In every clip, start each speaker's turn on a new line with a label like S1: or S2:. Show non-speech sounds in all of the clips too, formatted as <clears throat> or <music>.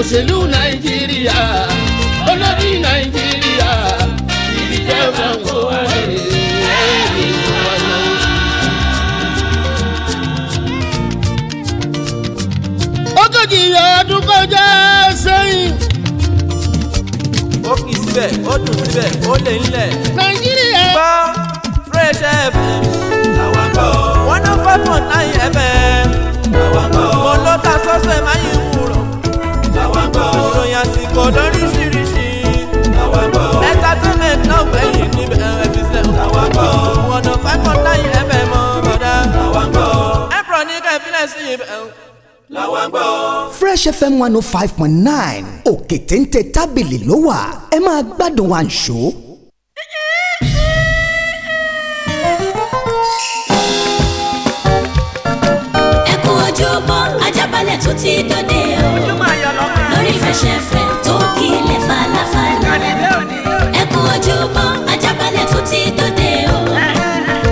S1: òṣèlú nàìjíríà
S2: olórí nàìjíríà ìdíje franco ayé ìlú wàlá.
S1: ogójì ọdún kọjá sẹ́yìn. ó kì í síbẹ̀ ó dùn síbẹ̀ ó lè ń lẹ̀.
S3: nàìjíríà. bá fresh fm làwọn kọ́. one oh five point nine fm làwọn kọ́. mo ló ta sọ́sẹ̀ máa yin awakọ̀ lóríṣiríṣi. awakọ̀ entertainment náà gbẹ̀yìn ní ẹ̀ẹ́dì sẹ́. awakọ̀ wọ̀nà five point nine fm bọ̀dá. awakọ̀ ẹ̀pọ̀ ní kẹfílẹ̀ sí i.
S4: fresh fm one oh five point nine òkè téńté tábìlì ló wà ẹ máa gbádùn wa ń ṣó.
S5: ẹ kú tó ti dòde lórí fẹsẹ̀fẹ̀ tó kílẹ̀ falafala. ẹ kú ojúmọ́ ajábalẹ̀ tó ti dòde o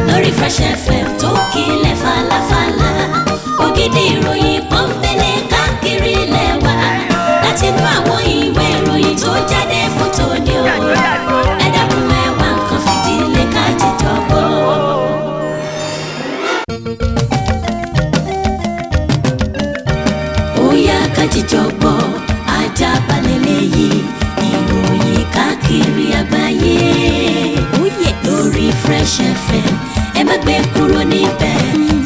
S5: lórí fẹsẹ̀fẹ̀ tó kílẹ̀ falafala. ògidì ìròyìn pọ́npẹ́lẹ́ káàkiri lẹ́wà láti inú àwọn ìwé ìròyìn tó jáde fún tòní o. ẹ dákun ẹ àgbáyé lórí Fresh FM ẹ má gbé kúrò níbẹ̀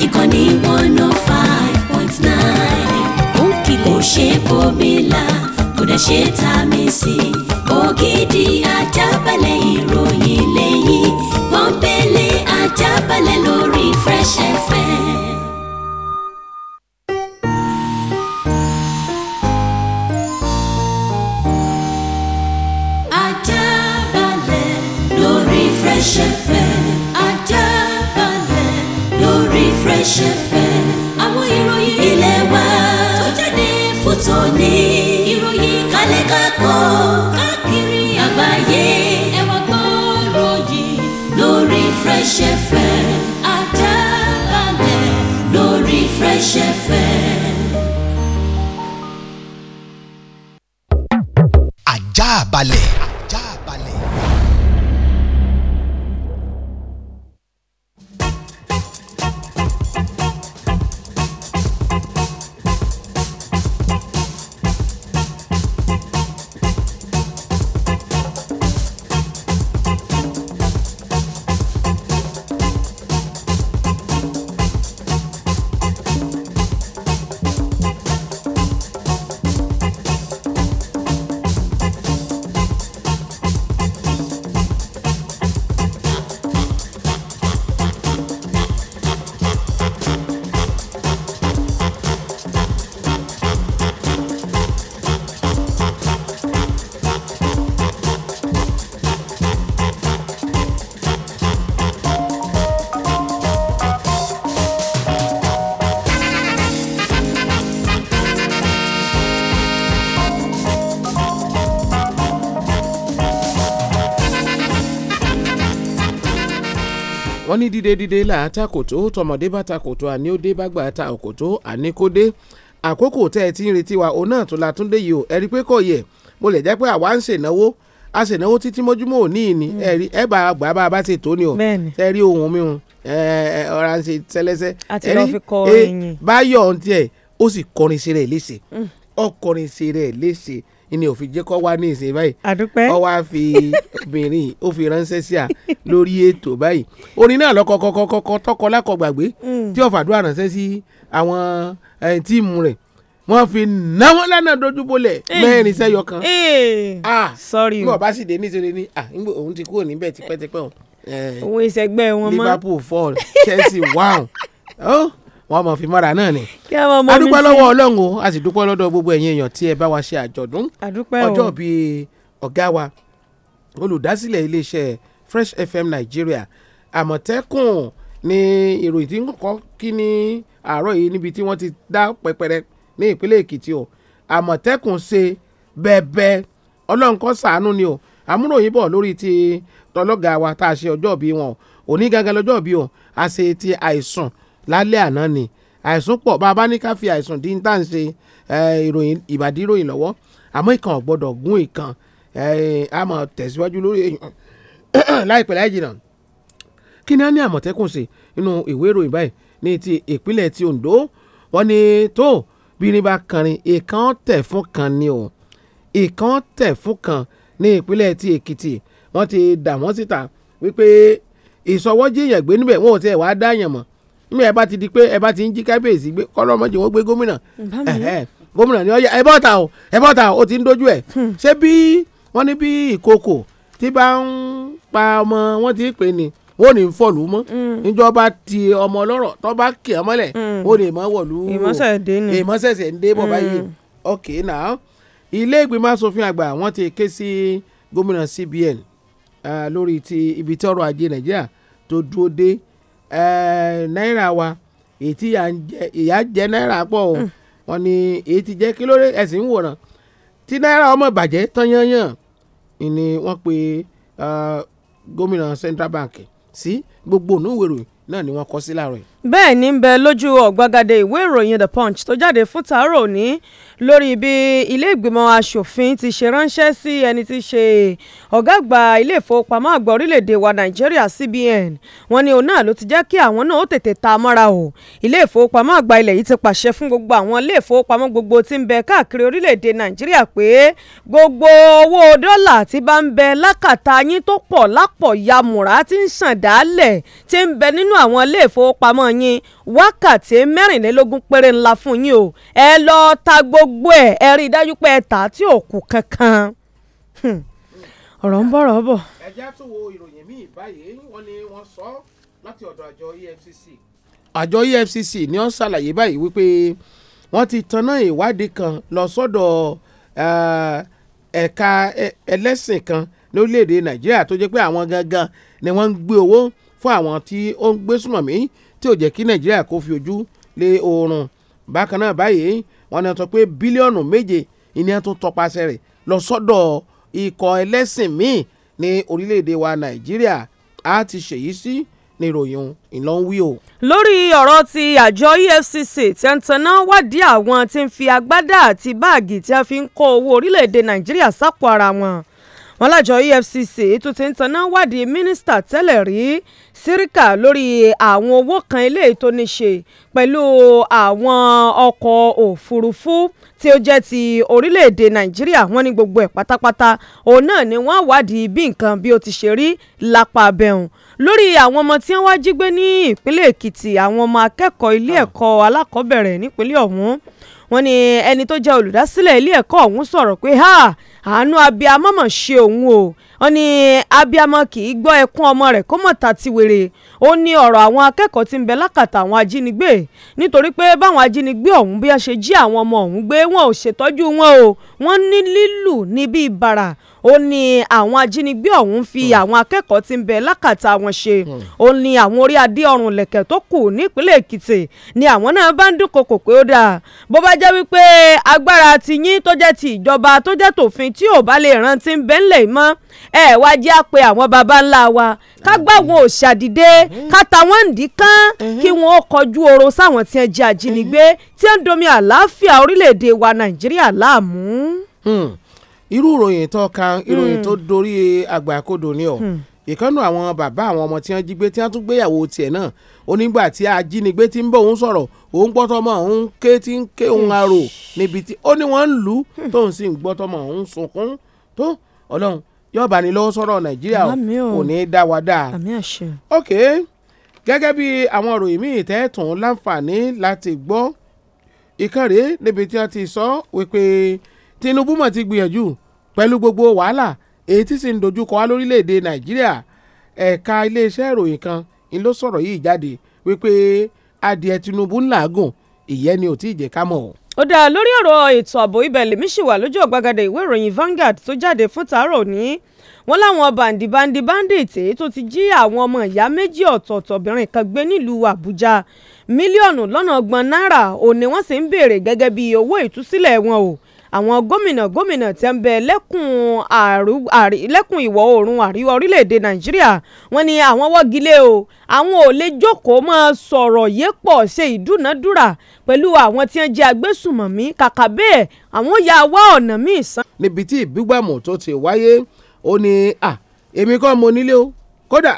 S5: ìkànnì one oh five point nine kò ṣe bòmílà kò dẹ̀ ṣe tá a mi sí ògidì ajábalẹ̀ ìròyìn lẹ́yìn pọ́npẹ́lẹ́ ajábalẹ̀ lórí Fresh FM.
S6: wọ́n ní dídé dídé là á ta kòtó tọmọdé bá ta kòtó àní ó dé bá gbà ta òkòtó àní kó dé àkókò tẹ́ ẹ ti ń retí wa òun náà tún la tún dé yìí o ẹ rí i pé kò yẹ mo lè jẹ́ pé àwa ń ṣènáwó a ṣènáwó títí mójúmọ́ òní ni mm. ẹ rí ẹ bá gbà bá a bá ṣe tó ni o ẹ rí ohun mi hun ọ̀rá ń ṣe tẹ́lẹ́sẹ́ ẹ rí e báyọ̀ ń tiẹ̀ ó sì kọrin sí rẹ̀ léṣe ọkọrin mm. sí rẹ̀ léṣe ni òfin jẹ́ kọ́ wá ní ìsìn báyìí àdúpẹ́ ọ wá fi obìnrin ó fi ránṣẹ́ sí à lórí ètò báyìí orin náà lọ́kọ̀kọ̀kọ̀kọ̀ tọkọ lákọ̀gbàgbé mm. tí ọ̀fàdúrà ránṣẹ́ sí àwọn tíìmù rẹ̀ wọ́n fi náwó lánàá dojú bolẹ̀ eh. mẹ́rin sẹ́yọ kan eh. ah, sọ́rí o bí wọ́n bá sì dé nítorí ní à ah, ń gbọ́ òun ti kúrò níbẹ̀ tipẹ́tipẹ́ eh, òun. òun ìṣẹ́gbẹ́ wọn mọ́ Liverpool four Chelsea one. <laughs> Oh wọ́n mọ̀ fi mọ́ra náà ni.
S7: kí a máa mọ mi sí. a dúpẹ́ lọ́wọ́
S6: ọlọ́run o a sì dúpẹ́ lọ́dọ̀ gbogbo ẹ̀yin èèyàn tí ẹ bá wa ṣe àjọ̀dún. àdúpẹ́ o ọjọ́ bíi ọ̀gá wa olùdásílẹ̀ iléeṣẹ́ Fresh FM Nigeria àmọ̀tẹ́kùn ni ìròyìn tí ń kọ́ kí ní àárọ̀ yìí níbi tí wọ́n ti dá pẹpẹrẹ ní ìpínlẹ̀ Èkìtì o àmọ̀tẹ́kùn ṣe bẹ́ẹ̀bẹ́ ọlọ́run kó ṣàánú ni o àmúròyìn bọ̀ lórí ti tọlọ́gà lálẹ́ àná ni àìsùn pọ̀ bá a bá ní ká fi àìsùn dín tá à ń ṣe ìròyìn ìbàdí ìròyìn lọ́wọ́ àmọ́ ìkan ò gbọ́dọ̀ gún ìkan a máa tẹ̀síwájú lórí <coughs> láìpẹ́ láì jìnnà kí ni a ní àmọ̀tẹ́kùn ṣe nínú ìwé ìròyìn báyìí ní ti ìpínlẹ̀ ti Ondo wọ́n ní tó bí ní bá kanrin ìkan tẹ̀ fún kan ni o ìkan tẹ̀ fún kan ní ìpínlẹ̀ ti Èkìtì wọ́n ti dà síta wípé ìsọwọ́jì èèyàn gbé níbẹ̀ wọn ò tiẹ̀ wá dá èèyàn mọ̀ mi ẹ bá ti di pé ẹ bá ti ń jí kábíyèsí gbé kọ́lọ́mọ́jì wọ́n gbé gómìnà gómìnà ni ọ̀yà ẹ bọ́ ta o ẹ bọ́ ta o ti ń dojú ẹ̀ hmm. ṣé bí wọ́n ní bí ìkòkò tí bá ń pa ọmọ wọn ti pè ní wọ́n ní fọ́ọ̀lù mọ́ hmm. níjọba ti ọmọ ọlọ́rọ̀ tó bá kì í mọ́lẹ̀ wọ́n ní ìmọ̀ wọ̀lú ìmọ̀sẹ̀sẹ̀ ń dé bọ̀ báyìí hmm. ok now ilé ìgbìmọ̀ asòfin àgbà wọ́n ti ké sí gómìnà CBN eh, lórí ti ibi tí ọrọ̀ ajé Nàìjíríà tó dúró dé Eh, náírà wa èyí tí ìyá jẹ náírà pọ̀ o mm. wọn ni èyí ti jẹ́ kí ló dé ẹ̀sìn ń wòran tí náírà ọmọ bàjẹ́ tán yányàn ni wọ́n pe eh, gómìnà central bank sí gbogbo ònú ìwé ìròyìn náà ni wọ́n kọ sí láàárọ̀
S7: bẹ́ẹ̀ ni ń bẹ lójú ọ̀gbagadé ìwé ìròyìn the punch tó jáde fún tàárọ̀ òní lórí bí ilé ìgbìmọ̀ asòfin ti ṣe ránṣẹ́ sí ẹni tí ṣe ọ̀gá àgbà ilé ìfowópamọ́ àgbà orílẹ̀-èdè wa nàìjíríà cbn wọ́n ní òun náà ló ti jẹ́ kí àwọn náà ó tètè ta mọ́ra o ilé ìfowópamọ́ àgbà ilẹ̀ yìí ti pàṣẹ fún gbogbo àwọn ilé ìfowópamọ́ gbogbo tí ń bẹ káàkiri orílẹ̀-èdè nàìjíríà pé gbogbo owó dọ́là tí bá ń bẹ lákàtà yín tó pọ̀ lápọ̀ yamùrá tí ń ṣàn dálẹ̀ tí ń bẹ nínú àwọn ilé ìfowópamọ́ yín wákàtí mẹ́rìnlélógún péré ńlá fún yín o ẹ lọ́ọ́ ta gbogbo ẹ̀ ẹ rí i dájú pé ẹ tà á tí ò kankan hmm. ọ̀rọ̀ ń bọ̀rọ̀ bọ̀.
S6: ẹ jẹ́ wo ìròyìn míì báyìí wọ́n ní wọ́n sọ láti ọ̀dọ̀ àjọ EFCC. àjọ EFCC ni wọ́n ṣàlàyé báyìí wípé wọ́n ti tanná ìwádìí kan lọ sọ́dọ̀ ẹ̀ka ẹlẹ́sìn kan lórílẹ̀ Nàìjíríà tó jẹ́ pé àwọn gangan ni wọ́n ń gbé owó fún àwọn tí ó ń gbé sùnmọ̀mí tí ò jẹ́ kí nàìjíríà kó fi ojú lé oorun bákan náà báyìí wọ́n ní sọ pé bílíọ̀nù méje ìní tó tọpasẹ̀ rẹ̀ lọ sọ́dọ̀ ikọ̀ ẹlẹ́sìn míì ní orílẹ̀-èdè wa nàìjíríà á ti ṣèyí sí ní ìlọ ń wí o.
S7: lórí ọ̀rọ̀ ti àjọ EFCC tẹ̀ǹtẹ̀nà wádìí àwọn tí ń fi agbádá àti báàgì tí a fi ń kó owó orílẹ̀-èdè nàìjíríà sápò ara wọn wọn lájọ EFCC tó ti ń taná wádìí mínísítà tẹ́lẹ̀ rí síríkà lórí àwọn owó kan eléyìí tó ní ṣe pẹ̀lú àwọn ọkọ̀ òfurufú tí ó jẹ́ ti orílẹ̀-èdè Nàìjíríà wọ́n ní gbogbo ẹ̀ pátápátá òun náà ni wọ́n wádìí bí nǹkan bí ó ti ṣe rí lápá abẹ́hùn lórí àwọn ọmọ tí wọ́n wá jí gbé ní ìpínlẹ̀ Èkìtì àwọn ọmọ akẹ́kọ̀ọ́ ilé ah. ẹ̀kọ́ alákọ̀ọ́bẹ̀rẹ̀ nípínlẹ̀ ọ̀hún wọ́n ní ẹni tó jẹ́ olùdásílẹ̀ ilé ẹ̀kọ́ ọ̀hún sọ̀rọ̀ pé ha àánú abiyamọ mà ṣe òun o wọ́n ní abiyamọ kì í gbọ́ ẹkún ọmọ rẹ̀ kó mọ̀ ta ti wèrè ó ní ọ̀rọ̀ àwọn akẹ́kọ̀ọ́ tí ń bẹ lákàtà àwọn ajínigbé nítorí pé báwọn ajínigbé ọ̀hún bí wọ́n ṣe jí àwọn ọmọ ọ̀hún gbé wọn ò ṣètọ́jú wọn o wọ́n ní lílù níbi ìbàrà ó ní àwọn ajínigbé ọ̀hún fi hmm. àwọn akẹ́kọ̀ọ́ tí ń bẹ lákàtà wọn ṣe hmm. ó ní àwọn orí adé ọrùn lẹ̀kẹ̀ tó kù nípínlẹ̀ èkìtì ni àwọn náà bá ń dúnkokò pé ó dáa bó bá jẹ́ wípé agbára tiyín tó jẹ́ ti ìjọba tó jẹ́ tòfin tí ò bá lè rántí ń bẹ́ńlẹ̀ mọ́ ẹ wá jẹ́ àpè àwọn baba ńlá wa ká gbá wọn òòṣà dìde ká ta wọ́n ń dín kán kí wọ́n ó kọjú oró sáwọn tí wọ́n jẹ́ àjínigbé tí wọ́n ń domi àlàáfíà orílẹ̀-èdè wa nàìjíríà láàmú. Hmm. irú ìròyìn
S6: tó kan ìròyìn hmm. tó dorí àgbà kodò ni ọ hmm. ìkànnù àwọn bàbá àwọn ọmọ tí wọ́n jí gbé tí wọ́n tún gbéyàwó tiẹ̀ náà onígbà tí ajínigbé ti ń bọ̀ òun sọ̀rọ̀ òun gbọ́ tọmọ òun ké tí ń ké òun arò níbi tí ó ní wọ́n ń lù ú tóun sì ń gbọ́ òun sunkún tó ọlọ́run yóò bá ní lọ́wọ́ sọ̀rọ̀ nàìjíríà kò ní í dá wa dá. ok gẹ́gẹ́ bí àwọn òròyìn míì tẹ́tùn láǹfààní láti gbọ́ ìkànnì níbi tí wọ́n ti sọ wípé Tinubu mọ̀ ti gbìyànjú pẹ̀lú gbogbo wàhálà èyí tí sì ń dojúkọ wá lórílẹ̀‐èdè nàìjíríà ẹ̀ka iléeṣẹ́ ìròyìn kan ni ló sọ̀rọ̀ yìí jáde wípé adìẹ Tinubu ń làágùn ìyẹn ni ò tí ì jẹ́ ká mọ̀ ọ́
S7: ó dá lórí ọ̀rọ̀ ètò ààbò ibẹ̀ lèmi ṣì wà lójú ọ̀gbagadẹ ìwé ìròyìn Vanguard tó jáde fún tàárọ̀ ní wọ́n láwọn bàǹdìbàǹdì bandit èyí tó ti jí àwọn ọmọ ìyá méjì ọ̀tọ̀ọ̀tọ̀ obìnrin kan gbé nílùú Àbújá mílíọ̀nù lọ́nà ọgbọ̀n náírà òní wọ́n sì ń béèrè gẹ́gẹ́ bí owó ìtúsílẹ̀ wọn o àwọn gómìnà gómìnà tẹ́ ń bẹ lẹ́kùn ìwọ̀ oòrùn àríwá orílẹ̀-èdè nàìjíríà wọ́n ní àwọn wọ́gilé o àwọn ò lè jókòó máa sọ̀rọ̀ yépọ̀ ṣe ìdúnadúrà pẹ̀lú àwọn tí wọ́n jẹ́ agbésùmọ̀mí kàkà bẹ́ẹ̀ àwọn ya wá ọ̀nà míì san. níbi tí ìbúgbàmù
S6: tó ti wáyé ó ní à èmi kọ́ mo nílé o kódà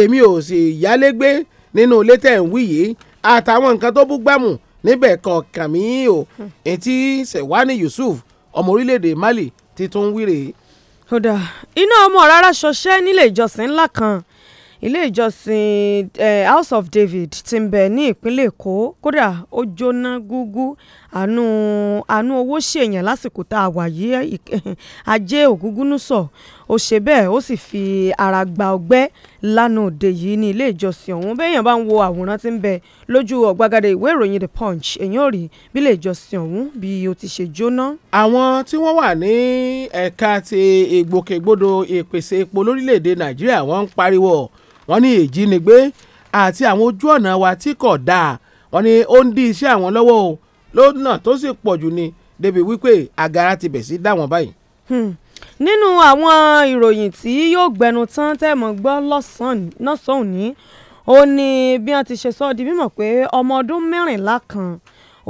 S6: èmi ò sì yálégbé nínú ilé tẹ̀ ń wí yìí àtàwọn nǹkan tó búgbàmù níbẹ̀ kan
S7: kàmí o etí Sewani Yusuf ọmọ orílẹ̀-èdè Mali ti tún wíre. kódà iná ọmọ rárá ṣọṣẹ́ nílé ìjọsìn ńlá kan ilé ìjọsìn House of David ti ń bẹ ní ìpínlẹ̀ Èkó kódà ó jóná gúgú àánú àánú owó ṣèyàn lásìkò tá a wà yìí ajé ògúngúnúsọ ó ṣe bẹ́ẹ̀ ó sì fi ara gba ọgbẹ́ lánàá òde yìí ní ilé ìjọsìn ọ̀hún bẹ́ẹ̀yàn bá ń wo àwòrán tí ń bẹ lójú ọ̀gbagadé ìwé ìròyìn the punch èyàn ò rí bí ilé ìjọsìn ọ̀hún bí ó ti ṣe jóná. àwọn tí wọ́n wà ní ẹ̀ka
S6: ti ìgbòkègbodò ìpèsè epo lórílẹ̀‐èdè nàìjíríà wọ́n ń pariwo wọ́n ní ìjínigbé àti àwọn ojú ọ̀nà wa tí kò dáa wọ́n ní ó ń dí iṣẹ́ àwọn lọ́wọ́ o lọ́nà tó sì pọ̀jù ni débi wípé àgàrà ti bẹ̀ sí dáwọn báyìí.
S7: Hmm nínú àwọn ìròyìn tí yóò gbẹnu tán tẹ́ ẹ mọ̀ gbọ́ lọ́sàn-án òní ó ní bí wọ́n ti ṣe sọ ọ́ di mímọ̀ pé ọmọ ọdún mẹ́rìnlá kan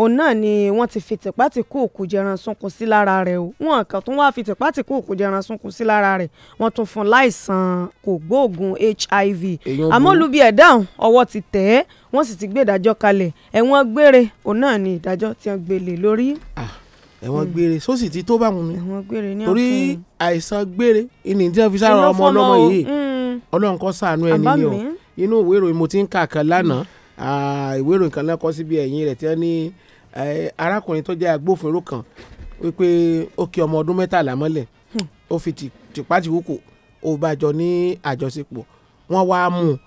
S7: òun náà ni wọ́n ti fi tìpátìkù òkú jẹran sunkún sí lára rẹ̀ o wọn kàn tún wá fi tìpátìkù òkú jẹran sunkún sí lára rẹ̀ wọ́n tún fún láìsàn kògbóògùn HIV àmọ́ olubi ẹ̀dáhùn ọwọ́ ti tẹ̀ ẹ́ wọ́n sì ti gbé ìdájọ́ kalẹ̀ ẹ̀wọ̀n gbére òun náà ni ìdájọ́ tí wọ́n gbélé lórí. Ah. Hmm. ẹ̀wọ̀n gbére sósì ti tó báwọn ni torí
S6: àìsàn gbére ìní tí wọ́n fi sára ọmọ ọlọ́mọ yìí hmm. ọlọ́run kó ṣàánú ẹni ni o inú ìwé ìròyìn mo ti ń kà kan lánàá ìwé ìròyìn kan lẹ́kọ́ síbi ẹ̀yìn rẹ̀ tí wọ́n ní arákùnrin tó jẹ́ agbófinró kan wípé ó kí ọmọ ọdún mẹ́tàlá mọ́lẹ̀ hmm. ó fi tìpátìwúkò ó bá jọ ní àjọṣepọ̀ wọ́n wá mú un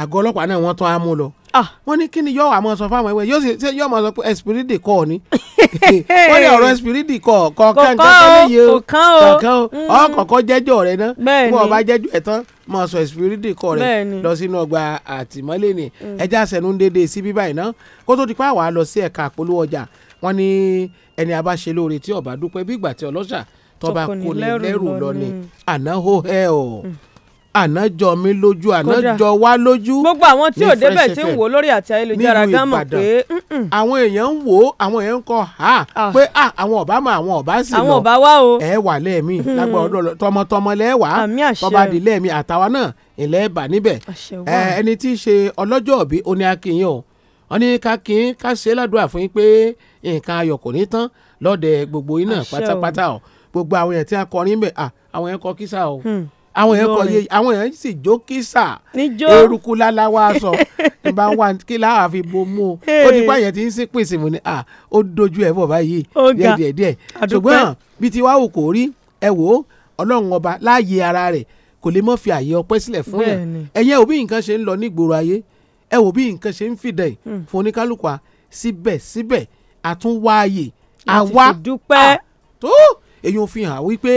S6: àgọ́ ọlọ́pàá náà wọ́n tán á mú lọ ah. wọ́n ní kí ni yọ̀ọ́ àmọ́ sọ fáwọn ẹ̀wẹ̀ yóò ṣe yọ̀ọ́ mọ̀ sọ pé ẹ̀sìpírìdì kọ́ ọ ni <laughs> wọ́n ní ọ̀rọ̀ ẹ̀sìpírìdì kọ́ kọ̀ọ̀kan kọ̀ọ̀kan o ọ̀kọ̀ọ̀kan mm. jẹ́jọ́ rẹ náà bí wọ́n bá jẹ́jọ́ ẹ̀ tán mọ̀ sọ ẹ̀sìpírìdì kọ́ rẹ lọ sínú ọgbà àtìmọ́lé ni mm. ẹja sẹ́nu ń dédé sí bíbá iná kó tó di pa wàá lọ sí ẹ̀ka àpolówó ọjà wọ́n ní ẹni abáṣelóore tí ọba dúpẹ́ bí ìgbà tí ọlọ́ṣà tọba kò ní lẹ́rù lọ ni àná hó hẹ́ ọ̀. Mm àná jọ mí lójú àná jọ wá lójú.
S7: gbogbo àwọn tí ò débẹ̀ tí ń wò lórí àti ayélujára gan mọ̀ pé.
S6: àwọn èèyàn ń wò ó àwọn èèyàn ń kọ ha ah. pé àwọn ọ̀bá mọ àwọn ọ̀bá sì lọ àwọn ọ̀bá wá o. ẹ wà lẹ́ẹ̀mí mm-hmm. lágbára ọdún tọmọtọmọ lẹ́ẹ̀wá tọba di lẹ́ẹ̀mí àtàwa náà ilẹ̀ bà níbẹ̀. ẹni tí í ṣe ọlọ́jọ́ òbí oní akínyìn o wọ́n ní ká kí n ká ṣe ládùúrà fún yín pé nǹkan ayọ̀ kò ní tán lọ́dẹ gbogbo iná pátápátá o gbogbo àwọn yẹn tí wọ́n kọrin bẹ̀ àwọn yẹn kọ kísà o.
S5: Hmm àwọn èèyàn kọ yé
S6: àwọn èèyàn sì jó kísà eruku láláwá sọ ìbá wa kí láwa fi bomú o ó ní báyẹn ti ń sí pèsè ni à ó dojú ẹ̀ bọ̀ báyìí díẹ̀ díẹ̀ ṣùgbọ́n bí ti wá òkò rí ẹ wò ó ọlọ́run ọba láàyè ara rẹ̀ kò lè mọ́ fi àyè ọpẹ́ sílẹ̀ fún yàn ẹ̀yẹ́ òbí nǹkan ṣe ń lọ nígboro ayé ẹ wò bí nǹkan ṣe ń fìdẹ̀ hmm. fún oníkálukú wa síbẹ̀síbẹ̀ àtúnwáàyè àwa tó èyí ò fi hàn wípé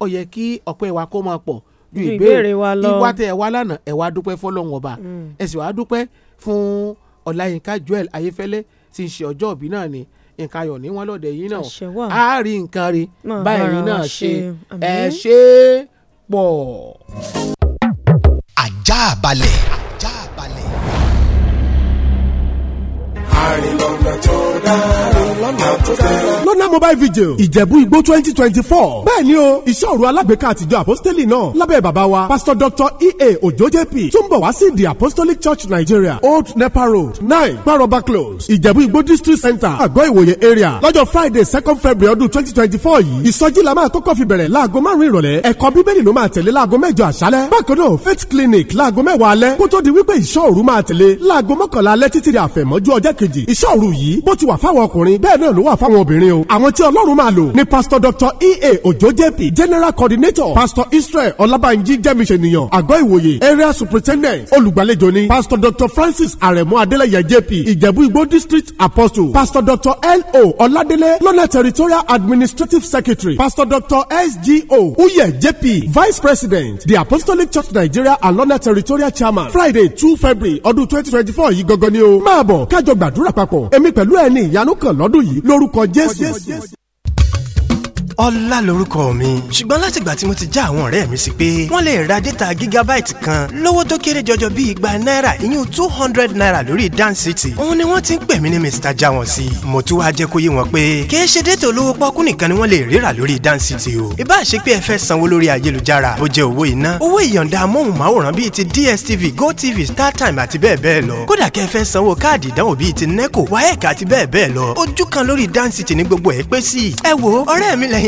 S6: ó yẹ kí ọpẹ́ wa kó máa pọ̀ ju ìbéèrè ìwà tẹ ẹ wá lánàá ẹ wá dúpẹ́ fọlọ́run ọba mm. ẹ sì wá dúpẹ́ fún ọláyínká joel ayéfẹ́lẹ́ tí ń ṣe ọjọ́ òbí náà ni nǹkan ayọ̀ ní wọn lọ́dẹ yìí náà á rí nǹkan rí báyìí náà ṣe ẹ ṣe pọ̀. ajá balẹ̀. ajá balẹ̀.
S8: àrìnlọ́nà tó dára
S1: lọ́nà tó mobile vigil ìjẹ̀bú igbó twenty twenty four bẹ́ẹ̀ ni o iṣẹ́ òru alágbèéká àtijọ́ apostoli náà lábẹ́ bàbá wa pastor doctor ea ojo jp tún bọ̀ wá sí the apostolic church nigeria old nepa road nine gbàrọ̀bà close ìjẹ̀bú igbó district center àgọ́ ìwòye area lọ́jọ́ friday second february ọdún twenty twenty four yìí ìsọjí la máa kọ́kọ́ fi bẹ̀rẹ̀ láago márùn-ún ìrọ̀lẹ́ ẹ̀kọ́ bíbélì ló máa tẹ̀lé láago mẹ́jọ àṣálẹ́ bákan náà faith clinic láago mẹ́wàá alẹ́ kó tó di wípé ìṣọ́ òru máa tẹ̀lé láago mọ́kànlá alẹ́ títí di àfẹ̀mọ́jú ọjọ́ kejì ìṣọ́ òru yìí bó ti wà fáwọn bẹ́ẹ̀ náà ló wà fáwọn obìnrin o àwọn tí ọlọ́run máa lò ni pastor dr ea ojo jp general coordinator pastor israel ọlábànjí jẹ́miṣẹ́niyàn àgọ́ ìwòye area superintendent olùgbàlejò ni pastor dr francis aremu adeleye jp ìjẹ̀bú igbó district apostle pastor dr lo ọládélé lọ́nà territorial administrative secretary pastor dr sgo uye jp vice president the apostolic church nigeria and lọ́nà territorial chairman friday two february ọdún twenty twenty four yìí gangan ni o máa bọ̀ kájọ gbàdúrà papọ̀ èmi pẹ̀lú ẹni ìyanu kan lọ́dún yìí yìí lórúkọ Jésù ọlá lorúkọ mi ṣùgbọ́n láti
S8: ìgbà tí mo ti já àwọn ọ̀rẹ́ mi sí pé wọ́n lè ra dẹ́ta gígábáìtì kan lówó tó kéré jọjọ bíi igba náírà ìyún two hundred naira lórí DanCity òun ni wọ́n ti ń pè mí ní Mr. Jawon sí mo tún wáá jẹ́ kó yé wọn pé kì í ṣe dẹ́tà olówó pọ́kú nìkan ni wọ́n lè ríra lórí DanCity o ìbá ṣe pé ẹ fẹ́ sanwó lórí ayélujára ó jẹ́ owó iná owó ìyọ̀ǹda amóhùnmáwòrán bíi ti DSTV GoTV StarTime àti bẹ́ẹ̀ bẹ́ẹ̀ lọ kódà kẹ́ ẹ fẹ́ sanwó káàdì ìdánwò bíi ti NECO WAEC àti bẹ́ẹ̀ bẹ́ẹ̀ lọ ojú kan lórí DanCity ní gbogbo ẹ̀ pé sí ẹ wo ọ̀rẹ́ mi lẹ́yìn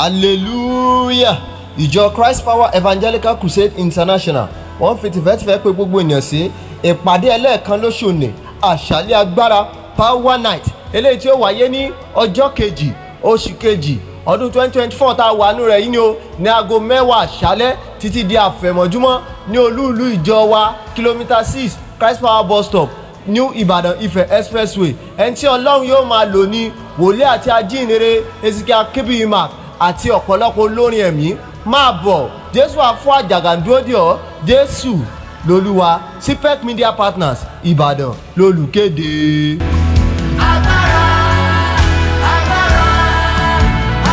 S8: hallelujah ìjọ christ power evangelical crusade international wọ́n fi tìfẹ́tìfẹ́ pè gbogbo ènìyàn sí ìpàdé ẹlẹ́ẹ̀kan lóṣù ní àṣálẹ́ agbára power night eléyìí tí ó wáyé ní ọjọ́ kejì oṣù kejì ọdún 2024 tá a wà nù rẹ̀ yìí ni o ní aago mẹ́wàá àṣálẹ́ títí di àfẹ̀mọ́júmọ́ ní olúùlú ìjọ wa kìlómítà 6 christ power bus stop new ibadan ife expressway ẹni tí ọlọ́run yóò máa lò ní wòlíì àti ajínrere ezekiel kébìyìmá àti ọ̀pọ̀lọpọ̀ olórin ẹ̀mí máa bọ̀ jésù àfọ àjàgàndódìọ́ jésù lolúwa cpec media partners ìbàdàn lolùkéde. agbára agbára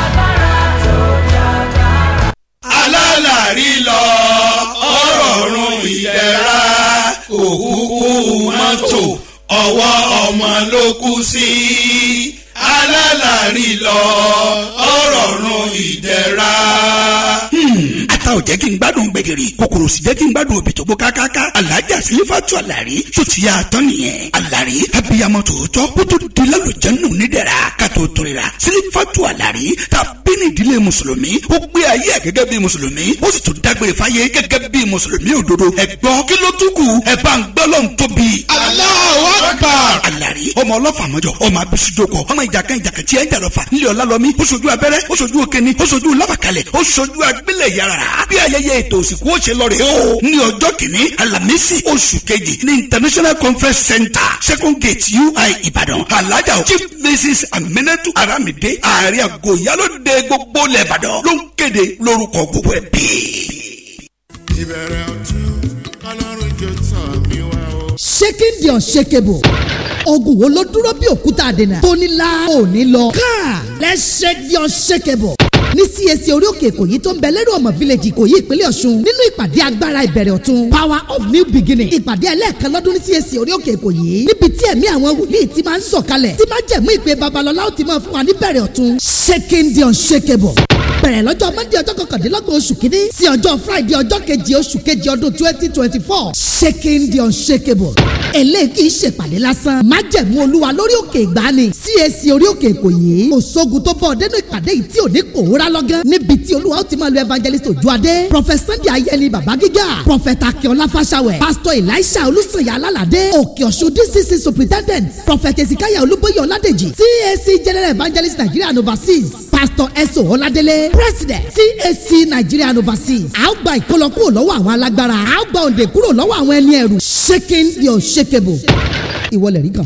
S1: agbára tó jáde. alálàrí ọwọ́ ọmọ ló kú sí alálàrí lọ ọ̀run ìdẹ̀ra ata ò jẹ́ kí n gbádùn gbẹ̀gìrì kòkòrò sì jẹ́ kí n gbádùn òbí tó gbó kákáká alájà sílífàtú àlàrí sotiya tán nìyẹn àlàrí abiyamọ tòótọ́ ó tó di lálùjẹ́nù nídẹ̀ra kàtó torira sílífàtú àlàrí ta bíní ìdílé mùsùlùmí ó gbé ayé ẹ̀ gẹ́gẹ́ bí mùsùlùmí ó sì tún dágbére fáyé gẹ́gẹ́ bí mùsùlùmí òdodo ẹ gbọ́ kí ló tún kù ẹ bá ń gbọ́ lọ́n tóbi. Allahu Akbar. àlàrí ọmọ ọlọ́fà mọ́jọ ọmọ abisudoko kẹrìnlá bí ayẹyẹ ètò òsìnkú ó ṣe lọ rèé o ní ọjọ́ kìíní alamisi oṣù kejì ní international conference center second gate ui ìbàdàn alájà chief mrs aminatu aramide ààrẹ àgọ́ ìyálóde gbogbo lẹ́bàdàn ló ń kéde lórúkọ gbogbo ẹ̀ bí. ìbẹ̀rẹ̀ ọ̀tún
S4: ọlọ́run jọ tọ̀ mí wá o. shaking the unshakable ogun wo ló dúró bí òkúta àdènà tó ní la ò ní lọ káà let's shake the unshakable ní CAC orí òkè ìkòyí tó ń bẹ lérò ọmọ village ìkòyí ìpínlẹ̀ ọ̀ṣun nínú ìpàdé agbára ìbẹ̀rẹ̀ ọ̀tun power of new beginning ìpàdé ẹlẹ́ẹ̀kan lọ́dún ní CAC orí òkè ìkòyí níbi tí ẹ̀mí àwọn wòlíì ti máa ń sọ̀kalẹ̀ tí máa jẹ̀mú ìpè babalọ́lá ó ti máa fún wa níbẹ̀rẹ̀ ọ̀tun shaking the unshakable bẹ̀rẹ̀ lọ́jọ́ monday ọjọ́ kọkàndínlọ́gbọ̀n oṣù kínní sí ọjọ́ friday ọjọ́ kejì oṣù kejì ọdún twenty twenty four shaking the unshakable eléyìí kì í ṣèpàdé lásán májẹ̀mú olúwa lórí òkè ìgbani CAC orí òkè ìkòyí kò sógun tó bọ̀ dénú ìpàdé yìí tí ò ní pòórá gbéra lọ́gán níbi tí olúwa ó ti máa lo evangelist ojuade prophet sunday ayẹni baba gíga prophet akínọlá fàṣàwẹ̀ pastor elisha olùsànyà alálàdé òkè ọ̀ṣun dcc superintendent prophet ezekiah olúbóyè ọládèjì cac general evangelist nigeria and overseas pastor eso ọládélé president cac nigeria and overseas a ó gba ìkọlọ kúrò lọ́wọ́ àwọn alágbára a ó gba òǹdè kúrò lọ́wọ́ àwọn ẹni ẹ̀rù shaking the unshakable ìwọlẹ̀ rí kan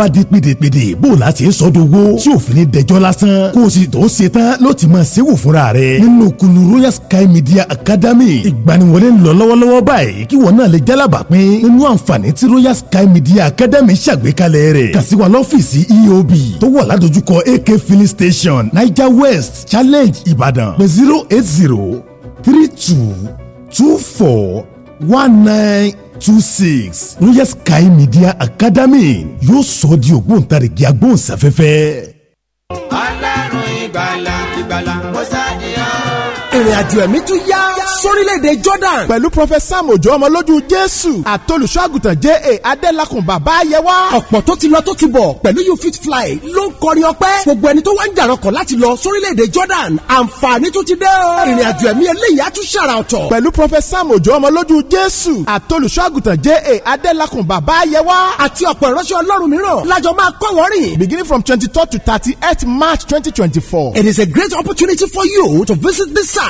S1: bá di pèdèpèdè bó o la ṣe sọ de wo tí òfin ni dẹjọ́ lásán kó o sì tó ṣe tán ló ti máa ṣe wò fúnra rẹ̀ nínú kunu royal sky media academy ìgbaniwọlé ń lọ lọ́wọ́lọ́wọ́ báyìí kí wọn náà lè jálábà pín nínú àǹfààní tí royal sky media academy ṣàgbékalẹ̀ rẹ̀ kà sí wa lọ́fíìsì eob tó wà ládojúkọ ak filling station niger west challenge ìbàdàn pé zero eight zero three two two four one nine two six royal sky media academy yóò sọ ọ́ di ògbóǹtarìgì agbóhùnsáfẹ́fẹ́.
S3: ọlọ́run ìgbàlà ìgbàlà mọ́sáàdì yá
S1: ìrìn àjò ẹ̀mí tún yá sórílẹ̀-èdè Jordan pẹ̀lú Prophet Sam Òjó ọmọlójú Jésù àtolùṣọ́àgùtàn J.A. Adélakùn bàbá ayẹwà ọ̀pọ̀ tó ti lọ tó ti bọ̀ pẹ̀lú you fit fly ló ń kọrin ọpẹ́ gbogbo ẹni tó wá ń jàrọ̀kọ̀ láti lọ sórílẹ̀-èdè Jordan àǹfààní tó ti dé o ìrìn àjò ẹ̀mí eléyìí á tún ṣàrà ọ̀tọ̀ pẹ̀lú Prophet Sam Òjó ọmọlójú Jésù àtolùṣọ́àgùtàn J.A. Adélakùn bàbá ayẹwà àti ọ̀pọ̀ ìránṣẹ́ Ọlọ́run mìíràn lájọ máa kọ́ wọ́n rìn beginning from twenty to thirty eight March twenty It is a great opportunity for you to visit this site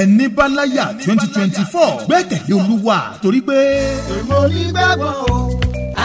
S1: ẹni bá láyà twenty twenty four gbẹ́kẹ̀lé olúwa torí pé. èmo ní gbàgbọ́ o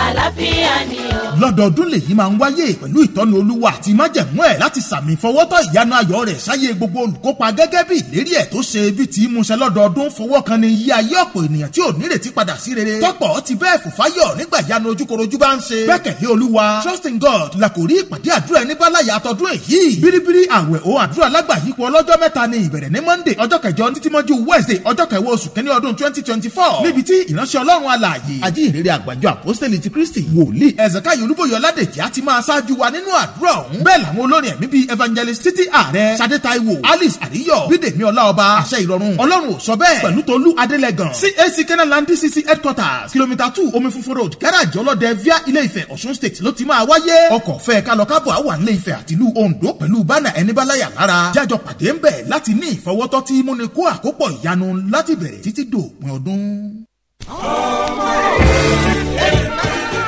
S1: àlàáfíà ni o. lọ́dọọdún lèyí máa ń wáyé pẹ̀lú ìtọ́nu olúwa àti májẹ̀mú ẹ̀ láti sàmì fọwọ́tọ̀ ìyanu ayọ̀ rẹ̀ sáyé gbogbo olùkópa gẹ́gẹ́ bí ìlérí ẹ̀ tó ṣe bí ti múṣẹ lọ́dọọdún fọwọ́ kan ni yí ayé ọ̀pọ̀ ènìyàn tí ò nírètí padà sí rere tọ́pọ̀ ti bẹ́ẹ̀ fòfáyọ̀ nígbà ìyanu ojúkorojú bá ń ṣe gbẹ́kẹ̀lé olúwa trust in God làkòrí ìpàdé àdúrà ní bálàyà àtọ́dún èyí bíríbírí àwẹ̀ o àdúrà lágbàyípo ọlọ́jọ́ mẹ́ta ni ìbẹ̀rẹ̀ ní Monday ọjọ́ kẹjọ títí mọ́jú Wednesday ọjọ́ kẹwàá oṣù kẹ́ni ọdún twenty twenty four níbi tí ìránṣẹ́ ọlọ́run alààyè àjíhìnrere àgbàjọ àpọ́sítẹ́lì ti kristi wòlíì ẹ̀sẹ̀káyọ̀ olúbòyè ọládèjì á máa ṣáájú wa nínú àdúrà ọ̀hún bẹ́ẹ̀ làwọn olórin ẹ̀mí bíi evangelist títí ààrẹ sadé taiwo alice àríyọ̀ bídèmí ọláọba àṣẹ ìrọ̀rùn ọlọ́run ò sọ bẹ́ẹ̀ pẹ̀lú tolú adélẹ́gàn cac kenaland dcc headquarters kilomita two omi funfun road garage ọlọ́dẹ via ilé ìfẹ́ ọ̀ṣun state ló ti máa wáyé ọkọ̀ fẹ́ kálọ̀kábọ̀ àwọn ilé ìfẹ́ àtìlú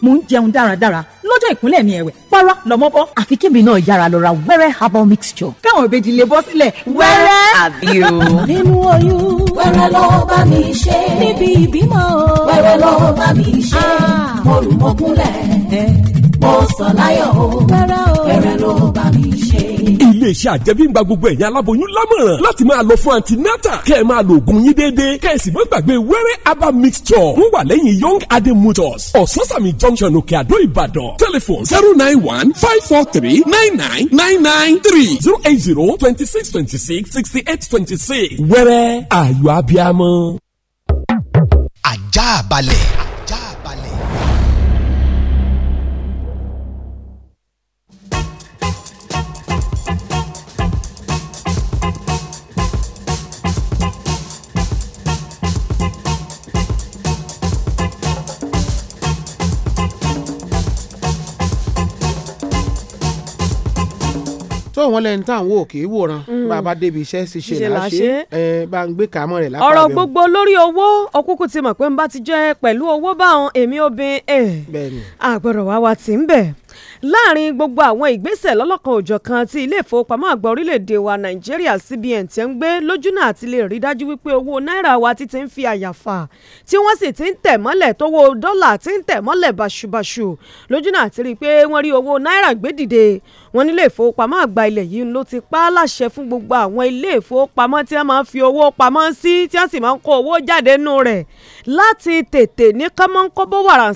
S4: mo ń jẹun dáradára lọ́jọ́ ìkúnlẹ̀ mi ẹ̀wẹ̀ para lọ́mọ bọ́. àfi kébì náà yára lọ ra wẹ́rẹ́ herbal mixture. káwọn ìbejì lè bọ́ sílẹ̀
S5: wẹ́rẹ́. àbí o. nínú oyún wẹ́rẹ́ lọ bá mi ṣe. níbi ìbímọ wẹ́rẹ́ lọ bá mi ṣe. Ah. mo rù mọ́kúnlẹ̀ eh. mo sọ láyọ̀ o wẹ́rẹ́ lọ bá mi ṣe
S1: iléeṣẹ́ àjẹmíngba gbogbo ẹ̀yin aláboyún lámọ̀ràn láti máa lọ fún antinata kẹ́ ẹ̀ máa lo oògùn yín déédéé kẹ́ ẹ̀ sì má gbàgbé wẹ́rẹ́ herbal mixture wọ́n wà lẹ́yìn young adé motors ososami junction òkè àdó ìbàdàn telephone zero nine one five four three nine nine nine nine three zero eight zero twenty six twenty six sixty eight twenty six wẹ́rẹ́ ayọ̀ abiamọ. ajá balẹ̀
S6: tó wọn lẹni tá à ń wò kì í wòran mm. bá a bá débi iṣẹ́ sì ṣe láṣẹ ẹ bá ń gbé kámọ́ rẹ̀ lápá bẹ́ẹ̀. ọ̀rọ̀ gbogbo
S7: lórí owó ọkùnkù ti mọ̀ pé n bá ti jẹ́ pẹ̀lú owó báwọn èmi obìnrin eh, ẹ̀ àgbọ̀dọ̀ wá wa ti ń bẹ̀ láàrin gbogbo àwọn ìgbésẹ̀ lọ́lọ́kan òjọ̀kan tí ilé ìfowópamọ́ àgbà orílẹ̀-èdè wa nàìjíríà CBN ti ń gbé lójúnà àti lè rí dájú wípé owó náírà wa ti ti ń fi àyàfà tí wọ́n sì ti ń tẹ̀ mọ́lẹ̀ tówó dọ́là ti ń tẹ̀ mọ́lẹ̀ báṣubàṣu lójúnà àti rí i pé wọ́n rí owó náírà gbé dìde wọ́n nílé ìfowópamọ́ àgbà ilẹ̀ yìí ló ti pa á láṣẹ fún gbogbo àwọn ilé ìfowópamọ́ tí wọ́n máa ń fi owó pamọ́ sí tí wọ́n sì máa ń kó owó jáde nù rẹ̀ láti tètè ní kọ́mọ́ńkọ́bọ̀ wàrà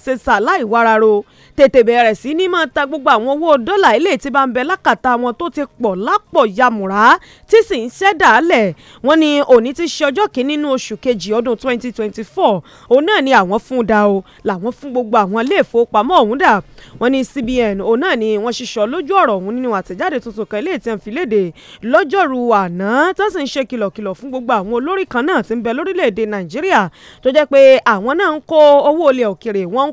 S7: láì wáraro tètè bẹ̀rẹ̀ sí ní máa ta gbogbo àwọn owó dọ́là ilé tí bá ń bẹ lákàtà wọn tó ti pọ̀ lápọ̀ yamùrá tí sì ń ṣẹ́dá lẹ̀ wọ́n ní òní ti ṣe ọjọ́ kìíní nínú oṣù kejì ọdún 2024 òun náà ni àwọn fún da o làwọn fún gbogbo àwọn ilé ìfowópamọ́ ọ̀hún dà wọ́n ní CBN òun náà ni wọ́n ṣiṣọ́ lójú ọ̀rọ̀ ọ̀hún nínú àtẹ̀jáde tuntun kan ilé ìtẹ̀ fi léde lọ́jọ́rú àná tó sì ń ṣe kìlọ̀kìlọ̀ fún gbogbo àwọn olórí kan náà tí ń bẹ lórílẹ̀‐èdè Nàìjíríà tó jẹ́ pé àwọn náà ń kó owó ilẹ̀ òkèrè wọ́n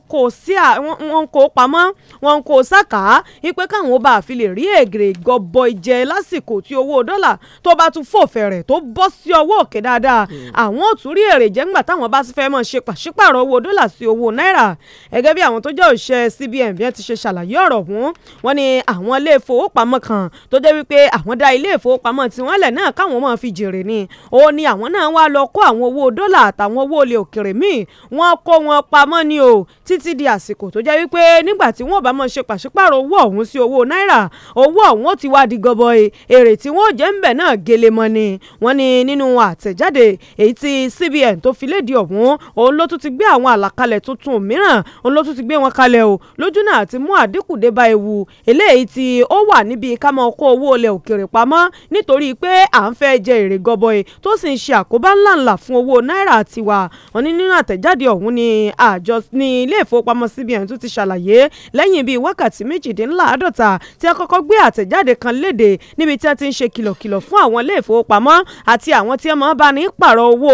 S7: ń kó pamọ́ wọ́n ń kó sáà ká ipe káwọn ó bá fi lè rí ègèrè gọbọi jẹ lásìkò tí owó dọ́là tó bá tún fòfẹ́ rẹ̀ tó bọ́ sí ọwọ́ òkè dáadáa hmm. àwọn ò tún rí èrè jẹ́ ńgbà táwọn bá fẹ́ mọ̀ ṣe pàṣípàrọ̀ owó dọ́là sí owó náírà gẹ́gẹ́ bí àwọn tó jẹ́ òṣìṣẹ́ CBN bí wọ́n ti ṣe ṣàlàyé ọ̀rọ̀ ọ̀hún wọ́n ní àwọn ilé ìfowópamọ́ kan tó jẹ́ wípé àwọn dá ilé ìfowópamọ́ fi jèrè ni ó ní àwọn náà wá lọ kó àwọn owó dọ́là àtàwọn owó olè òkèrè míì wọ́n kó wọn pamọ́ ni o títí di àsìkò tó jẹ́ wípé nígbà tí wọ́n bá máa ṣe pààrọ̀ owó ọ̀hún sí owó náírà owó ọ̀hún ó ti wá di gọbọi èrè tí wọ́n jẹ́ ń bẹ̀ náà gelemọ ni wọ́n ní nínú àtẹ̀jáde èyí tí CBN tó fi léde ọ̀hún òun ló tún ti gbé àwọn àlàkalẹ̀ tuntun mìíràn òun ló tún ti gbé wọn kalẹ̀ o lójú náà ti mú àdínkù dé bá ewu eléyìí tí ó wà níbi ká máa kó owó ilẹ̀ òkèrè pamọ́ nítorí pé à ń fẹ́ jẹ èrè gọbọi tó sì ń ṣe àkóbá ńláńlá fún owó náírà tiwa wọ́n ní nínú àtẹ̀jáde ọ̀hún ni àjọ ní ilé ìfowópamọ́ CBN tún ti ṣàlàyé lẹ́yìn bíi wákàtí méjìdínláàádọ́ta tí a kọ́kọ́ gbé àtẹ̀jáde kan léde níbi tí a ti ń ṣe kìlọ̀kìlọ̀ fún àwọn ilé ìfowópamọ́ àti àwọn tí wọ́n bá ní pààrọ̀ owó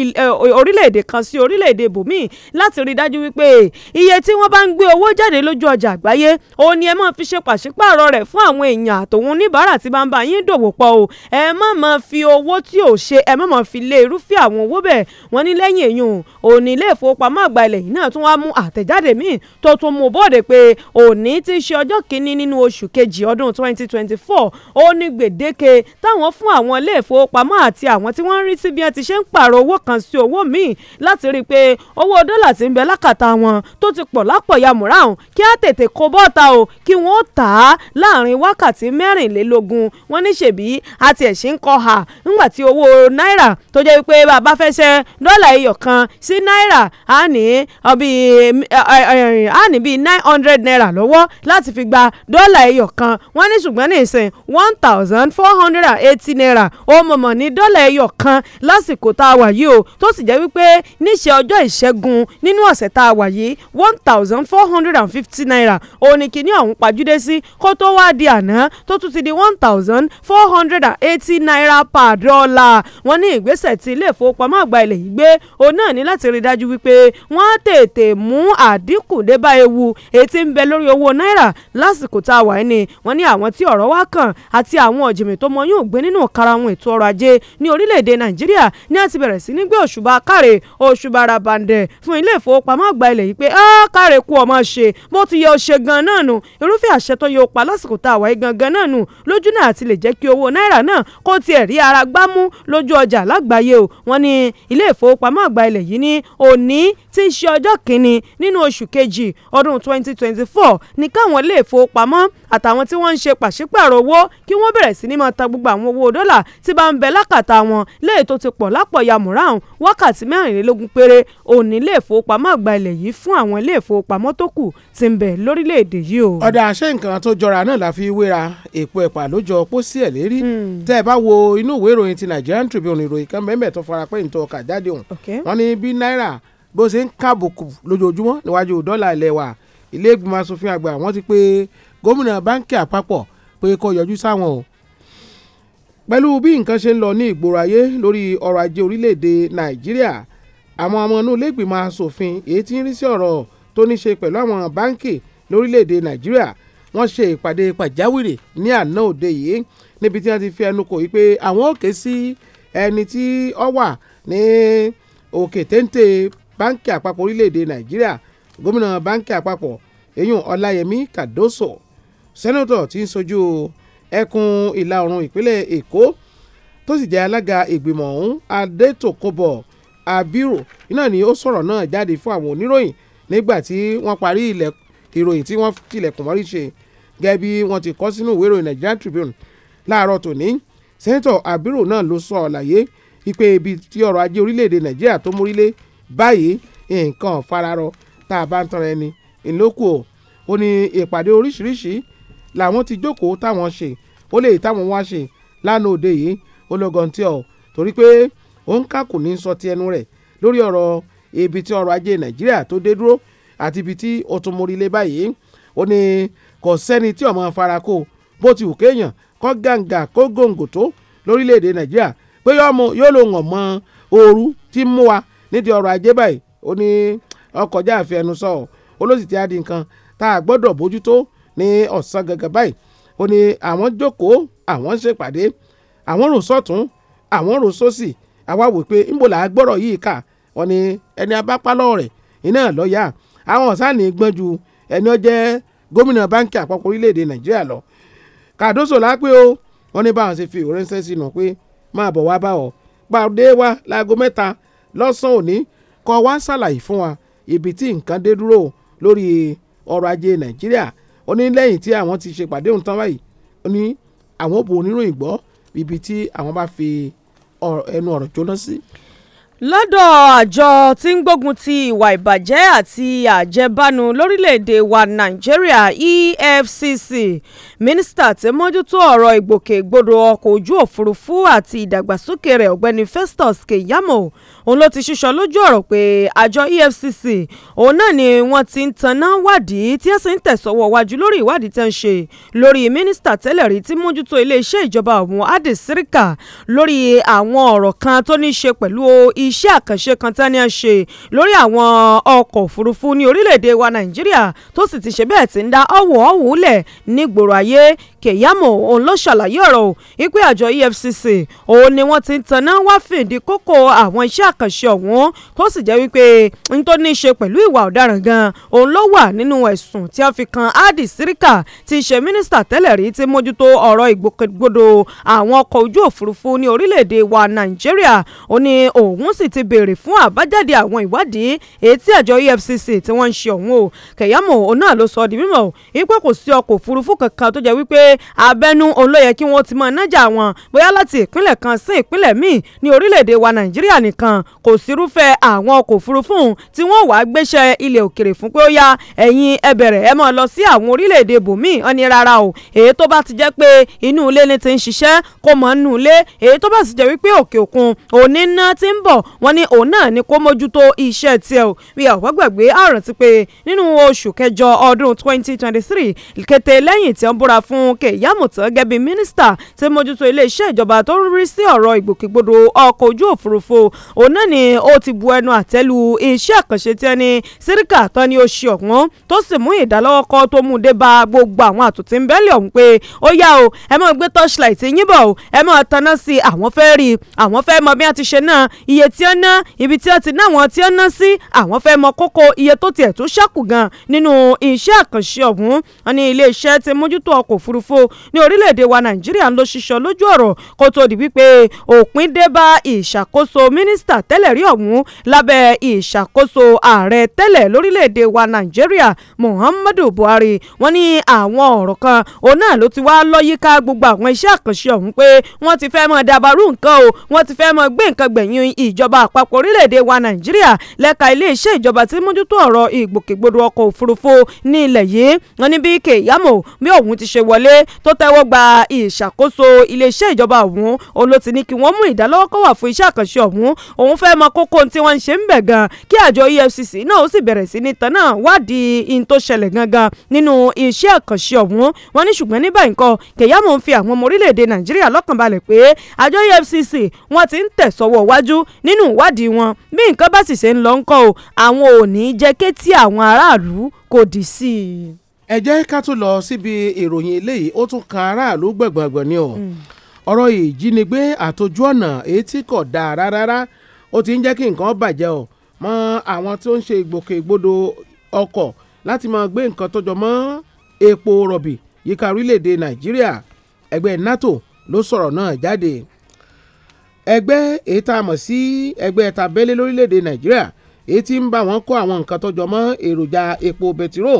S7: e, orílẹ̀-èdè kan sí orílẹ̀-èdè bòmíì láti rí dájú wípé iye tí wọ́n bá ń gbé owó jáde lójú ọjà àgbáyé òun ni ẹ máa fi ṣe pàṣípààrọ̀ rẹ̀ fún àwọn èèyàn àtòun oníbàárà tí bá ń bá yín dòwò pọ̀ o ẹ má máa fi owó tí ò ṣe ẹ má máa fi lé irúfẹ́ àwọn owó bẹ́ẹ̀ wọ́n ní lẹ́yìn èèyàn òní ilé ìfowópamọ́ àgbà ilẹ̀ yìí náà tún wá mú àtẹ̀jáde míì tó tún mú bóde pé òní tí í ṣe ọjọ́ kìíní nínú oṣù kejì ọdún 2024 ó ní gbèdéke táwọn fún àwọn ilé ìfowópamọ́ àti àwọn tí wọ́n ń rí sí bí wọ́n ti ṣe ń pààrọ̀ owó kan sí owó míì láti rí i pé owó dọ́là ti ń bẹ lákàtà wọn tó ti pọ̀ lápọ̀ ya mùráhùn kí á tètè kó bọ́ọ̀ta o kí wọ́n tà á láàrin wákàtí mẹ́rìnlélógún wọn ní ṣèbí àti ẹ̀sìn kọ́ ha ńgbà tí owó náírà tó jẹ́ wípé bàbá fẹ́ ṣẹ́ dọ́là iyọ̀ kan sí náírà á ní bíi nine hundred naira lọ́wọ́ láti fi gba dọ́là ẹyọ kan wọ́n ní ṣùgbọ́n ní ìsìn one thousand four hundred and eighty naira ó mọ̀mọ̀ ní dọ́là ẹyọ kan lásìkò tá a wà yìí o tó sì jẹ́ wípé níṣẹ́ ọjọ́ ìṣẹ́gun nínú ọ̀sẹ̀ tá a wà yìí one thousand four hundred and fifty naira ó ní kíní ọ̀hún pàjúdé sí kó tó wá di àná tó tún ti di one thousand four hundred and eighty naira per dollar wọ́n ní ìgbésẹ̀ tí ilé ìfowópamọ́ àgbà ilẹ̀ yìí gbé òun náà ní láti rí i dájú wípé wọ́n tètè mú àdínkù dé bá ewu èyí tí ń bẹ lórí owó n náírà lásìkò tá a wà ní wọ́n ní àwọn tí ọ̀rọ̀ wá kàn àti àwọn ọ̀jìnmí tó mọyún ògbé nínú karahun ètò ọrọ̀ ajé ní orílẹ̀-èdè nàìjíríà ní àti bẹ̀rẹ̀ sí ní gbé òṣùbà káre òṣùbà rabandẹ̀ fún ilé ìfowópamọ́ àgbà ilẹ̀ yìí pé á káre kú ọmọ ṣe bó ti yẹ ó ṣe gan náà nù irúfẹ́ àṣẹ tó yẹ ó pa lásìkò tá a wà yìí gangan náà nù lójú náà àti lè jẹ́ kí owó náírà náà kó tiẹ̀ rí ara gbámú lójú ọjà lágbàáyé o wọ́n ní ilé ìfowópamọ́ àgbà ilẹ̀ yìí ní òní tí í ṣe ọjọ́ kìíní nínú oṣù kejì ọdún 2024 ní káwọn ilé ìfowópamọ́ àtàwọn tí wọ́n ń ṣe pàṣípàrọ̀ owó kí wọ́n bẹ̀rẹ̀ sí ní máa ta gbogbo àwọn owó dọ́là tí bá ń bẹ lákàtà wọn léyìí tó ti pọ̀ lápọ̀ ya Moran wákàtí mẹ́rìnlélógún péré òun ní ilé ìfowópamọ́ àgbà ilẹ̀ yìí fún àwọn ilé ìfowópamọ́ tó kù ti ń bẹ lórílẹ̀‐èdè yìí o. ọ̀dà
S6: àṣẹ nǹkan tó jọra náà la fi wéra èpo ẹ̀pà ló jọ pósí ẹ̀ lérí hmm. tẹ́ ẹ bá wo inú ìwé ìròyìn ti ilé ìgbìmọ̀ asòfin àgbà wọ́n ti pé gómìnà báńkì àpapọ̀ pé kó yọjú sáwọn o pẹ̀lú bí nǹkan ṣe ń lọ ní ìgboro ayé lórí ọrọ̀ ajé orílẹ̀-èdè nàìjíríà àwọn ọmọ inú ilé ìgbìmọ̀ asòfin èyí tí ń rí sí ọ̀rọ̀ tó ní ṣe pẹ̀lú àwọn báńkì lórílẹ̀-èdè nàìjíríà wọ́n ṣe ìpàdé pàjáwìrì ní àná òde yìí níbi tí wọ́n ti fi ẹnu kò yí pé àwọn òkè sí ẹni tí ó wà ní òkè téńté báńkì àpapọ̀ orílẹ̀-èdè nàìjíríà gómìnà báńkì àpapọ̀ eyín ọláyẹmí kàdóso sẹ́nẹ́tọ̀ tí ń sojú ẹkùn ìlà oòrùn ìpínlẹ̀ èkó tó sì jẹ́ alága ìgbìmọ̀ ọ̀hún adétòkòbọ̀ abiru iná ni ó sọ̀rọ̀ náà jáde fún àwọn oníròyìn nígbà tí wọ́n parí ìròyìn tí wọ́n tilẹ̀kùn mọ́rí ṣe gẹ́gẹ́ bí wọ́n ti kọ sínú ìwé ìròyìn Nigerian Tribune láàárọ̀ tòní sẹ́ńtọ̀ abiru náà ló sọ ọ̀làyé wípé ibi tí ọrọ̀ ajé orílẹ̀-èdè nàìjíríà tó mórílé báyìí nǹkan fararọ tá a bá ń tanra ẹni ìlókù o ó ní ìpàdé oríṣiríṣi làwọn ti jókòó táwọn ṣe ó lè táwọn wá ṣe lánàá òde yìí ó lọ́gàn tí ọ̀ torí pé ó ń kàkù ní sọ ti ẹnu rẹ̀ lórí ọ̀rọ̀ ibi tí ọrọ̀ ajé nàìjíríà tó dé dúró àti ibi tí ó tún mórí lé báyìí ó ní kò sẹ́ni tí ọmọ farako bó ti wù kéèyàn kọ́ gàǹgà kó gòǹgò tó lórílẹ̀‐èdè nàìjíríà pé yóò lòun ọ̀mọ ooru tí ń mú wa nídìí ọrọ̀ ajé báyìí ó ní ọkọjá àfẹnusọ olóṣì tí a di nǹkan tá a gbọ́dọ̀ bójútó ní ọ̀sán gẹ́gẹ́ báyìí ó ní àwọn jókòó àwọn ṣèpàdé àwọn rò sọ́tún àwọn rò sósì àwa wò pé ńbò là á gbọ́rọ̀ yìí kà wọ́n ní ẹni abápálọ̀ rẹ̀ iná lọ́ọ̀yà àwọn ọ̀sánì gbọ́n ju ẹni ó jẹ́ gómìnà báńkì àpapọ̀ orílẹ̀-èdè nàìjíríà lọ kàdóso lápé o wọ́n ní báwọn ṣe fi ìránṣẹ́ sínú pé máa bọ̀ wá bá ọ pàdé wa láago mẹ́ta lọ́sàn-án òní kọ́ wá ṣàlàyé fún wa ibi tí nǹkan dé dúró lórí ọrọ̀ ajé nàìjíríà ó ní lẹ́yìn tí àwọn ti ṣèpàdé òun tán báyìí ó ní àwọn ò bu oníròyìn gbọ́ ibi tí àwọn bá fi ẹnu ọ̀rọ̀ jóná sí
S7: lọ́dọ̀ àjọ tí ń gbógun ti ìwà ìbàjẹ́ àti àjẹbánu lórílẹ̀‐èdè wa nàìjíríà efcc mínísítà tí mójútó ọ̀rọ̀ ìgbòkègbodò ọkọ̀ ojú òfurufú àti ìdàgbàsókè rẹ̀ ọ̀gbẹ́ni festus keyamo òun ló ti ṣíṣọ lójú ọ̀rọ̀ pé àjọ efcc òun náà ni wọ́n ti ń tanná wádìí tí ẹ sì ń tẹ̀sọ́wọ́ wájú lórí ìwádìí tẹ́ ń ṣe lórí mínísítà tẹ́lẹ̀ rí tí mójútó iléeṣẹ́ ìjọba ọ̀hún adesirika lórí àwọn ọ̀rọ̀ kan tó ní í ṣe pẹ̀lú iṣẹ́ àkànṣe kan tán ni wọ́n ṣe lórí àwọn ọkọ̀ òfurufú ní orílẹ̀-èdè wa nàìjíríà tó sì ti ṣe bẹ́ẹ̀ ti ń dá ọ̀wọ̀ ọ̀hún lẹ̀ nígboro ayé Keyamo òun ló ṣàlàyé ọ̀rọ̀ o wípé àjọ EFCC òun ni wọ́n ti ń taná wá fìdí kókó àwọn iṣẹ́ àkànṣe ọ̀hún tó sì jẹ́ wípé n tó ní í ṣe pẹ̀lú ìwà ọ̀daràn gan òun ló wà nínú ẹ̀sùn tí a fi kan Hadi Sirika tí í ṣe mínísítà tẹ́lẹ̀ rí ti mójútó ọ̀rọ̀ ìgbòkègbodò àwọn ọkọ̀ ojú òfurufú ní orílẹ̀ wa Nàìjíríà ó ní òun sì ti béèrè fún àbájáde àwọn ìwádìí èyí tí àjọ EFCC tí wọ́n ń ṣe ọ̀hún o Keyamo òun náà ló sọ di mímọ̀ wípé kò sí ọkọ̀ òfurufú kankan tó jẹ́ wípé abẹ́nú òun ló yẹ kí wọ́n ti mọ nájà wọn bóyá láti ìpínlẹ̀ kan sí ìpínlẹ̀ míì ní orílẹ̀-èdè wa nàìjíríà nìkan kò sírúfẹ́ àwọn ọkọ̀ òfurufú tí wọ́n wàá gbéṣẹ́ ilẹ̀ òkèrè fún pé ó yá ẹ̀yin ẹ bẹ̀rẹ̀ ẹ máa lọ sí àwọn orílẹ̀-èdè bòmíì ó ní rárá o èyí tó bá ti jẹ́ pé inú ilé ni ti ń ṣiṣẹ́ kó mọ̀ nínú ilé èyí tó bá sì jẹ́ wípé òkè òkun òní ná ti ń bọ̀ wọ́n ní òun náà ni kó mójútó iṣẹ́ tiẹ̀ o bí àwọn gbàgbé àrùn ti pé nínú oṣù kẹjọ ọdún 2023 kété lẹ́yìn tí wọ́n búra fún Adeleke Iyamutan gẹ́gẹ́ bí mínísítà tí mójútó iléeṣẹ́ ìjọba tó ń rí sí ọ̀rọ̀ ìgbòkègbodò ọkọ̀ ojú òfurufú òun náà ni ó ti bu ẹnu àtẹ́lu iṣẹ́ àkànṣe tí ẹni síríkà tán ni ó ṣe ọ̀hún tó sì mú ìdálọ́wọ́kọ́ tó mú dé bá gbogbo àwọn àtúntí ń bẹ́lẹ̀ ọ̀hún pé ó yá o ẹ máa gbé torchlight yín bọ̀ o ẹ máa taná sí àwọn fẹ́ rí i àwọn fẹ́ mọ bí wọ́n ti ṣe náà iye ná ti ná àwọn tí ó ná sí àwọn fẹ́ mọ kókó iye tó tiẹ̀ tún ṣẹ́kù ṣòfò ní orílẹ̀-èdè wa nàìjíríà ń lo ṣiṣọ́ lójú ọ̀rọ̀ kó tó di wípé òpin dé bá ìṣàkóso mínísítà tẹ́lẹ̀ rí ọ̀hún lábẹ́ ìṣàkóso ààrẹ tẹ́lẹ̀ lórílẹ̀-èdè wa nàìjíríà muhammadu buhari wọ́n ní àwọn ọ̀rọ̀ kan òun náà ló ti wá lọ́yíká gbogbo àwọn iṣẹ́ àkànṣe ọ̀hún pé wọ́n ti fẹ́ mọ dàbàrú nǹkan o wọ́n ti fẹ́ mọ gbé nǹkan gbẹ̀yìn ìjọba àpapọ̀ orílẹ̀-èdè wa nàìjíríà lẹ́ka iléeṣẹ́ ìjọba tí mójútó ọ̀rọ̀ ìgbòkègbodò ọkọ̀ òfurufú ní ilẹ̀ yìí wọ́n ní bí kèyámò bí òun ti ṣe wọlé tó tẹ́wọ́ gba ìṣàkóso iléeṣẹ́ ìjọba ọ̀hún òun ló ti ní kí wọ́n mú ìdálọ́wọ́kọ́ wà fún iṣẹ́ àkànṣe ọ̀hún òun fẹ́ mọ kókó tí wọ́n ń ṣe ń bẹ̀ gan kí àjọ EFCC náà ó sì bẹ̀rẹ̀ sí ní tanná wádìí in tó ṣẹlẹ̀ gangan nínú iṣẹ́ àkànṣe ọ̀hún wọ́n ní ṣùgbọ́n ní báyìí nǹkan Keyamo ń fi àwọn ọmọ orílẹ̀-èdè Nàìjíríà lọ́kàn balẹ̀ pé àjọ EFCC wọ́n ti ń tẹ̀ wájú nínú ìwádìí wọn bí nǹkan bá sì ṣe ń lọ ńkọ́ o àwọn ò jẹ́ kétí àwọn aráàlú kò dì sí i ẹ jẹ́ ká tún lọ síbi
S6: ìròyìn eléyìí ó tún kan aráàlú gbọ̀ngbọ̀ngbọ̀n ni o hmm. ọ̀rọ̀ ìjínigbé àtòjú ọ̀nà èyí tí kò dáa rárá ó ti ń jẹ́ kí nǹkan bàjẹ́ o mọ́ àwọn tí ń ṣe ìgbòkègbodò ọkọ̀ láti máa gbé nǹkan tó jọ epo rọ̀bì yíká orílẹ̀-èdè nàìjíríà ẹgbẹ́ NATO ló sọ̀rọ̀ náà jáde ẹgbẹ́ èyí tá a mọ̀ sí ẹgbẹ́ tàbẹ́lẹ́ lórílẹ̀-èdè nàìjíríà èyí tí ń bá wọn kó àwọn nǹkan tó jọ èròjà epo bẹtiró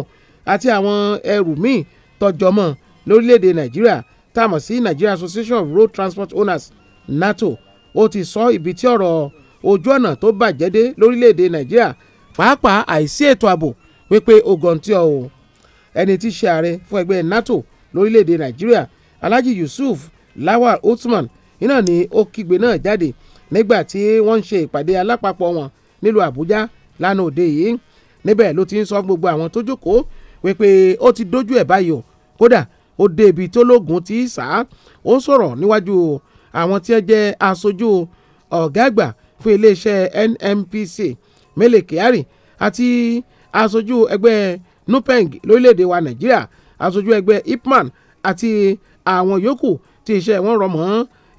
S6: àti àwọn ẹrù míì tọjọmọ́ lórílẹ̀‐èdè nàìjíríà táàmọ̀ sí nigeria association of road transport owners nato ó ti sọ ibi tí ọ̀rọ̀ ojú ọ̀nà tó bàjẹ́ dé lórílẹ̀‐èdè nàìjíríà pàápàá àìsí ètò ààbò wípé ogun tí ọ o ẹni tí í ṣe ààrẹ fún ẹgbẹ́ nato lórílẹ̀‐èdè nàìjíríà alhaji yusuf lawal othman iná ni ó kígbe náà jáde nígbà tí wọ́n ń ṣe ìpàdé alápapọ̀ wọn nílùú àbújá lánàá òde yìí níbẹ̀ ló ti ń sọ gbogbo àwọn tó jókòó wípé ó ti dójú ẹ̀ báyìí o kódà ó dé ibi tó lóògùn ti sá ó sọ̀rọ̀ níwájú àwọn tí ó jẹ́ aṣojú ọ̀gá àgbà fún iléeṣẹ́ NNPC Mele Kyari àti aṣojú ẹgbẹ́ NUPENG lórílẹ̀‐èdè wa Nàìjíríà aṣojú ẹgbẹ́ IPMAN àti àwọn yòókù tí iṣẹ́ wọn rọ̀ mọ́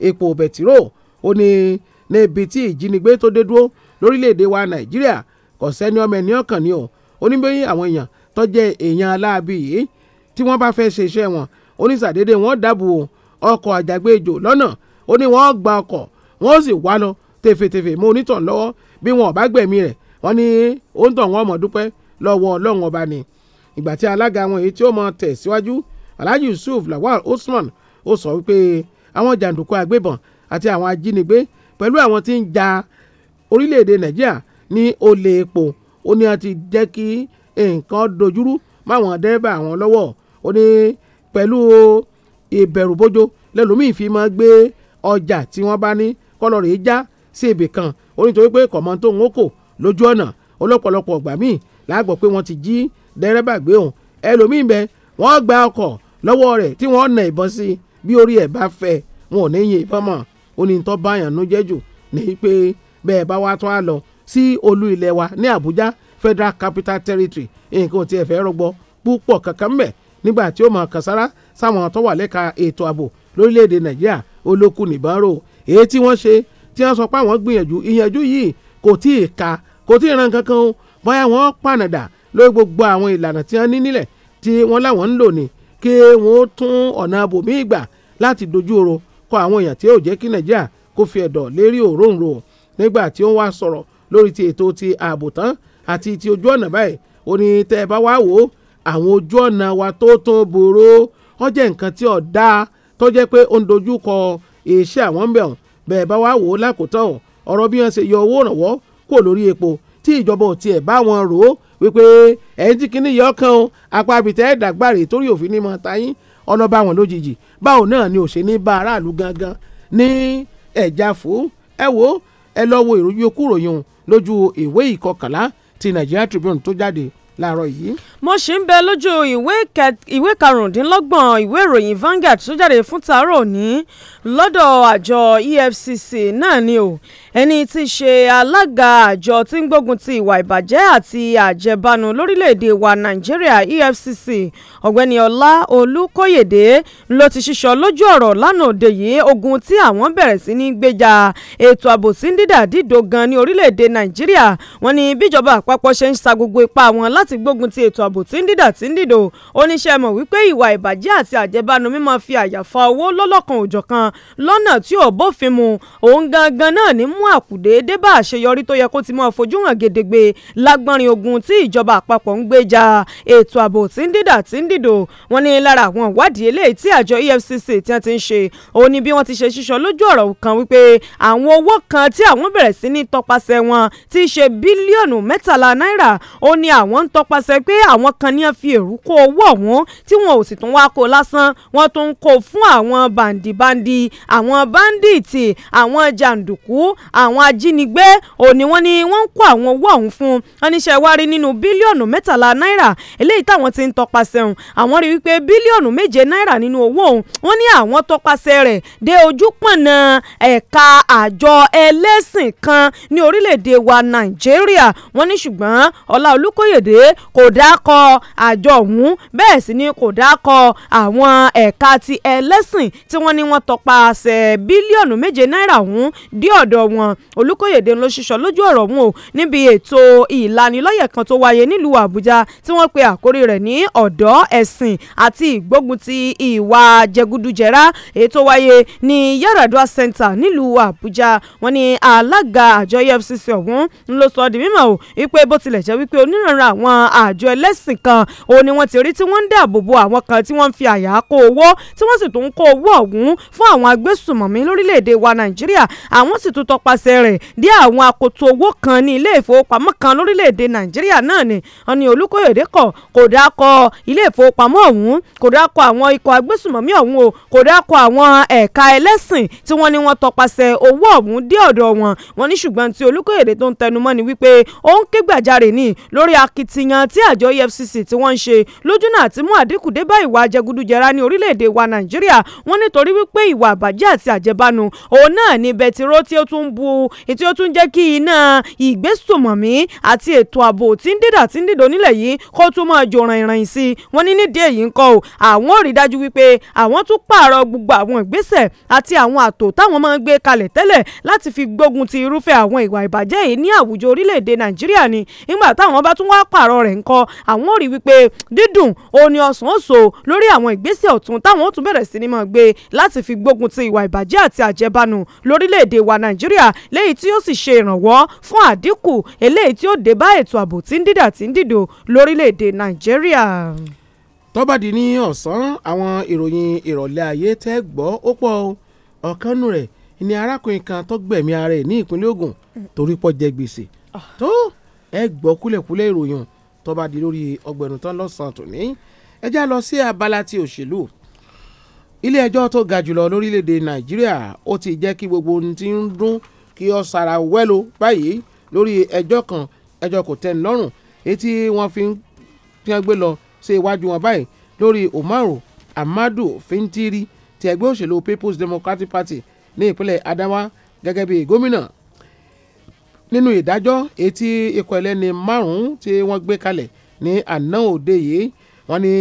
S6: epo bẹtiró ó ní níbi tí ìjínigbé tó dé dúró lórílẹ̀‐èdè wa Nàìjíríà kò sẹ́ni ọmọ ẹni ọkàn ni o ó ní bẹ́yìn àwọn èèyàn tó jẹ́ èèyàn aláàbí yìí tí wọ́n bá fẹ́ ṣe iṣẹ́ wọn oníṣàdédé wọn dábò ọkọ̀ àjàgbéjò lọ́nà ó ní wọ́n gba ọkọ̀ wọ́n sì wá lọ tefetefe mọ́ onítàn lọ́wọ́ bí wọn ò bá gbẹ̀mí rẹ̀ wọ́n ní ó ń tàn wọ́n mọ̀ dúpẹ́ lọ́wọ́ ọlọ́run ọba ni ìgbà tí alága wọn èyí tí ó mọ tẹ̀síwájú alhaji yusuf lawal usman ó sọ wípé àwọn jàǹdùkú agbébọn àti àwọn ajínigbé pẹ̀lú àwọn tí ń ja orílẹ̀-èdè nàìjíríà ní olè epo ó ní a ti jẹ́ kí nǹkan dojúrú máwọn dẹ́rẹ́bà àwọn lọ́wọ́ ó ní pẹ̀lú ìbẹ̀rùbojo lẹ́lòmíì fi máa gbé ọjà tí wọ́n bá ní kọ́lọ̀ rèé já sí ibì kan ó nítorí pé kọ̀mọ́ tó ń kò lójú ọ̀nà ọlọ́pọ̀lọpọ̀ ọ̀gbà míì láàgbọ̀ pé wọ́n ti jí dẹ́rẹ́bà gbé òun ẹlòmíì bẹ wọ́n gba ọkọ̀ lọ́wọ́ rẹ̀ tí wọ́n nà ìbọn sí bí orí ẹ̀ bá fẹ́ wọn ò ní yin ìbọn mọ́ ó ní tó báyàn nú ní pé bẹ́ẹ̀ bá wá tó á lọ sí olú ilẹ̀ wa ní Àbújá Federal Capital Territory nǹkan ò tiẹ̀ fẹ́ rọgbọ púpọ̀ kankan mbẹ̀ nígbà tí ó mọ̀ kàsára sáwọn tó wà lẹ́ka ètò ààbò lórílẹ̀‐èdè Nàìjíríà olókùn nìbọn rò èyí tí wọ́n ṣe tí wọ́n sọ pé àwọn gbìyànjú ìyànjú yìí kò tí ì ka kò tí ì ran kankan o bóyá wọ́n pànàdà lórí gbogbo àwọn ìlànà tí wọ́n ní nílẹ̀ tí wọ́n láwọn ń lò ní kí wọ́n tún ọ̀nà abòmí ìgbà láti dojú ọ̀rọ̀ kọ àwọn èèyàn tí yóò jẹ́ kí Nàìjíríà kó fi ẹ̀dọ̀ lérí òróǹro nígbà tí ó wá sọ̀rọ̀ lórí ti ètò ti ààbò tán àti ti ojú ọ̀nà báyìí ó ní tẹ́ ẹ bá wá wò ó àwọn ojú ọ̀nà wa tó tó boró ó jẹ́ nǹkan tí ó dáa tó jẹ́ pé ó ń dojú kọ iṣẹ́ àwọn bẹ̀ ọ̀hún bẹ́ẹ̀ bá wá wò ó lákòótọ́ ọ̀rọ̀ bí wọ́n ṣe yọ owó ìrànwọ́ kò lórí epo tí ìjọba ò tiẹ̀ bá wọn rò ó wípé ẹ̀yìn tí kínní yọ kan o apá abìtẹ́ ẹ̀dàgbàrè torí òfin ni mọ̀ táyín ọ̀nà bá wọn lójijì báwo náà ni ò ṣe ní bá aráàlú gangan ní ẹ̀já fún ẹ wo ìròyìn okúròyìn lójú ìwé ìkọkànlá ti
S7: Nigeria Tribune tó
S6: jáde láàárọ̀
S7: yìí. mo ṣì ń bẹ lójú ìwé karùndínlọ́gbọ̀n ìwé ìròyìn Vanguard tó jáde fún tàárọ̀ òní lọ́dọ̀ àjọ EFCC náà ni o ẹni tí í ṣe alága àjọ tí ń gbógun ti ìwà ìbàjẹ́ àti àjẹbánu lórílẹ̀‐èdè wa nàìjíríà EFCC ọ̀gbẹ́ni ọlá olúkóyèdé ló ti ṣíṣọ lójú ọ̀rọ̀ lánàá òde yìí ogun tí àwọn bẹ̀rẹ̀ sí ní gbéjà ètò ààbò sí ń dídà dídò gan ní orílẹ̀‐èdè nàìjíríà wọ́n ní bíjọba àpapọ̀ ṣe ń sa gbogbo ipá wọn láti gbógun ti ètò ààbò tí ń dídà tí ń dìdò oníṣẹ́ mọ̀ wípé ìwà ìbàjẹ́ àti àjẹbánu mímọ́ fi àyàfa owó lọ́lọ́kan òjọ̀kan lọ́nà tí ò bófin mu òun gangan náà ní mú mú àkùdé dé bá àṣeyọrí tó yẹ kó ti máa fojú hàn gedegbe lágbọ́nrin ogun tí ìjọba àpapọ̀ ń gbéjà ètò ààbò tí ń dídà tí ń dìdò wọn ní lára àwọn ìwádìí eléyìí tí àjọ EFCC tí wọ́n ti ń ṣe òun ni bí wọ́n ti ṣe ṣíṣọ lójú ọ̀rọ̀ kan wípé àwọn owó kan tí àwọn bẹ̀rẹ̀ sí ní tọpasẹ̀ wọn ti ṣe bílíọ̀nù mẹ́tàlá náírà ó ní àwọn ń tọpasẹ̀ pé àwọn kan ní fi èrú kó owó ọ̀hún tí wọn ò sì tún wá kó lásán wọ́n tún kó fún àwọn bàǹdìbàǹdì àwọn báńdíìtì àwọn jàǹdùkú àwọn ajínigbé òní wọ́n ni wọ́n ń kó àwọn owó ọ̀hún fún wọn níṣẹ́ wá rí nínú bílíọ̀nù mẹ́tàlá náírà eléyìí táwọn ti ń tọpasẹ̀ ọ̀hún àwọn rí wípé bílíọ̀nù méje náírà nínú owó ọ̀hún wọ́n ní àwọn tọpasẹ̀ rẹ̀ dé ojú pọ̀nà ẹ̀ka àjọ ẹlẹ́sìn kan ní orílẹ̀ wa nàìjíríà wọ́n ní ṣùgbọ́n ọlá olúkóyèdè kò dákọ àjọ ọ̀hún bẹ́ẹ̀ sì ni kò dákọ àwọn ẹ̀ka ti ẹlẹ́sìn tí wọ́n ní wọ́n tọpasẹ̀ bílíọ̀nù méje náírà ọ̀hún dé ọ̀dọ̀ wọn wọn olùkóyèdè ló ṣiṣọ lójú ọ̀rọ̀ wọn o níbi ètò ìlanilọ́yẹ̀ kan tó wáyé nílùú àbújá tí wọ́n pe àkórí rẹ̀ ní ọ̀dọ́ ẹ̀sìn àti ìgbógun ìwà jẹgúdújẹrá ètò wáyé ní yaradua center nílùú àbújá wọn ni alága àjọ efcc ọ̀hún ló sọ di mímọ̀ o wípé bó tilẹ̀ jẹ́ wípé onírànran àwọn àjọ ẹlẹ́sìn kan òun ni wọ́n ti rí tí wọ́n ń dáàbò bo àwọn kan tí wọ́n ń fi àyà kó owó tí wọ́n sì tún kó owó ọ̀hún fún àwọn agbésùmọ̀mí lórílẹ̀ wa nàìjíríà àwọn sì tún tọpa nípasẹ̀ rẹ̀ dé àwọn akoto owó kan ní ilé ìfowópamọ́ kan lórílẹ̀‐èdè nàìjíríà náà ni wọn ni olùkóyèdè kọ kò dáa kọ ilé ìfowópamọ́ ọ̀hún kò dáa kọ àwọn ikọ̀ agbésùmọ̀mí ọ̀hún o kò dáa kọ àwọn ẹ̀ka ẹlẹ́sìn tí wọ́n ní wọ́n tọpasẹ̀ owó ọ̀hún dé ọ̀dọ̀ wọn wọn ní ṣùgbọ́n tí olùkóyèdè tó ń tẹnumọ́ ni wípé ó ń ké gbàjarè ní lórí akitiyan tí àjọ EFCC tí wọ́n ń ṣe lójúnà àti mú àdínkù dé bá ìwà jẹgúdújẹrá ní orílẹ̀-èdè wa nàìjíríà wọ́n nítorí wípé ìwà àbàjẹ́ àti àjẹbánu òun náà ni bẹtiró tí ó tún tinubu tí ó tún jẹ́ kí iná ìgbésùmọ̀mí àti ètò ààbò tí ń dídà tí ń dìdò nílẹ̀ yìí kó tún máa jò ràìnràìn sí i wọ́n ní nídìí èyí ń kọ́ o àwọn ò rí dájú wípé àwọn tún pààrọ̀ gbogbo àwọn ìgbésẹ̀ àti àwọn àtò táwọn máa ń gbé kalẹ̀ tẹ́lẹ̀ láti fi gbógun ti irúfẹ́ àwọn ìwà ìbàjẹ́ yìí ní àwùjọ orílẹ̀-èdè nàìjíríà ni nígbà táwọn bá tún wá pààrọ̀ rẹ̀ ńkọ́ àwọn ò rí wípé dídùn òní ọ̀sán òṣò lórí àwọn ìgbésẹ̀ ọ̀tún táwọn ó tún bẹ̀rẹ̀ sí ni máa gbé láti fi gbógun ti ìwà ìbàjẹ́ àti àjẹbánu lórílẹ̀-èdè wa nàìjíríà náírà léyìí tí ó sì ṣe ìrànwọ́ fún àdínkù eléyìí tí ó dé bá ètò ààbò tí ń dídà tí ń dìdò lórílẹ̀‐èdè nàìjíríà. tó bá di ní ọ̀sán
S6: àwọn ìròyìn ìrọ̀lẹ́ ayé tẹ́ gbọ́ ó pọ̀ ọ̀kanú rẹ̀ ni arákùnrin kan tó gbẹ̀mí ara ẹ̀ ní ìpínlẹ̀ Ògùn torí pọ̀ jẹ gbèsè tó ẹ gbọ́ kúlẹ̀kúlẹ̀ ìròyìn tó bá di lórí ọgbẹ̀rún tán lọ́sàn-án tòní ẹ já lọ sí abala ti òṣèlú ilé ẹjọ́ tó ga jùlọ lórílẹ̀‐èdè Nàìjíríà ó ti jẹ́ kí gbogbo ohun tí ń dún kí ọ sara wẹ́lo báyìí lórí ẹjọ́ kan ẹjọ́ kò tẹ́ ń lọ́rùn etí wọ́n fi ń gbé lọ sí iwájú wọn báyìí lórí Umaru Amadu Fintiri ti ẹgbẹ́ òṣèlú People's Democratic Party ní ìpínlẹ̀ Adamawa gẹ́gẹ́ bí gómìnà nínú ìdájọ́ etí ikọ̀ ẹlẹ́ni márùn-ún tí wọ́n gbé kalẹ̀ ní àná òde yìí wọ́n ní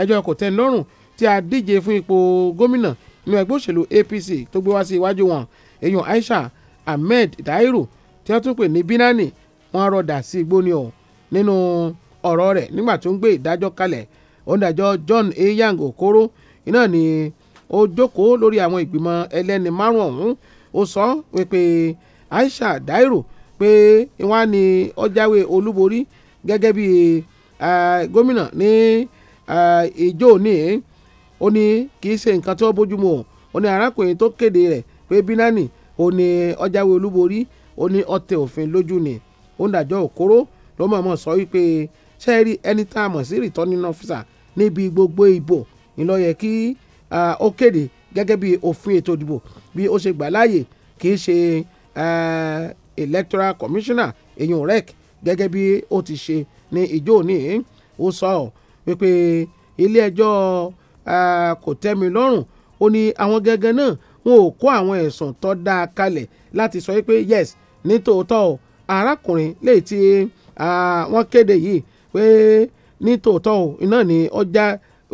S6: ẹjọ́ kò tẹ́ ń lọ́rùn tí a díje fún ipò gómìnà nínú ẹgbẹ́ òṣèlú APC tó gbé wá sí iwájú wọn èèyàn Aisha Ahmed Dairo tí wọ́n tún pè ní Binani wọ́n rọ̀dà sí igbó ni ọ̀ nínú ọ̀rọ̀ rẹ̀ nígbà tó ń gbé ìdájọ́ kalẹ̀ onídàájọ́ John Eyang Okoro iná ni ó jókòó lórí àwọn ìgbìmọ̀ ẹlẹ́ni márùn ọ̀hún ó sọ wípé Aisha Dairo pé wọ́n á ní ọjàwé olúborí gẹ́gẹ́ bí gómìnà ní ìjọ òní ó ní kì í ṣe nǹkan tí wọ́n bójúmu ó ní arákùnrin tó kéde rẹ̀ pé Binani ó ní ọjàwé olúborí ó ní ọ̀tẹ̀ òfin lójú ni ó ń dàjọ́ òkóró ló mọ̀ọ́mọ̀ sọ wípé ṣe rí ẹni tá a mọ̀ sí returning officer níbi gbogbo ìbò ńlọ yẹ kí ó kéde gẹ́gẹ́ bí òfin ètò ìdìbò bí ó ṣe gbà láàyè kì í ṣe electoral commissioner èyàn rec gẹ́gẹ́ bí ó ti ṣe ní ìjọ òní ó sọ ọ́ wípé ilé ẹjọ́ kò tẹ́ mi lọ́rùn ó ní àwọn gẹ́gẹ́ náà wọn ò kó àwọn ẹ̀sùn tó dáa kalẹ̀ láti sọ pé yes nítòótọ́ o arákùnrin lè ti wọ́n kéde yìí pé nítòótọ́ o iná ni ọjà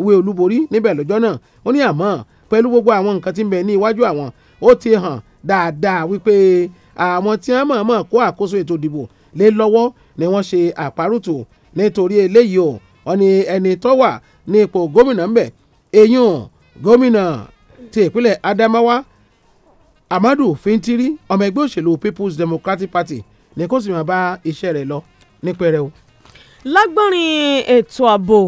S6: ìwé olúborí níbẹ̀ lọ́jọ́ náà ó ní àmọ́ pẹ̀lú gbogbo àwọn nǹkan tí ń bẹ ní iwájú àwọn ó ti hàn dáadáa wípé àwọn tí wọ́n mọ̀ọ́mọ̀ kó àkóso ètò ìdìbò lé lọ́wọ́ ni wọ́n ṣe àparùtù nítorí eléyìí o wọ́n ní ẹni tó wà ní ipò gómìnà ń bẹ eyín o gómìnà ti ìpínlẹ̀ Adamawa Amadu Fintiri ọmọ ẹgbẹ́ òṣèlú People's Democratic Party ní kó sì máa bá iṣẹ́ rẹ̀ lọ ní pẹrẹu
S7: lágbọ́nrin ètò ààbò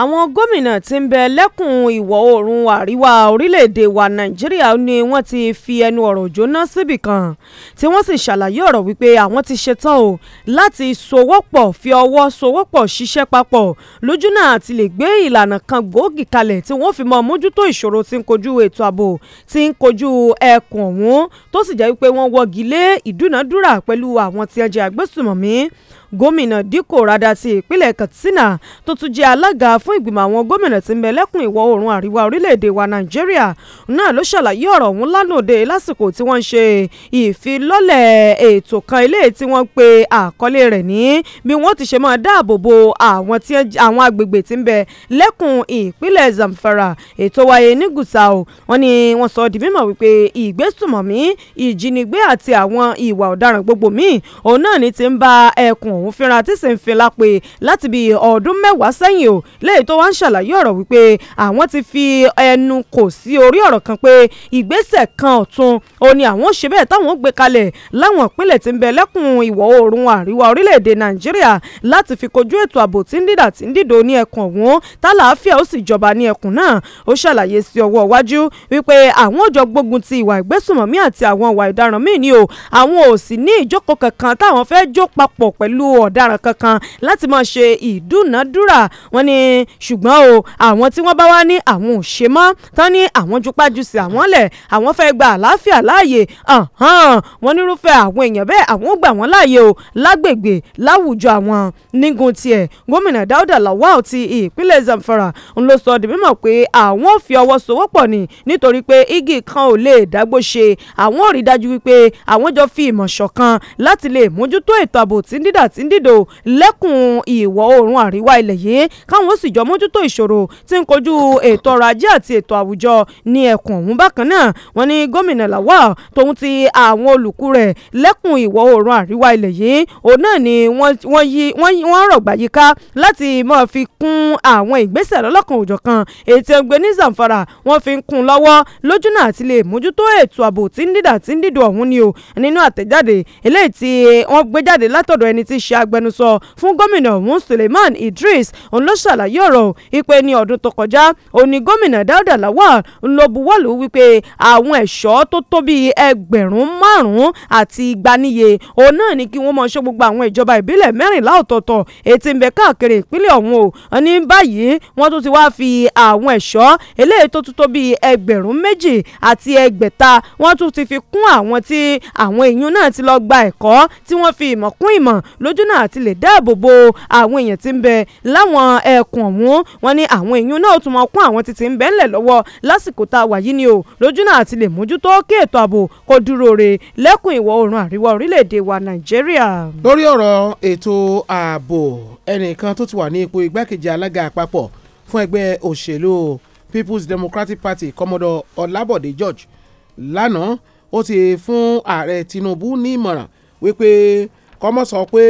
S7: àwọn gómìnà tí ń bẹ lẹ́kùn ìwọ̀ oòrùn àríwá orílẹ̀-èdè wa nàìjíríà ni wọ́n ti fi ẹnu ọ̀rọ̀ jóná síbì kan tí wọ́n sì ṣàlàyé ọ̀rọ̀ wípé àwọn ti ṣetán o láti sowọ́pọ̀ fi ọwọ́ sowọ́pọ̀ ṣiṣẹ́ papọ̀ lójúnà àti lè gbé ìlànà kan gbòógì kalẹ̀ tí wọ́n fi mọ mójútó ìṣòro tí ń kojú ètò ààbò tí ń kojú ẹkùn ọ̀hún tó sì jẹ́ wípé wọ́n wọ́gi gómìnà dípò rada ti ìpínlẹ̀ katsina tó tún jẹ́ alága fún ìgbìmọ̀ àwọn gómìnà tí ń bẹ lẹ́kùn ìwọ̀ oòrùn àríwá orílẹ̀-èdè wa nàìjíríà náà ló ṣàlàyé ọ̀rọ̀ ọ̀hún lánàá lásìkò tí wọ́n ń ṣe ìfilọ́lẹ̀ ètò kan ilé tí wọ́n pe àkọlé rẹ̀ ní bí wọ́n ti ṣe máa dáàbò bo àwọn agbègbè tí ń lẹ́kùn ìpínlẹ̀ zamfara ètò wáyé ní gusau wọ́n ní wọ́n sọ di mímọ̀ wípé ìgbésùmọ̀mí ìjínigbé àti àwọn ìwà ọ̀daràn gbogbo míì òun náà ní ti ń ba ẹkùn ọ̀hún fínra tí sì ń fin lápè láti bí ọdún mẹ́wàá sẹ́yìn o léyìí tó wá ń ṣàlàyé ọ̀rọ̀ wípé àwọn ti fi ẹnu kò sí orí ọ̀rọ̀ kan pé ìgbésẹ̀ kan ọ̀tun ó ní àwọn ò ṣe bẹ́ẹ̀ táwọn gbé kalẹ̀ láwọn ìpínlẹ̀ tí ń bẹ lẹ́kùn ìwọ̀ oòrùn àríwá orílẹ̀-èdè nàìjíríà láti fi kojú ètò ààbò tí ń dìdà tí ń dìdò ní ẹkùn ọ̀hún tálàáfíà ó sì jọba ní ẹkùn náà ó ṣàlàyé sí ọwọ́ iwájú wípé àwọn ò gbógun ti ìwà ìgbésùnmọ̀mí àti àwọn ìwà ìdaràn míì ni o àwọn ò sì ní ìjókòó kankan táwọn fẹ́ jó papọ̀ pẹ̀lú ọ̀daràn kankan láti máa ṣe ìdúnàdúrà wọn ni ṣùgbọ́n o àwọn tí wọ́n bá wá ní àwọn ò ṣe mọ́ tán ní àwọn jupájúsì àwọn lẹ̀ àwọn fẹ́ gba àlàáfíà láàyè wọn nírúfẹ́ àwọn èèyàn bẹ́ẹ̀ àwọn ò gbà wọ́n láàyè o lágbègbè láwùjọ àwọn nígun tiẹ̀ gómìnà Dáúdà Lawal ti ìpínlẹ̀ Zamfara ń lọ sọ di mímọ̀ pé àwọn ò fi ọwọ́ sowọ́pọ̀ ni nítorí pé igi kan ò lè dágbó ṣe àwọn ò rí dájú wípé àwọn jọ fi ìmọ̀ ṣọ̀kan láti lè mójútó ètò ààbò tí ń dídà t sí dìdò lẹ́kùn ìwọ̀ oòrùn àríwá ilẹ̀ yìí káwọn sì jọ mójútó ìṣòro tí ń kojú ètò ọrọ̀ ajé àti ètò àwùjọ ní ẹkùn ọ̀hún bákan náà wọ́n ní gómìnà Lawal tòun ti àwọn olùkú rẹ̀ lẹ́kùn ìwọ̀ oòrùn àríwá ilẹ̀ yìí òun náà ni wọ́n yí wọ́n rọ̀gbà yíká láti máa fi kún àwọn ìgbésẹ̀ lọ́lọ́kan òjọ̀kan ètò ẹgbẹ́ ní Zamfara wọ́n fi ń kún lọ́wọ́ lójúnà àti lè mójútó ètò ààbò tí ń dìdà tí ń dìdò ọ̀hún ni o nínú àtẹ̀jáde eléyìí tí wọ́n gbé jáde látọ̀dọ̀ ẹni tí í ṣe agbẹnusọ fún gómìnà ọ̀hún Suleiman Idris òun ló ṣàlàyé ọ̀rọ̀ ìpè ní ọdún tó kọjá òun ni gómìnà Dáúdà Lawal ń lọ buwọ́lù wípé àwọn ẹ̀ṣọ́ tó tó bíi ẹgbẹ̀rún márùn-ún àti igba òun náà ni kí wọ́n mọ̀ ṣọ́ gbogbo àwọn ìjọba ìbílẹ̀ mẹ́rìnlá ọ̀tọ̀ọ̀tọ̀ ètí ń bẹ káàkiri ìpínlẹ̀ ọ̀hún o ní báyìí wọ́n tún ti wá fi àwọn ẹ̀ṣọ́ eléyìí tó tún tó bíi ẹgbẹ̀rún méjì àti ẹgbẹ̀ta wọ́n tún ti fi kún àwọn tí àwọn èèyàn náà ti lọ gba ẹ̀kọ́ tí wọ́n fi ìmọ̀ kún ìmọ̀ lój lójúnà àti lè dáàbò bo àwọn èèyàn tí ń bẹ láwọn ẹkùn ọ̀hún wọn ní àwọn èèyàn náà tún máa kún àwọn títí ń bẹ ńlẹ̀ lọ́wọ́ lásìkò tá a wà yìí ni o lójúnà àti lè mójútó kí ètò ààbò kó dúró re lẹ́kùn ìwọ̀ oòrùn àríwá orílẹ̀-èdè wa Nàìjíríà. lórí ọ̀rọ̀ ètò ààbò
S6: ẹnìkan tó ti wà ní ipò igbákejì alága àpapọ̀ fún ẹgbẹ́ òṣèlú People's Democratic Party kọmọdọ Ọlábọ̀dé George lánàá ó ti fún ààrẹ Tinubu ní ìmọ̀ràn wípé kọ́mọ́ sọ pé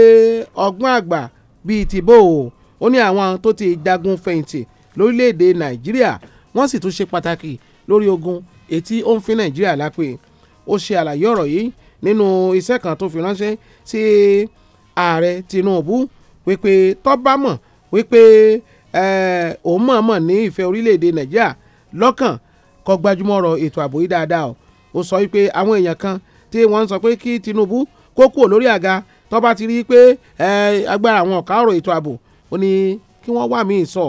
S6: ọgbọ́n àgbà bíi ti bò ó ó ní àwọn tó ti jagun fẹ̀yìntì lórílẹ̀‐èdè nàìjíríà wọ́n sì tún ṣe pàtàkì lórí ogun ètí ó ń fi nàìjíríà lápè ó ṣe àlàyé ọ̀rọ̀ yìí nínú iṣẹ́ kan tó fi ránṣẹ́ sí ààrẹ tinubu wípé tọ́ba mọ̀ wípé òun mọ̀ọ́mọ̀ ní ìfẹ́ orílẹ̀‐èdè nàìjíríà lọ́kàn kó gbajúmọ̀ ọ̀rọ̀ ètò ààbò yìí dáadáa ó sọ wípé àwọn èèyàn kan tí wọ́n ń sọ pé kí tinubu kó kúrò lórí àga tó bá ti rí i pé agbára àwọn ọ̀ka ọ̀rọ̀ ètò ààbò ó ní kí wọ́n wà míì sọ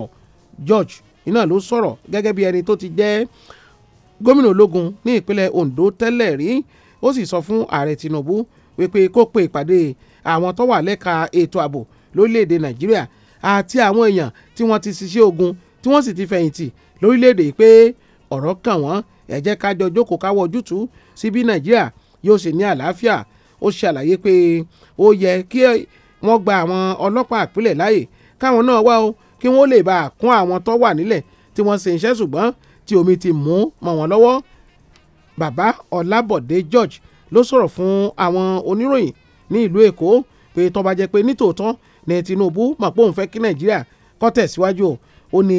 S6: George iná ló sọ̀rọ̀ gẹ́gẹ́ bí ẹni tó ti jẹ́ gómìnà ológun ní ìpínlẹ̀ Ondo tẹ́lẹ̀ rí ó sì sọ fún ààrẹ Tinubu wípé kó pe ìpàdé àwọn tó wà lẹ́ka ètò ààbò lórílẹ̀‐èdè Nàìjíríà àti àwọn èèyàn tí wọ́n ti ṣiṣẹ́ ogun tí wọ́n sì ti fẹ̀yìntì lórílẹ̀‐èdè pé ọ̀rọ̀ kàn wọ́n ẹ jẹ́ jókòó káwọ́ ojútùú sí Nàìjíríà yóò ṣe ní àlàáfíà ó ṣàlàyé pé ó yẹ kí wọ́n gba àwọn ọlọ́pàá àpilẹ̀ láàyè káwọn náà wá o kí wọ́n lè bá a kún àwọn tó wà nílẹ̀ tí wọ́n ṣe iṣẹ́ ṣùgbọ́n tí omi ti mú mọ́ wọn lọ́wọ́ bàbá ọlábọ̀dé george ló sọ̀rọ̀ fún àwọn oníròyìn ní ìlú èkó pé tó bá jẹ́ pé nítòótọ́ ní tinubu mọ̀ pé òun fẹ́ kí nàìjíríà kó tẹ̀síwájú ó ní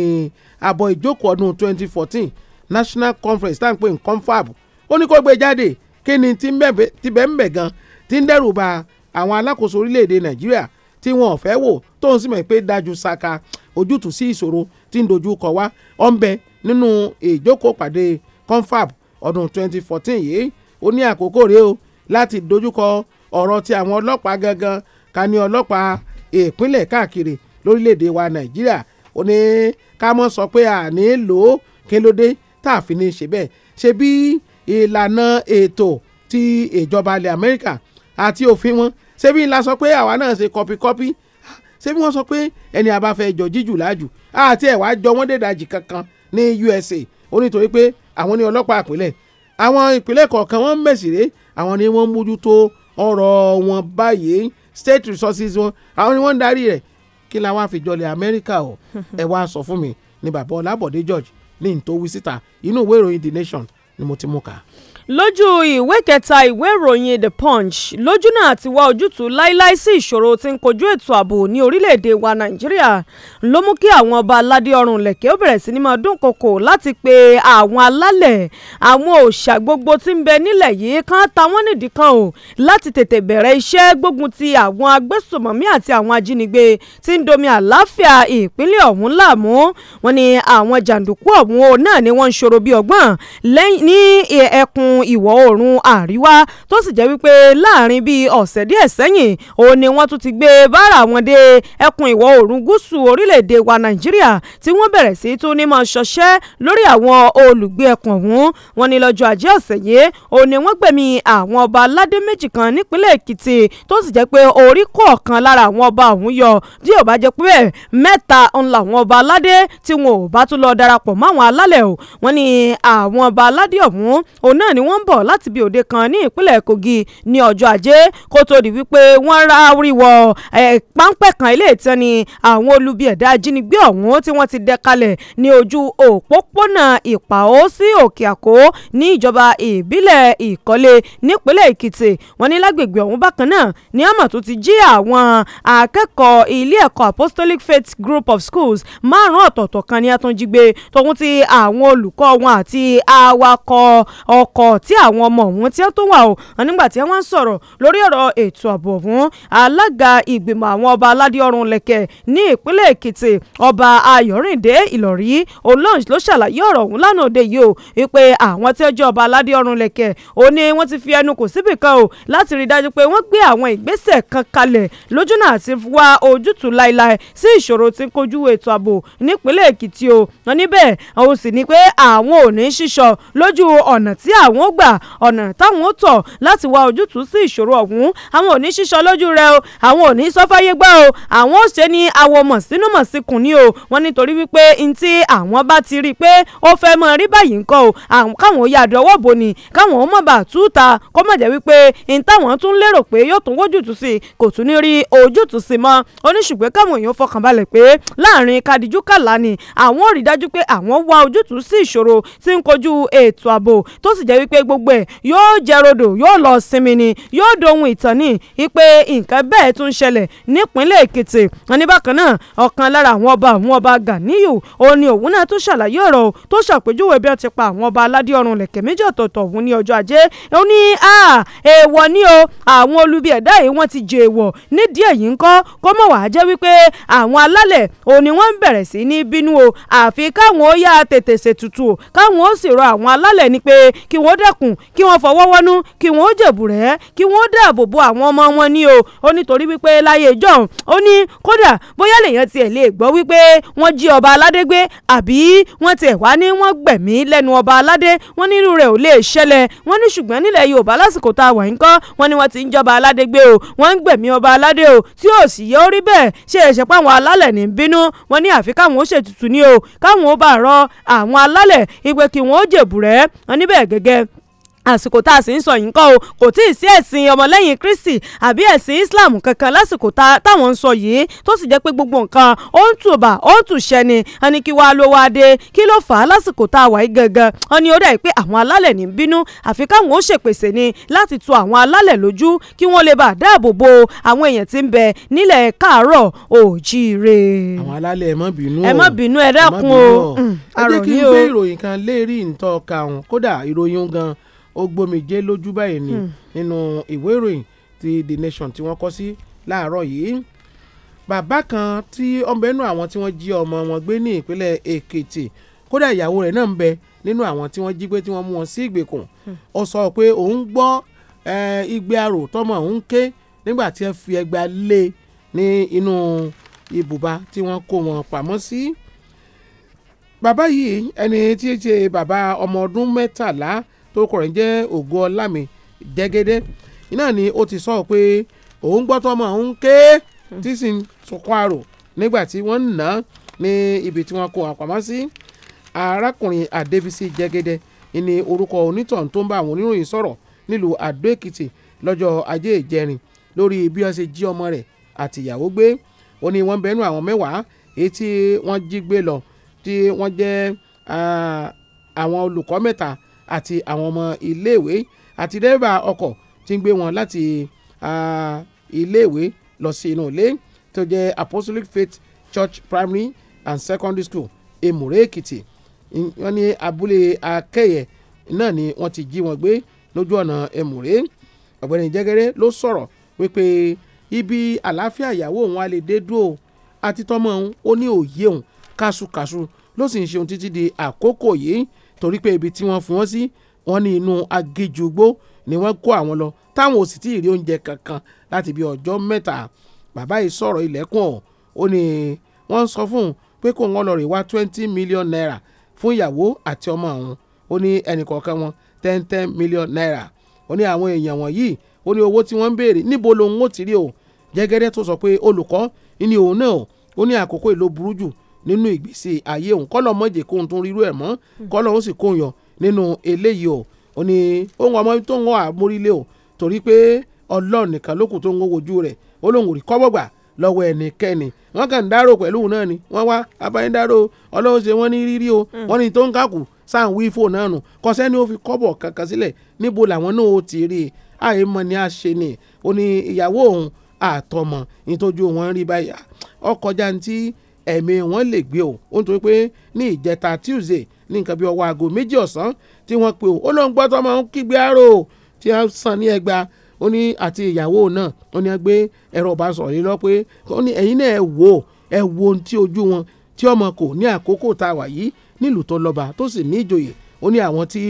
S6: àbọ̀ ìjókòó ọdún 2014 national conference tá à ń pè ní confab ó ní kó gbé e jáde kí ni ti bẹ́ẹ̀ bẹ́ẹ̀ gan-an tí ń dẹ́rù ba àwọn alákòóso orílẹ̀-èdè nàìjíríà tí wọn ò fẹ́ wò tó ń sì pé dájú saka ojútùú sí ìṣòro tí ń dojú kọ wá ọ̀nbẹ nínú ìjókòó pàdé confab ọdún 2014 yìí ó ní àkókò rèé o láti dojúkọ ọ̀rọ̀ ti àwọn ọlọ́pàá gangan ká ní ọlọ́pàá ìpínlẹ̀ káàkiri lórílẹ̀‐èdè wa nàìjíríà ó ní ká mọ̀ sọ pé à ní lò ó kí ló dé tá a fi ní ṣe bẹ́ẹ̀ ṣe bí ìlànà ètò ti ìjọba ilẹ̀ amẹ́ríkà àti òfin wọn ṣebí ńlá sọ pé àwa náà ṣe kọpikọpi ṣebí wọ́n sọ pé ẹni àbáfẹ́ jọ jíjù láàjù àti ẹ̀wà jọ wọ́n dèdàjì kankan ní USA ó nítorí pé àwọn ní ọlọ́pàá ìpínlẹ̀ àwọn ìpínlẹ̀ kọ̀ọ̀kan wọ́n ń mẹ̀sìrè àwọn ni wọ́n ń mójútó ọ̀rọ̀ wọn báyìí state resources wọn àwọn ni wọ́n ń darí rẹ̀ kí la wá fi jọlẹ̀ Amẹ́ríkà o ẹ wá sọ fún mi ni bàbá Ọlábọ̀dé George ní ntòwí
S7: síta inú ìwé ìròyìn The Nation ni mo ti mú kà lójú ìwé kẹta ìwé ìròyìn the punch lójú náà ti wá ojútùú láíláí sí ìṣòro tí ń kojú ètò ààbò ní orílẹ̀-èdè wa nàìjíríà ló mú kí àwọn ọba aládé ọrùn lẹ̀kẹ́ ó bẹ̀rẹ̀ sí ní máa dúnkokò láti pe àwọn alálẹ̀ àwọn òòṣà gbogbo tí ń bẹ nílẹ̀ yìí kan ta wọ́n nídìí kan o láti tètè bẹ̀rẹ̀ iṣẹ́ gbógun ti àwọn agbésùmọ̀mí àti àwọn ajínigbé tí ń domi àlàáfíà ìpínlẹ̀ ọ̀hún láàmú wọn ni àwọn jàǹdùkú ọ̀hún náà ni wọ́n ń ṣòro bíi ọgbọ́n ẹkùn ìwọ̀ oòrùn àríwá tó sì jẹ́ wípé láàrin bíi ọ̀sẹ̀ díẹ̀ sẹ́yìn òun ni wọ́n tún ti gbé bára wọn dé ẹkùn ìwọ̀ oòrùn gúúsù orílẹ̀-èdè wa nàìjíríà tí wọ́n bẹ̀rẹ̀ sí tún ní máa ṣọṣẹ́ lórí àwọn olùgbé ẹkùn ọ̀hún wọn ni lọ́jọ́ ajé ọ̀sẹ̀ yìí òun ni wọ́n gbẹ̀mí àwọn ọba aládé méjì kan nípínlẹ̀ èkìtì tó sì jẹ́ pé orí kọ̀ọ̀kan lára àwọn ọba ọ̀hún yọ bí ò bá jẹ́ pé mẹ́ta ń la àwọn ọba aládé tí wọn ò bá tún lọ darapọ̀ mọ́ alálẹ̀ o wọn ni àwọn ọba aládé ọ̀hún òun wọ́n ń bọ̀ láti ibi òde kan ní ìpínlẹ̀ Kogi ní ọjọ́ ajé kó tó di wípé wọ́n rárí wọ páńpẹ́ kan ilé ìtàn ni àwọn olubi ẹ̀dá ajínigbé ọ̀hún tí wọ́n ti dẹ kalẹ̀ ní ojú òpópónà ìpàó sí òkè àkó ní ìjọba ìbílẹ̀ ìkọ́lé nípínlẹ̀ Èkìtì wọ́n ní lágbègbè ọ̀hún bákan náà ní àmọ̀ tó ti jí àwọn akẹ́kọ̀ọ́ ilé ẹ̀kọ́ Apostolic Faith Group of Schools márùn-ún ọ̀tọ̀ọ̀tọ̀ kan ní atúnjígbé tòun ti àwọn olùkọ́ wọn àti awakọ̀ ọkọ̀ ọ̀tí àwọn ọmọ ọ̀hún tí wọ́n tó wà ó nígbà tí wọ́n ń sọ̀rọ̀ lórí ọ̀rọ̀ ètò ààbò ọ̀hún alága ìgbìmọ̀ àwọn ọba aládé ọ̀run lẹ̀kẹ̀ ní ìpínlẹ̀ èkìtì ọba ayọ̀rìndé ìlọ̀rí olóńj ló ṣàlàyé ọ̀rọ̀ ọ̀hún lánàá òde yìí ó wípé àwọn tí wọ́n jẹ́ ọba aládé ọ̀run o. ó ní wọ́n ti fi ẹnu kò síbì kan ó láti rí dájú pé wọ́n gbé àwọn ìgbésẹ̀ kan kalẹ̀ lójúnà àti wá ojútùú láéláé sí ìṣòro tí kojú ètò ààbò nípínlẹ̀ èkìtì ó wọn níbẹ̀ òun sì ni pé àwọn ò ní ṣíṣọ lójú ọ̀nà tí àwọn ó gbà ọ̀nà táwọn ó tọ̀ láti wá ojútùú sí ìṣòro ọ̀hún àwọn ò ní sísọ lójú rẹ o àwọn ò ní sọfáyé gbọ́ o àwọn ò ṣe ni awọ mọ̀ sínú mọ̀ sí kùn ní o wọn nítorí wípé n tí àwọn bá ti rí i pé ó fẹ́ mọ rí báyìí ńkọ́ o káwọn ya àdọ́wọ́ bò ní káwọn ó mọ̀ bà túta kó mọ̀ jẹ́ wípé n táwọn tún lérò pé yóò tún wójútùú sí kò tún ní rí ojútùú sí mọ́ oníṣùgbẹ́ káwọn èèyàn fọkànbalẹ̀ pé láàrin kadijú kàlá ni àwọn ò rí dájú pé àwọn wá ojútùú sí ìṣòro tí ń kojú ètò ààbò tó sì jẹ́ wípé pé gbogbo ẹ̀ yóò jẹ́ rodò yóò lọ sinmi ni yóò dohun ìtàn ní ipe nǹkan bẹ́ẹ̀ tún ṣẹlẹ̀ nípínlẹ̀ Èkìtì ní bákan náà ọ̀kan lára àwọn ọba àwọn ọba Ganiyu òun ni òun náà tún ṣàlàyé ọ̀rọ̀ tó ṣàpèjúwe bí wọ́n ti pa àwọn ọba aládé ọrùn lẹ̀kẹ̀ méjì ọ̀tọ̀ọ̀tọ̀ òun ní ọjọ́ ajé ó ní èèwọ̀ ni o àwọn olubi ẹ̀dá yìí wọ́n ti jẹ èèwọ̀ nídìí èyí ńkọ́ kó mọ̀ wá jẹ́ wípé àwọn alálẹ̀ òní wọ́n ń bẹ̀rẹ̀ sí ní bínú o àfi káwọn ó yá tètè ṣètùtù káwọn ó sì rọ àwọn alálẹ̀ ni pé kí wọ́n d dẹ́kun kí wọ́n fọwọ́ wọ́nú kí wọ́n ó jèbù kí wọ́n ó dáàbò bo àwọn ọmọ wọn ní o ó nítorí wípé láyé ìjọ́un ó ní kódà bóyá lèèyàn tiẹ̀ lè gbọ́ wípé wọ́n jí ọba aládé gbé àbí wọ́n tiẹ̀ wá ní wọ́n gbẹ̀mí lẹ́nu ọba aládé wọ́n nírú rẹ̀ ò lè ṣẹlẹ̀ wọ́n ní ṣùgbọ́n nílẹ̀ yorùbá lásìkò tá a wà ń kọ́ wọ́n ní wọ́n ti ń jọba aládé gbé o wọ́n ń gbẹ̀mí ọba aládé o tí ò sì yẹ ó rí bẹ́ẹ̀ ṣe ẹ̀ṣẹ̀ páwọn alálẹ̀ ní bínú wọ́n ní àfi káwọn ó ṣètùtù ní o káwọn ó bá rọ àwọn alálẹ̀ ìpè kí wọ́n ó jèbù wọ́n níbẹ̀ gẹ́gẹ́ àsìkò tá a sì ń sọ yìí kọ́ o kò tí ì sí ẹ̀sìn ọmọlẹ́yìn kristi àbí ẹ̀sìn islam kankan lásìkò táwọn ń sọ yìí tó sì jẹ́ pé gbogbo nǹkan ó ń tùbà ó ń tùṣẹ́ ni a ní kí wàá ló wáá dé kí ló fà á lásìkò tá a wà yìí gangan a ó dà pé àwọn alálẹ̀ ní bínú àfi káwọn ó ṣèpèsè ni láti tu àwọn alálẹ̀ lójú kí wọ́n lè bá dáàbò bo àwọn èèyàn tí ń bẹ nílẹ̀ káàárọ̀ òjíire. àwọn
S6: alálẹ̀ ó gbómijé lójú báyìí ni hmm. nínú ìwé ìròyìn ti The Nation tí wọ́n kọ sí láàárọ̀ yìí bàbá kan tí ọmọ ẹnu àwọn tí wọ́n jí ọmọ wọn gbé ní ìpínlẹ̀ Èkìtì kódà ìyàwó rẹ̀ náà ń bẹ nínú àwọn tí wọ́n jí gbé tí wọ́n mú wọn sí ìgbèkùn hmm. ó sọ pé òun gbọ́ igbe arò tọmọ òun ké nígbà tí ẹ fi ẹgba lé ní inú ibùba tí wọ́n kó wọn pamọ́ sí. bàbá yìí ẹni tí í ṣe bàbá ọmọ ọdún mẹ́tàlá torúkọ rẹ̀ ń jẹ́ ògo ọlámi jẹ́gẹ́dẹ́ iná ni ó ti sọ pé òun gbọ́ tọmọ òun ké tí sì ń sunkún àrò nígbà tí wọ́n ń ná ní ibi tí wọ́n kó àpamọ́ sí arákùnrin adébísí jẹ́gẹ́dẹ́ ni orúkọ onítọ̀hún tó ń bá àwọn oníròyìn sọ̀rọ̀ nílùú àdó èkìtì lọ́jọ́ ajé ìjẹrin lórí bí wọ́n ṣe jí ọmọ rẹ̀ àtìyàwó gbé ó ní wọ́n bẹnu àwọn mẹ́wàá èyí tí wọ́n jí gbé lọ tí wọ́n jẹ́ ah, àwọn olùkọ́ mẹ́ta àti àwọn ọmọ iléèwé àti dẹ́rẹ́bà ọkọ̀ tí ń gbé wọn láti iléèwé lọ sí inú ilé tó jẹ́ Apostolic Faith Church Primary and Secondary School Èmùrè Èkìtì wọ́n ní abúlé Akẹ́yẹ náà ni wọ́n ti jí wọn gbé lójú ọ̀nà Èmùrè ọ̀gbẹ́ni Jẹ́gẹ́rẹ́ ló sọ̀rọ̀ wípé ibi àlàáfíà ìyàwó òun á lè dé dúró àti tọmọ òun ó ní òye òun kásùkásù ló sì ń ṣe ohun títí di àkókò yìí torí pé ibi tí wọ́n fi wọ́n sí wọ́n ní inú agéjú igbó ni wọ́n kó àwọn lọ táwọn ò sì tí ì rí oúnjẹ kankan láti bí ọjọ́ mẹ́ta bàbá yìí sọ̀rọ̀ ilẹ̀kùn ó ní wọ́n sọ fún un pé kó wọn lọ rè wá twenty million naira fún ìyàwó àti ọmọ àwọn ó ní ẹnìkọ̀ọ̀kan wọn ten ten million naira ó ní àwọn èèyàn wọ̀nyí ó ní owó tí wọ́n ń béèrè níbo lòun ó ti rí o jẹ́gẹ́dẹ́ tó sọ pé olùkọ́ ní òun náà ó ní àkókò èlò burú jù nínú ìgbésí ayé òun kọ́lọ́ mọ̀jẹ̀ kóhun tó ń rírú ẹ̀ mọ́ kọ́lọ́ ó sì kóhun yọ nínú eléyìí o ò ní ohun ọmọ tó ń wọ àmórílé o torí pé ọlọ́run nìkan lókùn tó ń wo ojú rẹ̀ ó lóun ò rí kọ́bọ̀gbà lọ́wọ́ ẹnikẹ́ni wọ́n kàn ń dárò pẹ̀lú òun náà ni wọ́n wá abáyédárò ọlọ́run ṣe wọ́n ní rírí o mm. wọ́n ní tó ń kàkù sáà ń wí fò náà nù kọ́sẹ́ ó fi kọ́bọ̀ kankan sílẹ̀ níbo làwọn náà ó ti rí i àyè mọ̀ ni a ṣe ni ó ní ìyàwó òun àtọmọ nítorí wọn rí báyà ọkọjá ní ẹ̀mí wọn lè gbé o ó ń torí pé ní ìjẹta Tuesday ní nǹkan bí ọwọ́ aago méjì ọ̀sán tí wọ́n pe o ó lóun gbọ́ tó máa ń kígbe àrò tí wọ́n san ní ẹgba ó ní àti ìyàwó náà ó ní gbé ẹ̀rọ ìbánisọ̀rọ̀ yìí lọ pé ó ní ẹ̀yin náà ẹ̀ wò ẹ̀ wò ohun tí ojú wọn tí ọmọ kò ní àkókò tá a wà yìí nílùú tó lọ́ba tó sì ní ìjòyè ó ní àwọn tí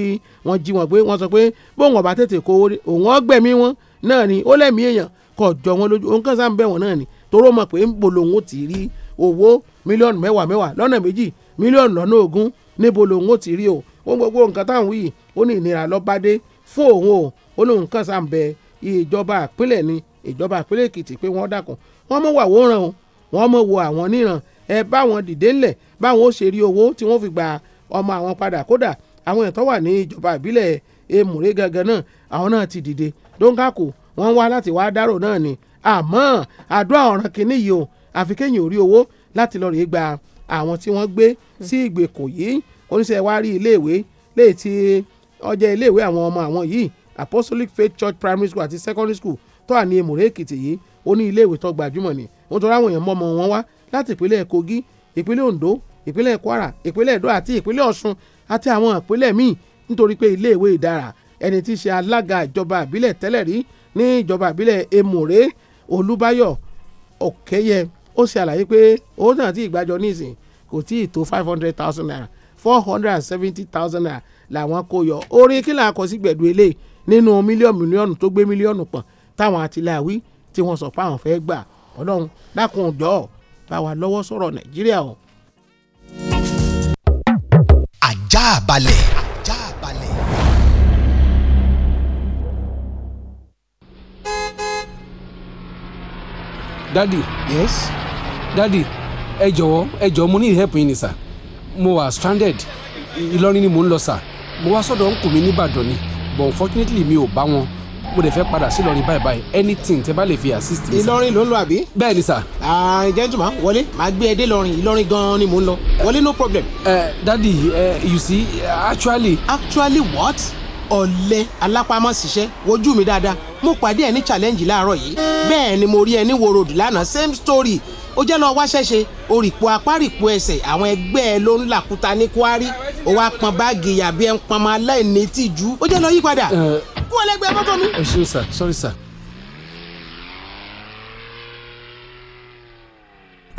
S6: wọ́n jí wọn gbé wọ́n sọ pé bóun ọba tètè kó òun ọgbẹ̀mí wọn náà ni ó lẹ́mìí èèyàn kọ̀ jọ wọn lójú òun kàn sáà ń bẹ̀ wọ́n náà ni toró mọ̀ pé ń bolo òun ó ti rí owó mílíọ̀nù mẹ́wàá mẹ́wàá lọ́nà méjì mílíọ̀nù lọ́nà ogún níbo lòun ó ti rí o ó gbogbo nǹkan táwọn wí ó ní ìnira lọ́bádé fún òun o ó lóun kàn sáà ń bẹ ìjọba àpilẹ̀ ni ìjọba àpilẹ̀ èkìtì pé wọ́n dákun wọ́n mọ̀ wà wòran o wọ́n mọ̀ wo àwọn níran ẹ bá wọn dìde ńlẹ̀ báwọn ó ṣe rí owó tí wọ́n fi gba ọmọ àwọn padà kódà àwọn ẹ̀tọ́ wà ní ìjọba ìbílẹ̀ èmùrè gangan náà àwọn náà ti dìde dóńkàkù wọ́n wá láti wá dárò náà ni àmọ́ àdúrà ọ̀ràn kìíní yìí o àfi kéèyàn orí owó láti lọ rèé gba àwọn tí wọ́n gbé sí ìgbèkùn yìí oníṣẹ́ wa rí iléèwé léyìí tí ọjọ́ iléèwé àwọn ọmọ àwọn yìí Apostolic Faith Church Primary School àti Secondary School tó wà ní Èmùrè Èkìtì yìí ó ní iléèwé tó gbajúmọ̀ ni wọ́n tọ́ra àwọn èèyàn mọ́mọ́ wọn wá láti ìpínlẹ̀ Kogi ìpínlẹ̀ Ondo ìpínlẹ̀ Kwara ìpínlẹ̀ Edo àti ìpínlẹ̀ Ọ̀ṣun àti àwọn ìpínlẹ̀ míì nítorí pé iléèwé ìdára ẹni tí í ṣe alága ìjọba àbílẹ̀ tẹ́lẹ̀ rí ní ìjọba àbílẹ̀ Èmùrè Olúbáyọ̀ Òkèyẹ ó ṣe àlàyé pé owó náà tí ìgbàjọ nísìn kò tí ì tó five hundred thousand naira four hundred and seventy thousand naira làwọn kò yọ orí kí là ń kọ sí gbẹ̀dú eléyìí nínú mílíọ̀nù mílíọ̀nù tó gbé mílíọ̀nù pọ̀ táwọn àtìláwí tí wọ́n sọ pé àwọn fẹ́ gbà ọlọ́run dákun ọ̀dọ́ bá wa lọ́wọ́ sọ̀rọ̀ nàìjíríà o.
S2: ajá
S1: balẹ̀. dadi yes dadi ẹ jọ̀wọ́ ẹ jọ̀ọ́ mo need help yín ni sà mo wà stranded Ìlọrin ni mo ń lọ sà mo wá sọ́dọ̀ ń kù mí nìbàdàn ni but unfortunately mi ò bá wọn mo lè fẹ́ padà sí Ìlọrin báyìí báyìí anything tẹ bá lè fi assist mi. Ìlọrin ló ń lọ àbí. bẹ́ẹ̀ ni sà. jẹ́ntùmá
S6: wọlé màá gbé ẹ dé Ìlọrin Ìlọrin gan-an ni mò ń lọ wọlé no problem. ẹ uh, eh, dadi uh, eh, you see actually. actually what? ọ̀lẹ alápámọ́síṣẹ́ wojú mi dáadáa mo pàdé ẹ ní challenge láàárọ̀ yìí bẹ́ẹ̀ ni mo rí ẹ ní worod lánàá same story ó jẹ́ lọ wá orìpọ̀ apárìpọ̀ ẹsẹ̀ àwọn ẹgbẹ́ ẹ ló ń làkúta ní kwari ó wá pọn báàgì yàbí ẹ ń pọn ọmọ aláìní tìjú ó jẹ́ lọ yípadà. kú ọlẹgbẹ mọ́tò mi. ẹ ṣeun sir sorry
S1: sir.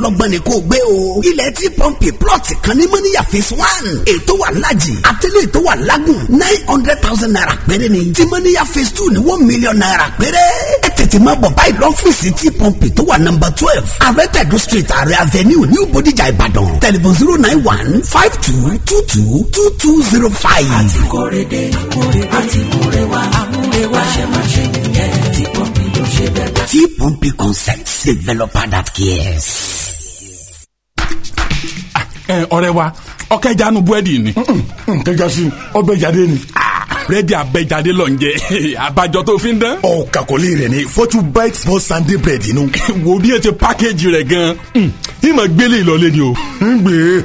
S4: ọlọ́gbọ́n ni kò gbé o. ilẹ̀ tí pọ́ǹpì plọ̀tì kan ní mọ́níyà phase one ètò wà lájì àtẹlẹ́ ètò wà lágùn nine hundred thousand naira péré ni tí mọ́níyà phase two ní one million naira péré. ẹ tètè máa bọ̀ báyìí lọ́fíìsì tí pọ́ǹpì tó wà nọmba twelve arẹ́tẹ̀dù street ààrẹ avenue new bodijà ìbàdàn tẹlifon zero nine one five two two two two two zero
S3: five. àti kórè dé àti kórè wá àmúre wá ṣe máa ṣe nìyẹn tí pọ́ǹpì ló ṣe bẹ́ẹ̀. tí pọ́ǹpì concepts developer that cares
S1: ọ̀rẹ́ wa ọkẹja nu búrẹ́dì ni. nkẹja sí ọbẹ̀ jáde ni. Ah, búrẹ́dì abẹ́jáde lọ ń jẹ abajọ <laughs> tó fi ń dán. ọ kàkọ́lé rẹ ni fortune bites for sunday bread inú. <laughs> wo bí ẹ ti pákéjì rẹ gan-an mm, ìmọ̀ gbélé ìlọlẹ́ ni o. ń gbé. <laughs>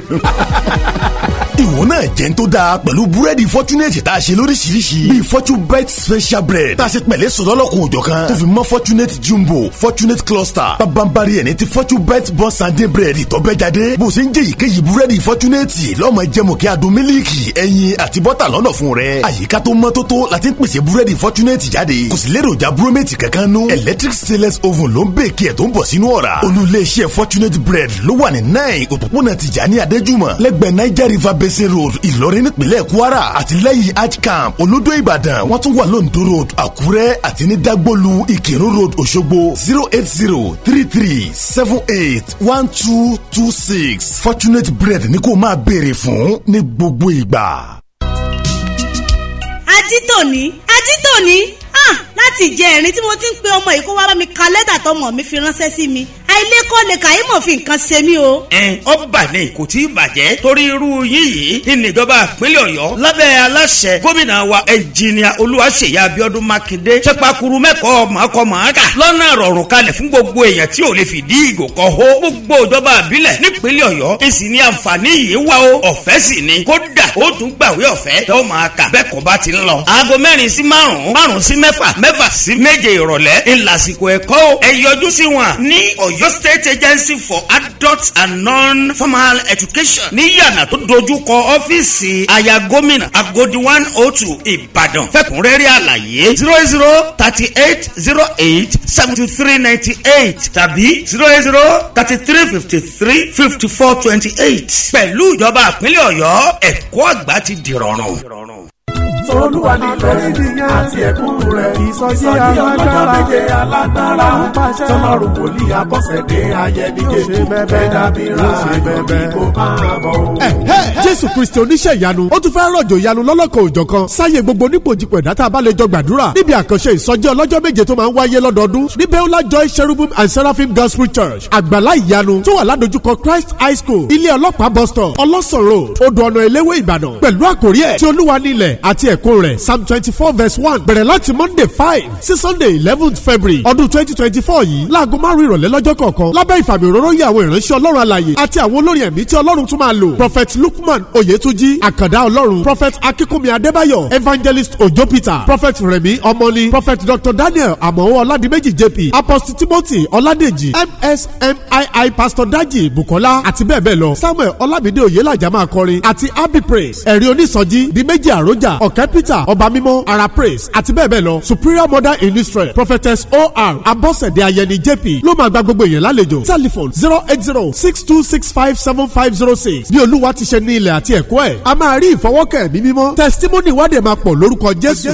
S1: ìwọ náà jẹ́ ń tó dáa pẹ̀lú búrẹ́dì fortunate tá a ṣe lóríṣiríṣi bíi fortune bet special bread tá a ṣe pẹ̀lẹ́ sọ̀dọ́lọ́kùn òjọ̀ kan tó fi mọ́ fortunate jumbo fortunate cluster pabambari ẹni tí fortune bet bọ́ sàndé búrẹ́dì tó bẹ́ jáde bó ṣe ń jẹ́ ìkéyìí búrẹ́dì fortunate lọ́mọ jẹ́mu kí adùn mílíìkì ẹyin àti bọ́tà lọ́nà fún rẹ àyíká tó mọ́ tótó la ti ń pèsè búrẹ́dì fortunate jáde kò sí lérò ja búrómẹ́tì electric stainless oven ló ń bèèkì ẹ̀ tó ń bọ̀ sínú fortunate bread ló wà ní nine òpópónà tìjà ní adéjúmọ̀ lẹ́gbẹ̀ẹ́ niger river gbèsè road ìlọrin nípínlẹ̀ kwara àti lẹ́yìn olódó ìbàdàn wọ́n tún wà lóńdó road àkúrẹ́ àti ní dagbolu ìkírun road òṣogbo zero eight zero three three seven eight one two two six fortunate bread ní kó máa béèrè fún ní gbogbo ìgbà.
S4: ajítòní ajítòní ah láti ìjẹ ẹ̀rín tí mo ti ń pe ọmọ yìí kó wá bá mi ka lẹ́tà tọmọ mi fi ránṣẹ́ sí mi àìlẹ́kọ̀ọ́ lè kàí mọ̀ fi nǹkan ṣe
S1: mí o. ẹ ọ bà ní kò tí ì bàjẹ́ torí irú yín yìí ìníjọba ìpínlẹ̀ ọ̀yọ́ lábẹ́ aláṣẹ gómìnà wa ẹnjìnìà olúwaṣeyà abiodun makinde ṣẹpakuru mẹ́kọ̀ọ́ màkọ́ màákà lọ́nà rọrùn kalẹ̀ fún gbogbo èèyàn tí ò lè fìdí ìgò o ọ̀fẹ́ sì ni kódà ó tún gbàwé ọ̀fẹ́ tó máa kà kọ́ mẹ́fà sí méje ìrọ̀lẹ́ ńlásìkò ẹ̀kọ́ o ẹ yọjú sí wọn ní Ọ̀yọ́ State Agency for Adult and Non-Formal Education ní yàrá tó dojú kọ ọ́fíìsì aya gómìnà Agodi one oh two Ìbàdàn fẹ́kúnrẹ́rẹ́ àlàyé zero zero thirty eight zero eight seventy three ninety eight tàbí zero zero thirty three fifty three fifty four twenty eight pẹ̀lú ìjọba ìpínlẹ̀ Ọ̀yọ́ ẹ̀kọ́ àgbà ti dìrọ̀rùn olúwa ni lórí nìyẹn àti ẹ̀kún rẹ̀ ìsọjí alágbára méje alágbára tọ́lọ́run wòlíì abọ́sẹ̀dé ayẹnigéjì fẹ́dà mìíràn àyọ̀bí kò máa bọ̀. jésù kristi oníṣẹ́ ìyanu ó tún fẹ́ rọ̀jò ìyanu lọ́lọ́kan òjọ̀kan sáyé gbogbo onípojìpọ̀ ẹ̀dá tá bá lè jọ gbàdúrà níbi àkànṣe ìsọjí ọlọ́jọ́ méje tó máa ń wáyé lọ́dọọdún ní beulah joy cherubim and seraphim gospel church àgbàlá ìyanu tó wà ládojúkọ christ high school ilé ọlọ́pàá bus stop ọlọ́sàn road odò ọ̀nà eléwé ìbàdàn pẹ̀lú àkòrí ẹ̀ tí olúwa nílẹ̀ àti ẹ̀ ẹ̀kọ́ rẹ̀ psalm twenty four verse one bẹ̀rẹ̀ láti monday five sí sunday eleventh february ọdún twenty twenty four yìí láago márùn-ún ìrọ̀lẹ́ lọ́jọ́ kọ̀ọ̀kan lábẹ́ ìfàmì òróró yìí àwọn ìránṣẹ́ ọlọ́run alààyè àti àwọn olórin ẹ̀mí tí ọlọ́run tún máa lò prophet lukman Oyetuji. àkàndá ọlọ́run prophet akínkúnmi adébáyọ̀ evangelist ojo peter prophet remi ọmọni prophet dr daniel àmọ́wọ́ ọládìméjì jp apostle timothy ọládèjì msmii pastor daji bukola àti bẹ́ẹ̀ bẹ́ẹ̀ lọ samuel ọlámídé oyèlàjà máa kọrin àti praise ẹ̀rí onísọjí di méjì àròjà peter ọba mímọ́ ara praise àti bẹ́ẹ̀ bẹ́ẹ̀ lọ superior mother in israel prophetess or abọ́sẹ̀dé ayẹni jp ló máa gba gbogbo èèyàn lálejò telephone zero eight zero six two six five seven five zero six bí olúwa ti ṣe ní ilẹ̀ àti ẹ̀kọ́ ẹ̀ a máa rí ìfọwọ́kẹ́ mi mímọ́ testimony wádìí máa pọ̀ lórúkọ jésù.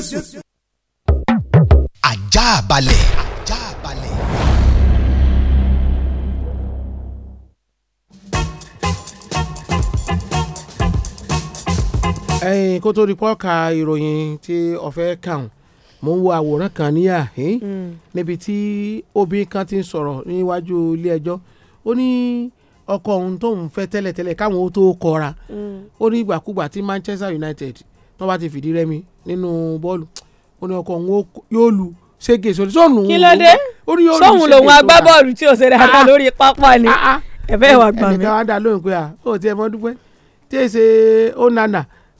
S1: ajá balẹ̀.
S6: ẹyin kó tó di ofe ìròyìn tí ọ̀fẹ́ kàn mo ń wo àwòrán kan hmm. níbi tí kan ti ń sọ̀rọ̀ níwájú ilé ẹjọ́ ó ní ọkọ òun tóun fẹ́ tẹ́lẹ̀tẹ́lẹ̀ káwọn ó tó kọra hmm. ó ní ìgbàkúgbà tí Manchester United tó bá ti fìdí rẹmi nínú bọ́ọ̀lù ọkọ yóò lu sórí sóònù kí ló dé sóònù lòun agbábọ́ọ̀lù tí ah, ah. ni ah, ẹ̀fẹ́ ìwà dá lóhùn pé à ó mọ́ dúpẹ́ tí èsè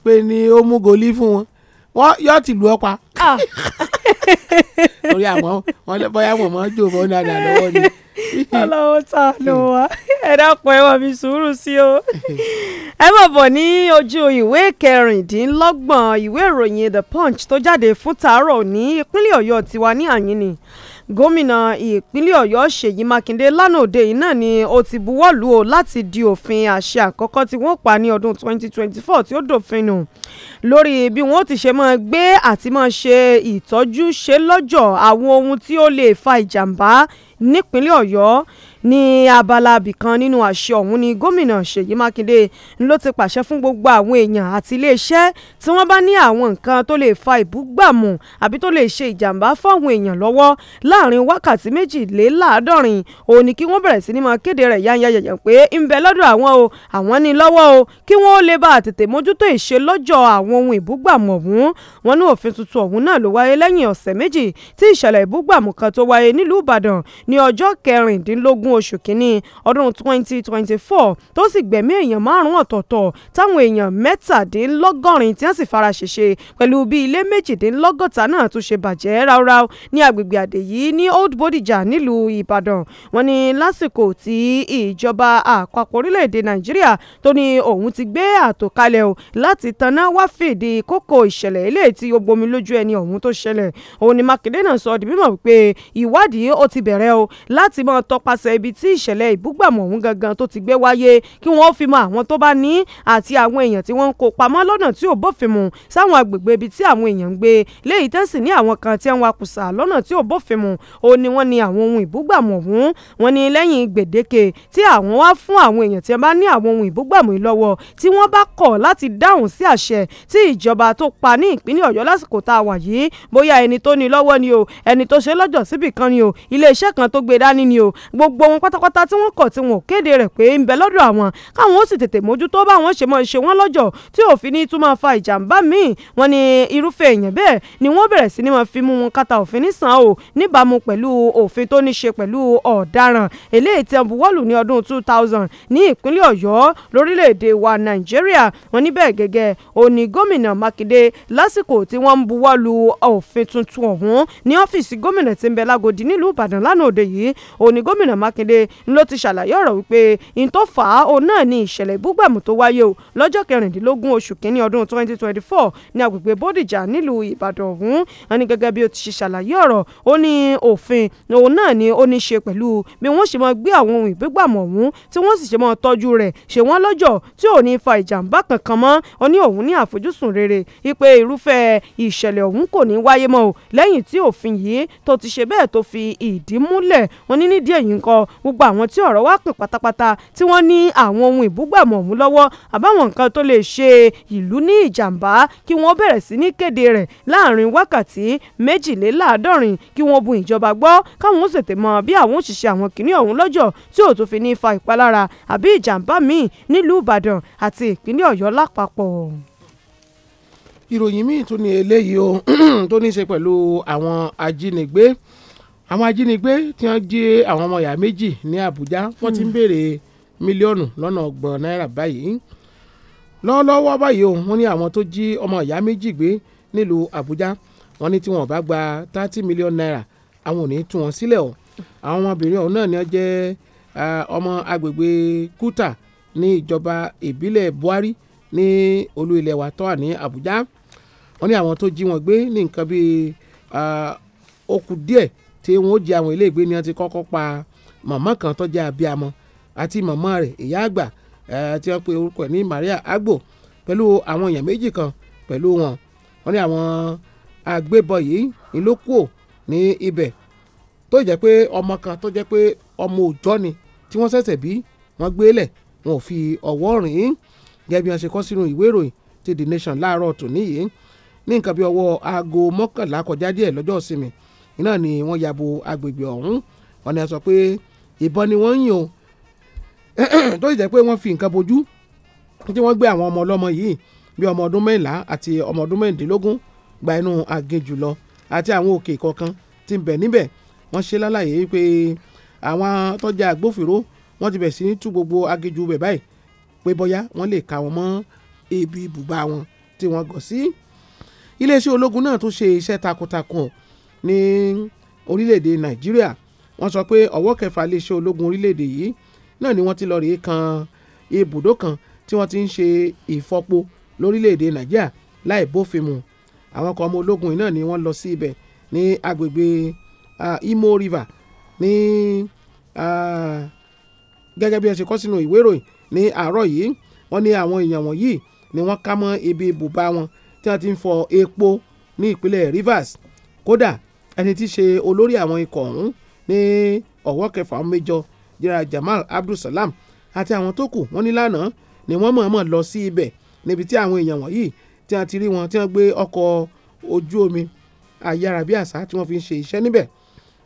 S6: pé ni ó mú goli fún wọn wọn yóò ti lù ọ pa. torí àmọ́
S7: wọn lè bọ́yá mọ̀ mọ́ jò fún dada lọ́wọ́ ni. ọlọ́wọ́ ta ló wá ẹ dákun ẹ wà mí sùúrù sí o. ẹ mọ̀ bọ̀ ní ojú ìwé kẹrìndínlọ́gbọ̀n ìwé ìròyìn The Punch tó jáde fún tàárọ̀ ní ìpínlẹ̀ Ọ̀yọ́ tiwa ní àyín gómìnà ìpínlẹ̀ ọ̀yọ́ ṣèyí mákindé lánàá òde yìí náà ni ó ti buwọ́ lù ú láti di òfin àṣẹ àkọ́kọ́ tí wọ́n pa ní ọdún 2024 tí ó dòfin nù lórí bí wọ́n ti ṣe máa gbé àti máa ṣe ìtọ́jú ṣe lọ́jọ́ àwọn ohun tí ó lè fa ìjàmbá nípínlẹ̀ ọ̀yọ́ ní abala abìkan nínú àṣẹ ọ̀hún ni gómìnà ṣèyí mákindé ló ti pàṣẹ fún gbogbo àwọn èèyàn àti iléeṣẹ́ tí wọ́n bá ní àwọn nǹkan tó lè fa ìbúgbàmù àbí tó lè ṣe ìjàmbá fáwọn èèyàn lọ́wọ́ láàrin wákàtí méjìléláàádọ́rin òun ni kí wọ́n bẹ̀rẹ̀ sí ni máa kéde rẹ̀ yányányányán pé ń bẹ lọ́dọ̀ àwọn o àwọn ní lọ́wọ́ o kí wọ́n lè bá tètè mójútó ìṣe lọ́jọ́ àwọn ohun ìbúgbàmù ọ̀hún wọn ní òfin tuntun ọ̀hún náà ló wáyé lẹ́yìn ọ̀sẹ̀ méjì tí oṣù kínní ọdún twenty twenty four tó sì gbẹ̀mí èèyàn márùn-ún ọ̀tọ̀ọ̀tọ̀ táwọn èèyàn mẹ́tàdínlọ́gọ́rin tí wọ́n sì fara ṣèṣe pẹ̀lú bí ilé méjìdínlọ́gọ́ta náà tún ṣe bàjẹ́ ráúráú ní agbègbè àdèyí ní Old Bodija nílùú Ìbàdàn wọ́n ní lásìkò tí ìjọba àpapọ̀ orílẹ̀-èdè Nàìjíríà tó ní òun ti gbé àtòkalẹ̀ o láti tanná wá fìdí kókó ìṣẹ̀lẹ̀ ilé tí ó gbomi lójú ẹni ọ̀hún tó ṣẹlẹ̀ òun ni Mákindé náà sọ di mímọ̀ wípé ìwádìí ó ti bẹ̀rẹ̀ o láti máa tọpasẹ̀ ibi tí ìṣẹ̀lẹ̀ ìbúgbàmù ọ̀hún gangan tó ti gbé wáyé kí wọ́n fi mọ àwọn tó bá ní àti àwọn èèyàn tí wọ́n ń kó pamọ́ lọ́nà tí ò bófin mu sáwọn agbègbè ibi tí àwọn èèyàn ń gbé léyìí tẹ́sí ní àwọn kan tí wọ́n akùsà lọ́nà tí ò bófin mu ó ní wọ́n ní àwọn ohun ìbúgbàmù ọ̀hún wọ́n ní lẹ́yìn gbèdéke tí àwọn wá fún àwọn èèyàn tí wọ́n bá ní àwọn ohun ìbúgbàmù yìí lọ́wọ́ àwọn pátápátá tí wọ́n kọ̀ tí wọn ò kéde rẹ̀ pé ń bẹ lọ́dọ̀ àwọn káwọn ó sì tètè mójútó báwọn ṣe mọ ṣe wọ́n lọ́jọ́ tí òfin ní tún máa fa ìjàmbá míì wọ́n ní irúfẹ́ èèyàn bẹ́ẹ̀ ni wọ́n bẹ̀rẹ̀ sí ni máa fi mú wọn kàtà òfin nísàn o níbàámu pẹ̀lú òfin tó ní ṣe pẹ̀lú ọ̀daràn eléyìí tí ní ọdún two thousand ní ìpínlẹ̀ ọ̀yọ́ lórílẹ̀‐èdè wa nàìjíríà wọ́n ní bẹ́ẹ̀ gẹ́gẹ́ òní gómìnà mákindé lásìkò tí wọ́n ń buwọ́lù òfin tuntun ọ̀hún ní ọ́fíìsì Makinde ló ti ṣàlàyé ọ̀rọ̀ wípé in tó fà á òun náà ni ìṣẹ̀lẹ̀ búgbàmù tó wáyé o lọ́jọ́ kẹrìndínlógún oṣù kínní ọdún 2024 ní agbègbè Bódìjà nílùú Ìbàdàn ọ̀hún wọn ní gẹ́gẹ́ bí ó ti ṣe ṣàlàyé ọ̀rọ̀ ó ní òfin òun náà ni ó ní ṣe pẹ̀lú bí wọ́n ṣe máa gbé àwọn ohun ìgbégbàmù ọ̀hún tí wọ́n sì ṣe máa tọ́jú rẹ̀ ṣe wọ́n lọ́jọ́ tí ò ní fa ìjàmbá kankan mọ́ ó ní òun ní àfojúsùn rere wípé irúfẹ́ ìṣẹ̀lẹ̀ ọ̀hún kò ní wáyé mọ́ o lẹ́yìn tí òfin yìí tó ti ṣe bẹ́ẹ̀ tó fi ìdí múlẹ̀ wọn ní nídìí èyí nǹkan gbogbo àwọn tí ọ̀rọ̀ wá pè pátápátá tí wọ́n ní àwọn ohun ìbúgbàmọ̀ ọ̀hún lọ́wọ́ àbáwọn nǹkan tó lè ṣe ìlú ní ìjàmbá kí wọ́n bẹ̀rẹ̀ sí ní kéde rẹ̀ láàrin wákàtí méjìléláàádọ́rin kí wọ́n bu ìjọba gbọ́ káwọn ó tètè mọ bí àwọn òṣìṣẹ́ àwọn kìíní ọ̀hún lọ́jọ́ tí ò tó fi ní fa ìpalára àbí ìjàmbá míì nílùú Ìbàdàn àti ìpínlẹ̀ Ọ̀yọ́ lápapọ̀
S6: ìròyìn míì tó ní eléyìí o <clears throat> tó ní í ṣe pẹ̀lú àwọn ajínigbé àwọn ajínigbé tí wọ́n jí àwọn ọmọ ìyá méjì ní Àbújá wọ́n ti ń hmm. béèrè mílíọ̀nù lọ́nà ọgbọ̀n náírà báyìí lọ́wọ́lọ́wọ́ báyìí wọ́n ní àwọn tó jí ọmọ ìyá méjì gbé nílùú Àbújá wọ́n ní tí wọn bá gba thirty million naira àwọn ò ní tú wọn sílẹ̀ o àwọn ọmọbìnrin ọ̀hún náà ni wọ́n jẹ́ ọmọ agbègbè Kuta ní ìjọba ìbílẹ̀ Buhari ní olú ilẹ̀ wa tó ní Àbújá wọ́n ní àwọn tó jí wọn gbé ní nǹkan bíi ó díẹ̀ tí wọ́n ó jẹ àwọn iléègbé ni wọ́n ti kọ́kọ́ pa màmá kan tó jẹ́ abiyamọ àti màmá rẹ̀ ìyá àgbà tí wọ́n pe orúkọ ní Maria Agbo pẹ̀lú àwọn èèyàn méjì kan pẹ̀lú wọn wọ́n ní àwọn agbébọn yìí ìlókùò ní ibẹ̀ tó jẹ́ pé ọmọ kan tó jẹ́ pé ọmọ òòjọ́ ni tí wọ́n ṣẹ̀ṣẹ̀ bí wọ́n gbé lẹ̀ wọn ò fi ọwọ́ rìn ín gẹ́gẹ́ bí wọ́n ṣe kọ sínú ìwé ìròyìn ti The Nation láàárọ̀ tòní yìí ní nǹkan bí ọwọ́ aago mọ́kànlá kọjá díẹ̀ lọ́jọ́ ìsinmi iná ni wọ́n ya bo agbègbè ọ̀hún wọ́n ní a sọ pé ìbọn ni wọ́n ń yìn o <clears throat> tó sì jẹ́ pé wọ́n fi nǹkan bojú tí wọ́n gbé àwọn ọmọ ọlọ́mọ yìí bíi ọmọ ọdún mẹ́rìnlá àti ọmọ ọdún mẹ́rìndínlógún gba inú aginjù lọ àti àwọn òkè kọ̀ọ̀kan tí ń bẹ níbẹ̀ wọ́n ṣe lálàyé pé àwọn tọ́jà agbófinró wọ́n ti bẹ̀ sí ní tú gbogbo aginjù bẹ̀ báyìí pé bóyá wọ́n lè ka wọn mọ́ ibi ibùba wọn tí wọ́n gọ̀ sí. iléeṣẹ́ ológun náà tún ṣe iṣẹ́ takuntakun ní orílẹ̀-èdè nàìjíríà wọ́n sọ pé ọwọ́ kẹfà iléeṣẹ́ ológun orílẹ̀-èdè yìí náà ni wọ́n ti lọ rèé kan ibùdó kan tí wọ́n ti ń ṣe ìfọpo lórílẹ̀-èdè nàìjíríà láì bófin mu àwọn kan ọmọ ológun yìí náà ni wọ́n lọ sí ibẹ̀ ní agbègbè Imo River ní gẹ́gẹ́ bí ẹ ṣe kọ sínú ìwé ìròyìn ní àárọ̀ yìí wọ́n ní àwọn èèyàn wọ̀nyí ni wọ́n ká mọ́ ibi ibùba wọn tí wọ́n ti ń fọ epo ní ìpínlẹ̀ Rivers kódà ẹni tí í ṣe olórí àwọn ikọ̀ ọ̀hún ní ọ̀wọ́ kẹfà méjọ jẹ́ra Jamal Abdulsalam àti àwọn tó kù wọ́n ní lánàá ni wọ́n mọ̀ọ́mọ̀ lọ sí ibẹ̀ níbi tí àwọn èèyàn wọ̀nyí tí wọ́n ti rí wọn tí wọ́n gbé ọkọ̀ ojú omi ayárabíàṣá tí wọ́n fi ń ṣe iṣẹ́ níbẹ̀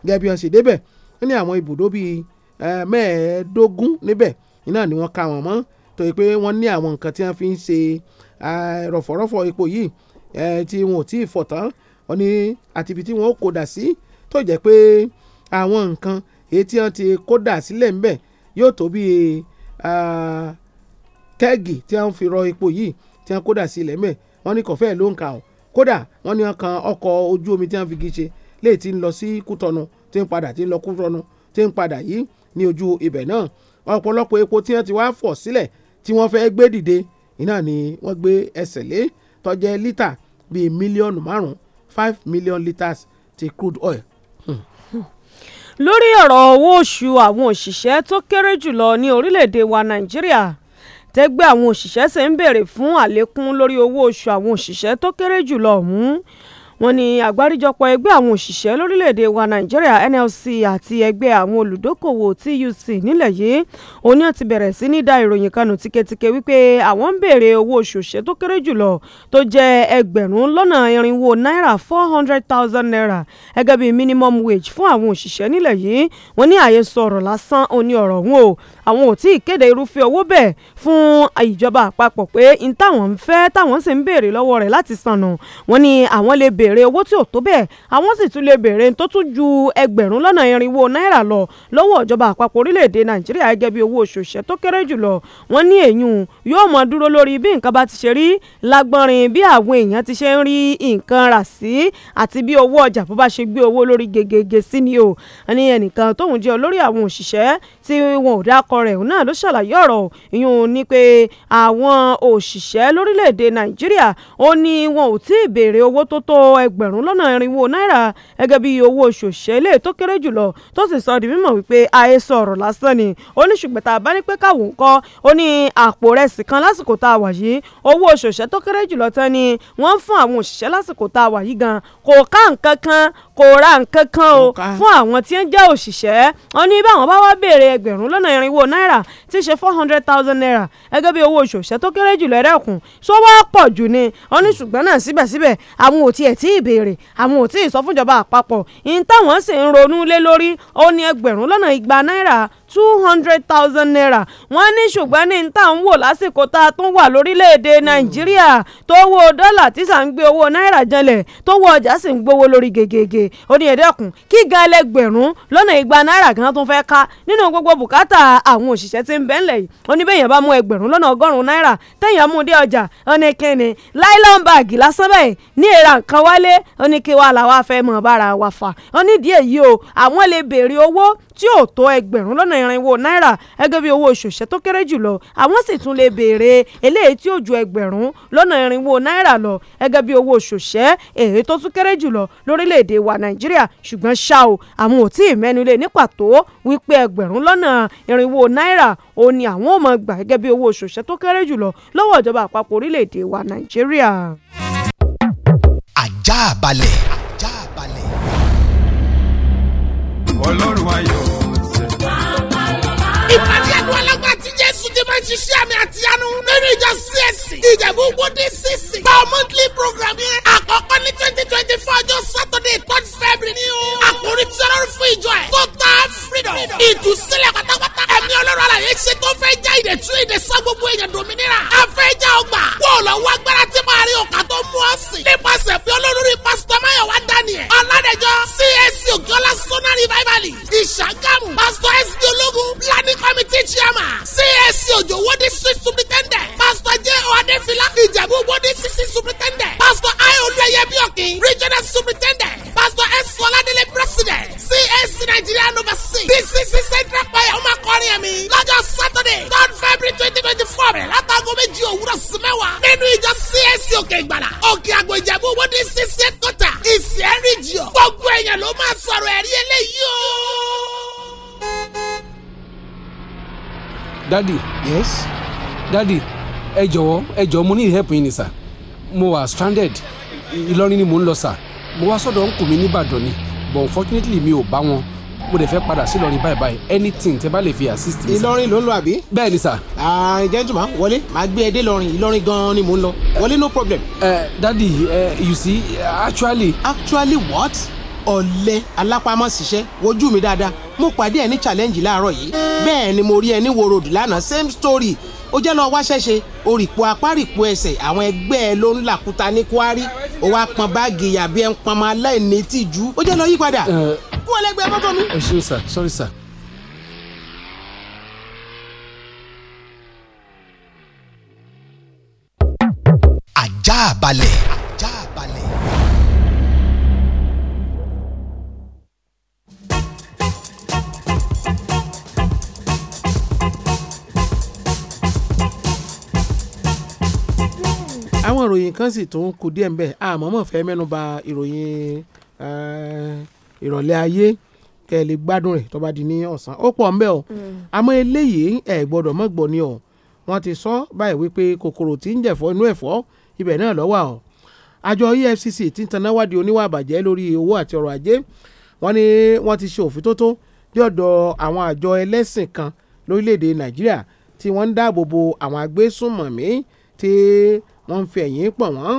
S6: gẹ́gẹ́ bí wọ́n ṣe débẹ̀ wọ́n ní àwọn ibùdó bíi mẹ́ẹ̀ẹ́dógún níbẹ̀ iná ni wọ́n ka wọ́n mọ́ tó yẹ pé wọ́n ní àwọn nǹkan tí wọ́n fi ń ṣe rọ̀fọ̀rọ̀fọ̀ epo yìí tí wọn ò tí ì wọ́n ní àti ibi tí wọ́n kó dà sí tó jẹ́ pé àwọn nǹkan èyí tí wọ́n ti kó dà sílẹ̀ ńbẹ̀ yóò tó bí tẹ́ẹ̀gì tí wọ́n fi rọ epo yìí tí wọ́n kó dà sílẹ̀ ńbẹ̀ wọ́n ní kọ̀fẹ́ ló ń kà ọ́ kódà wọ́n ní wọ́n kan ọkọ̀ ojú omi tí wọ́n fi gi ṣe léyìí tí ń lọ sí kútọ́nu tí ń padà tí ń lọ kútọ́nu tí ń padà yìí ní ojú ibẹ̀ náà ọ̀pọ̀lọpọ̀ epo tí wọ́n ti wá fọ̀ sílẹ̀ tí wọ́n fẹ́ gbé dìde iná ni wọ́n gbé ẹsẹ̀ lé tó lítà bíi mílíọ̀nù márùn-ún five million litres ti crude oil. Hmm.
S7: Hmm lórí ọ̀rọ̀ owó oṣù àwọn òṣìṣẹ́ tó kéré jùlọ ní orílẹ̀-èdè wa nàìjíríà tẹ́gbẹ́ àwọn òṣìṣẹ́ ṣe ń béèrè fún àlékún lórí owó oṣù àwọn òṣìṣẹ́ tó kéré jùlọ ọ̀hún wọ́n ní àgbáríjọpọ̀ ẹgbẹ́ àwọn òṣìṣẹ́ lórílẹ̀‐èdè wa nàìjíríà NLC àti ẹgbẹ́ àwọn olùdókòwò TUC nílẹ̀ yìí òun ni ó ti bẹ̀rẹ̀ sí ní da ìròyìn kanu tiketike wípé àwọn ń béèrè owó oṣù òṣìṣẹ́ tó kéré jùlọ tó jẹ́ ẹgbẹ̀rún lọ́nà irinwó náírà four hundred thousand naira gẹ́gẹ́ bíi minimum wage fún àwọn òṣìṣẹ́ nílẹ̀ yìí wọ́n ní àyesọ ọ̀rọ̀ lásán òní ọ̀rọ̀ wọn o àwọn ò tí ì kéde irúfẹ́ owó bẹ́ẹ̀ fún ìjọba àpapọ̀ pé n táwọn ń fẹ́ táwọn sì ń béèrè lọ́wọ́ rẹ̀ láti sànà wọ́n ní àwọn lè béèrè owó tí ò tó bẹ́ẹ̀ àwọn sì tún lè béèrè tó tún ju ẹgbẹ̀rún lọ́nà irinwó náírà lọ lọ́wọ́ ìjọba àpapọ̀ orílẹ̀-èdè nàìjíríà gẹ́gẹ́ bí owó oṣù ṣẹ́ tó kéré jùlọ wọ́n ní èyún yóò mọ dúró lórí bí nǹkan bá ti ṣe rí lágbọ́nrin bí àwọn èèyàn ti ṣe ń rí nǹkan rà sí àti bí owó ọjà bó bá ṣe gbé owó lórí gegege sí ni o ẹni ẹnìkan tóun jẹ́ olórí àwọn òṣìṣẹ́ tí wọn ò dákọ rẹ̀ náà ló ṣàlàyé ọ̀rọ̀ ìyún ni pé àwọn òṣìṣẹ́ lórílẹ̀‐èdè nàìjíríà ó ní wọn ò tí ì béèrè owó tó tó ẹgbẹ̀rún lọ́nà irinwó náírà gẹ́gẹ́ bí owó oṣù òṣèlè tó kéré jùlọ tó sì sọ di mímọ̀ wípé àhesọ ọ̀rọ̀ lásán ni ó ní ṣùgbọ́n tá a bá ní pé káwọ́ kọ́ ó ní àpò rẹsì kan lásìkò tá a wà yìí owó oṣù tó kéré jùlọ tán ni wọ́n fún àwọn òṣìṣẹ́ lásìkò tá a wà yìí gan kò ká nǹkan kan kò ra nǹkan kan o fún àwọn tí ń jẹ́ òṣìṣẹ́ ó ní báwọn bá wá béèrè ẹgbẹ̀rún lọ́nà irinwó náírà ti ṣe four hundred thousand naira gẹ́gẹ́ bí owó oṣù ṣẹ́ tó kéré jùlọ ẹ̀rẹ́kùn sọ wá pọ̀ jù ni wọ́n ní ṣùgbọ́n náà síbẹ̀síbẹ̀ àwọn ò tiẹ̀ tí ì béèrè àwọn ò tí ì sọ fúnjọba àpapọ̀ ìyẹn táwọn sì ń ronú lé lórí ó ní ẹgbẹ̀rún lọ́nà igba náírà two hundred thousand naira wọ́n ní ṣùgbọ́n ní n tà ń wò lásìkò tá a tún wà lórílẹ̀‐èdè nàìjíríà tó wo dọ́là tí sà ń gbé owó náírà janlẹ̀ tó wọ ọjà sì ń gbówó lórí gègègè ó ní ẹ̀dẹ́kùn kí ga ẹlẹgbẹ̀rún lọ́nà igba náírà gan tún fẹ́ ká nínú gbogbo bùkátà àwọn òṣìṣẹ́ tí ń bẹ ńlẹ̀ yìí ó ní bẹ́ẹ̀ yẹn bá mú ẹgbẹ̀rún lọ́nà ọgọ́rùn-ún náírà tẹ̀yàn mú dé ọjà ọ̀nẹ́kẹ́ni láìlọ́n báàgì lásán bẹ́ẹ̀ ní èrà nǹkan wálé ó ní kí wàá làwa fẹ́ mọ̀ bára wa fà ó ní díẹ̀ yìí o àwọn lè béèrè owó tí ò tó ẹgbẹ̀rún lọ́nà irinwó náírà gẹ́gẹ́ bí owó oṣù ṣẹ́ tó kéré jùlọ àwọn sì tún lè béèrè eléyìí tí ó ju ẹgbẹ̀rún lọ́nà irinwó náírà lọ gẹ́gẹ́ bí owó oṣù ṣẹ́ èyí tó tún kéré jùlọ lórílẹ̀‐èdè wa nàìjíríà ṣùgbọ́n ṣá o àwọn ò tí ì mẹ́nulé ní pàtó wípé ẹgbẹ̀rún lọ́nà irinwó náírà òun ni àwọn ò mọ̀ gbà gẹ́gẹ́ bí owó oṣù tó kéré jùlọ lọ́wọ́
S8: ọlọ́run ayọ̀.
S2: fún ìṣiṣẹ́ àmì àti àánú lórí ìjọ csc ìjẹ̀bú gbódé cc gba monthly program yẹn àkọ́kọ́ ní twenty twenty four ọjọ́ saturday third
S1: dadi yes dadi ẹ jọ̀wọ́ ẹ jọ̀ọ́ mo need help yín ni sà mo wà stranded Ìlọrin ni mò ń lọ sà mo wá sọ́dọ̀ ń kù mí nìbàdàn ni but unfortunately mi ò bá wọn mo lè fẹ́ padà sí Ìlọrin báyìí báyìí anything tẹ bá lè fi assist mi. Ìlọrin ló ń lọ àbí. bẹ́ẹ̀ ni sà.
S6: jẹ́ntùmá wọlé màá gbé ẹ dé Ìlọrin Ìlọrin gan-an ni mò ń lọ wọlé no problem. ẹ uh, dadi you see actually. actually what? ọ̀lẹ alápámọ́ ṣiṣẹ́ wojú mi dáadáa mo pàdé ẹ ní challenge láàárọ̀ yìí bẹ́ẹ̀ ni mo rí ẹ ní worod lánàá same story ó jẹ́ lọ́ọ́ wáṣẹ́ṣe orìpọ̀ apárìpọ̀ ẹsẹ̀ àwọn ẹgbẹ́ ẹ ló ń làkúta ní kwari ó wá pọn báàgì yàbí ẹ ń pọn ọmọ aláìní tìjú ó jẹ́ lọ́ọ́ yípadà kú ọlẹ́gbẹ́ mọ́tò
S1: mi. ẹ ṣeun sir sorry sir.
S2: àjà balẹ̀.
S6: ìròyìn kan sì tún kù díẹ̀ ńbẹ̀ àmọ́mọ́ fẹ́ mẹ́nu ba ìròyìn ìrọ̀lẹ́ ayé kẹ́ ẹ lè gbádùn rẹ̀ tó bá di ní ọ̀sán ó pọ̀ ńbẹ̀ o mm. àmọ́ eléyìí ẹ̀ gbọ́dọ̀ mọ́ gbọ́ ni o wọ́n ti sọ báyìí wípé kòkòrò tí ń jẹ̀fọ́ inú ẹ̀fọ́ ibẹ̀ náà ló wà o àjọ EFCC ti ń taná wádìí oníwà àbàjẹ́ lórí owó àti ọrọ̀ ajé wọ́n ní wọ́n ti ṣe òfítótó dé ọ̀dọ̀ àwọn àjọ ẹlẹ́sìn kan lórílẹ̀‐èdè Nàìjíríà tí wọ́n ń dáàbò bo àwọn agbésùnmọ̀mí tí wọ́n ń fi ẹ̀yìn pọ̀ wọ́n.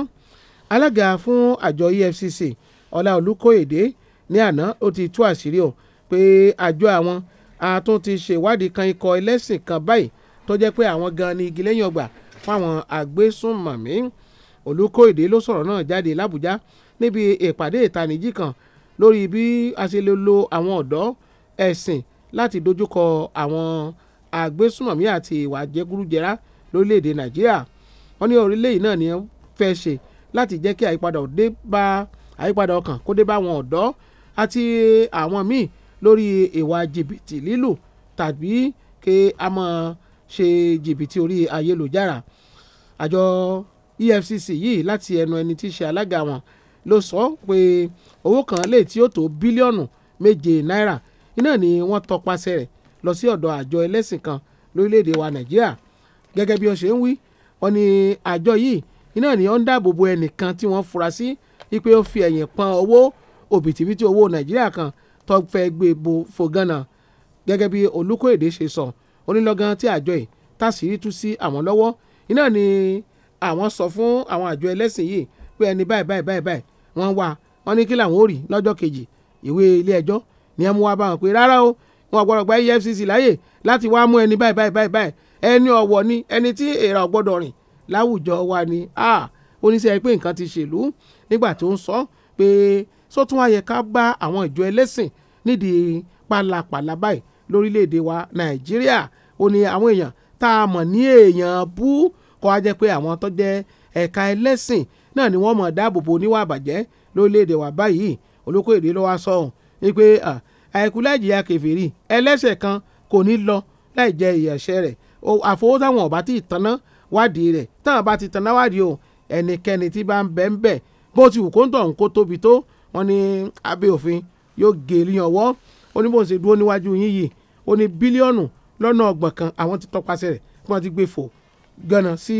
S6: alága fún àjọ EFCC Ọláolú Kóyèdé ní àná ó ti tú àṣírí o pé àjọ àwọn àtún ti ṣèwádìí kan ikọ̀ ẹlẹ́sìn kan báyìí tó jẹ́ pé àwọn gan ni igi lẹ́yìn ọgbà fáwọn agbésùnmọ̀mí Olúkóyèdé ló sọ̀rọ̀ náà jáde l'Àbújá níbi ìpàdé ìtanijí kan lórí bí a ṣe lè lo àwọn ọ̀dọ́ ẹ̀sìn láti dojúkọ àwọn agbésùnmọ̀mí àti ìwà jẹgúrújẹrá lórílẹ̀‐èdè Nàìjíríà wọ́n ní orílẹ̀ yìí náà ni wọ́n fẹ́ ṣe láti jẹ́ kí àyípadà òde bá àyípadà ọkàn kó dé bá àwọn ọ̀dọ́ àti àwọn míì lórí ìwà jìbìtì lílù tàbí kí a máa ṣe jìbìtì orí ayélujára àjọ EFCC yìí láti ẹnu ẹni tí í ṣe alága wọn ló sọ pé owó kan lè tí ó tó bílíọ̀nù méje náírà iná ni wọ́n tọpasẹ̀ rẹ̀ lọ sí ọ̀dọ̀ àjọ ẹlẹ́sìn kan lórílẹ̀‐èdè wa Nàìjíríà gẹ́gẹ́ bí ó ṣe ń wí wọ́n ní àjọ yìí iná ni ó ń dáàbò bo ẹnìkan tí wọ́n fura sí wípé ó fi ẹ̀yìn pọn owó òbítíbitì owó nàìjíríà kan tó fẹ́ gbé bo fògànà gẹ́gẹ́ bí olùkóèdè ṣe sọ onílọ́gán tí àjọ yìí tàṣírí tú sí àwọn lọ́wọ́ iná ni àwọn sọ fún àwọn àjọ ẹlẹ́sìn yìí pé ẹni báyìí báyìí báyìí báyìí wọ́n wà wọ́n ní kí làwọn ò rí lọ́jọ́ kejì ìwé ilé ẹjọ́ ni ẹ mú wa bá wọn pé rárá o wọn gbọ́dọ̀ gba EFCC láyè láti wá mú ẹni báyìí báyìí báyìí báyìí ẹni ọ̀wọ̀ ni ẹni tí èèrà ọ̀gbọ́dọ̀ rìn láwùjọ wa ni oníṣẹ́ pé nǹkan ti ṣèlú nígbà tó ń sọ pé sótún ayẹ ká bá àwọn ìjọ ẹlẹ́sìn nídìí pálapàla báyìí lórílẹ̀‐èdè wa nàìjíríà ó ní àwọn èèyàn tá a mọ̀ ní èèyàn bú kọ́ á pé àwọn tó jẹ́ ẹ̀ka ẹlẹ́sìn náà ni wọ́n mọ̀ dáàbòbò oníwà àbàjẹ́ lórílẹ̀‐èdè wa báyìí olóko èdè ló wá sọ ọ̀hún wípé àìkú láìjìyà kẹfìrí ẹlẹ́sẹ̀ kan kò ní lọ láì jẹ ìyàṣẹ́ rẹ̀ àfowó táwọn ọba ti tanná wádìí rẹ̀ táwọn bá ti tanná wádìí o ẹnikẹ́ni tí bá ń bẹ ń bẹ bó ti wù kó ń tọ̀ ń kó tóbi tó wọn ni abẹ́ òfin yóò gé e líyan ọwọ́ ó ní bó ń ṣe dúró níwájú yín yìí ó ní bílíọ̀nù lọ́nà ọgbọ̀n kan àwọn ti tọpasẹ̀ rẹ̀ kí wọ́n ti gbé fò gánà sí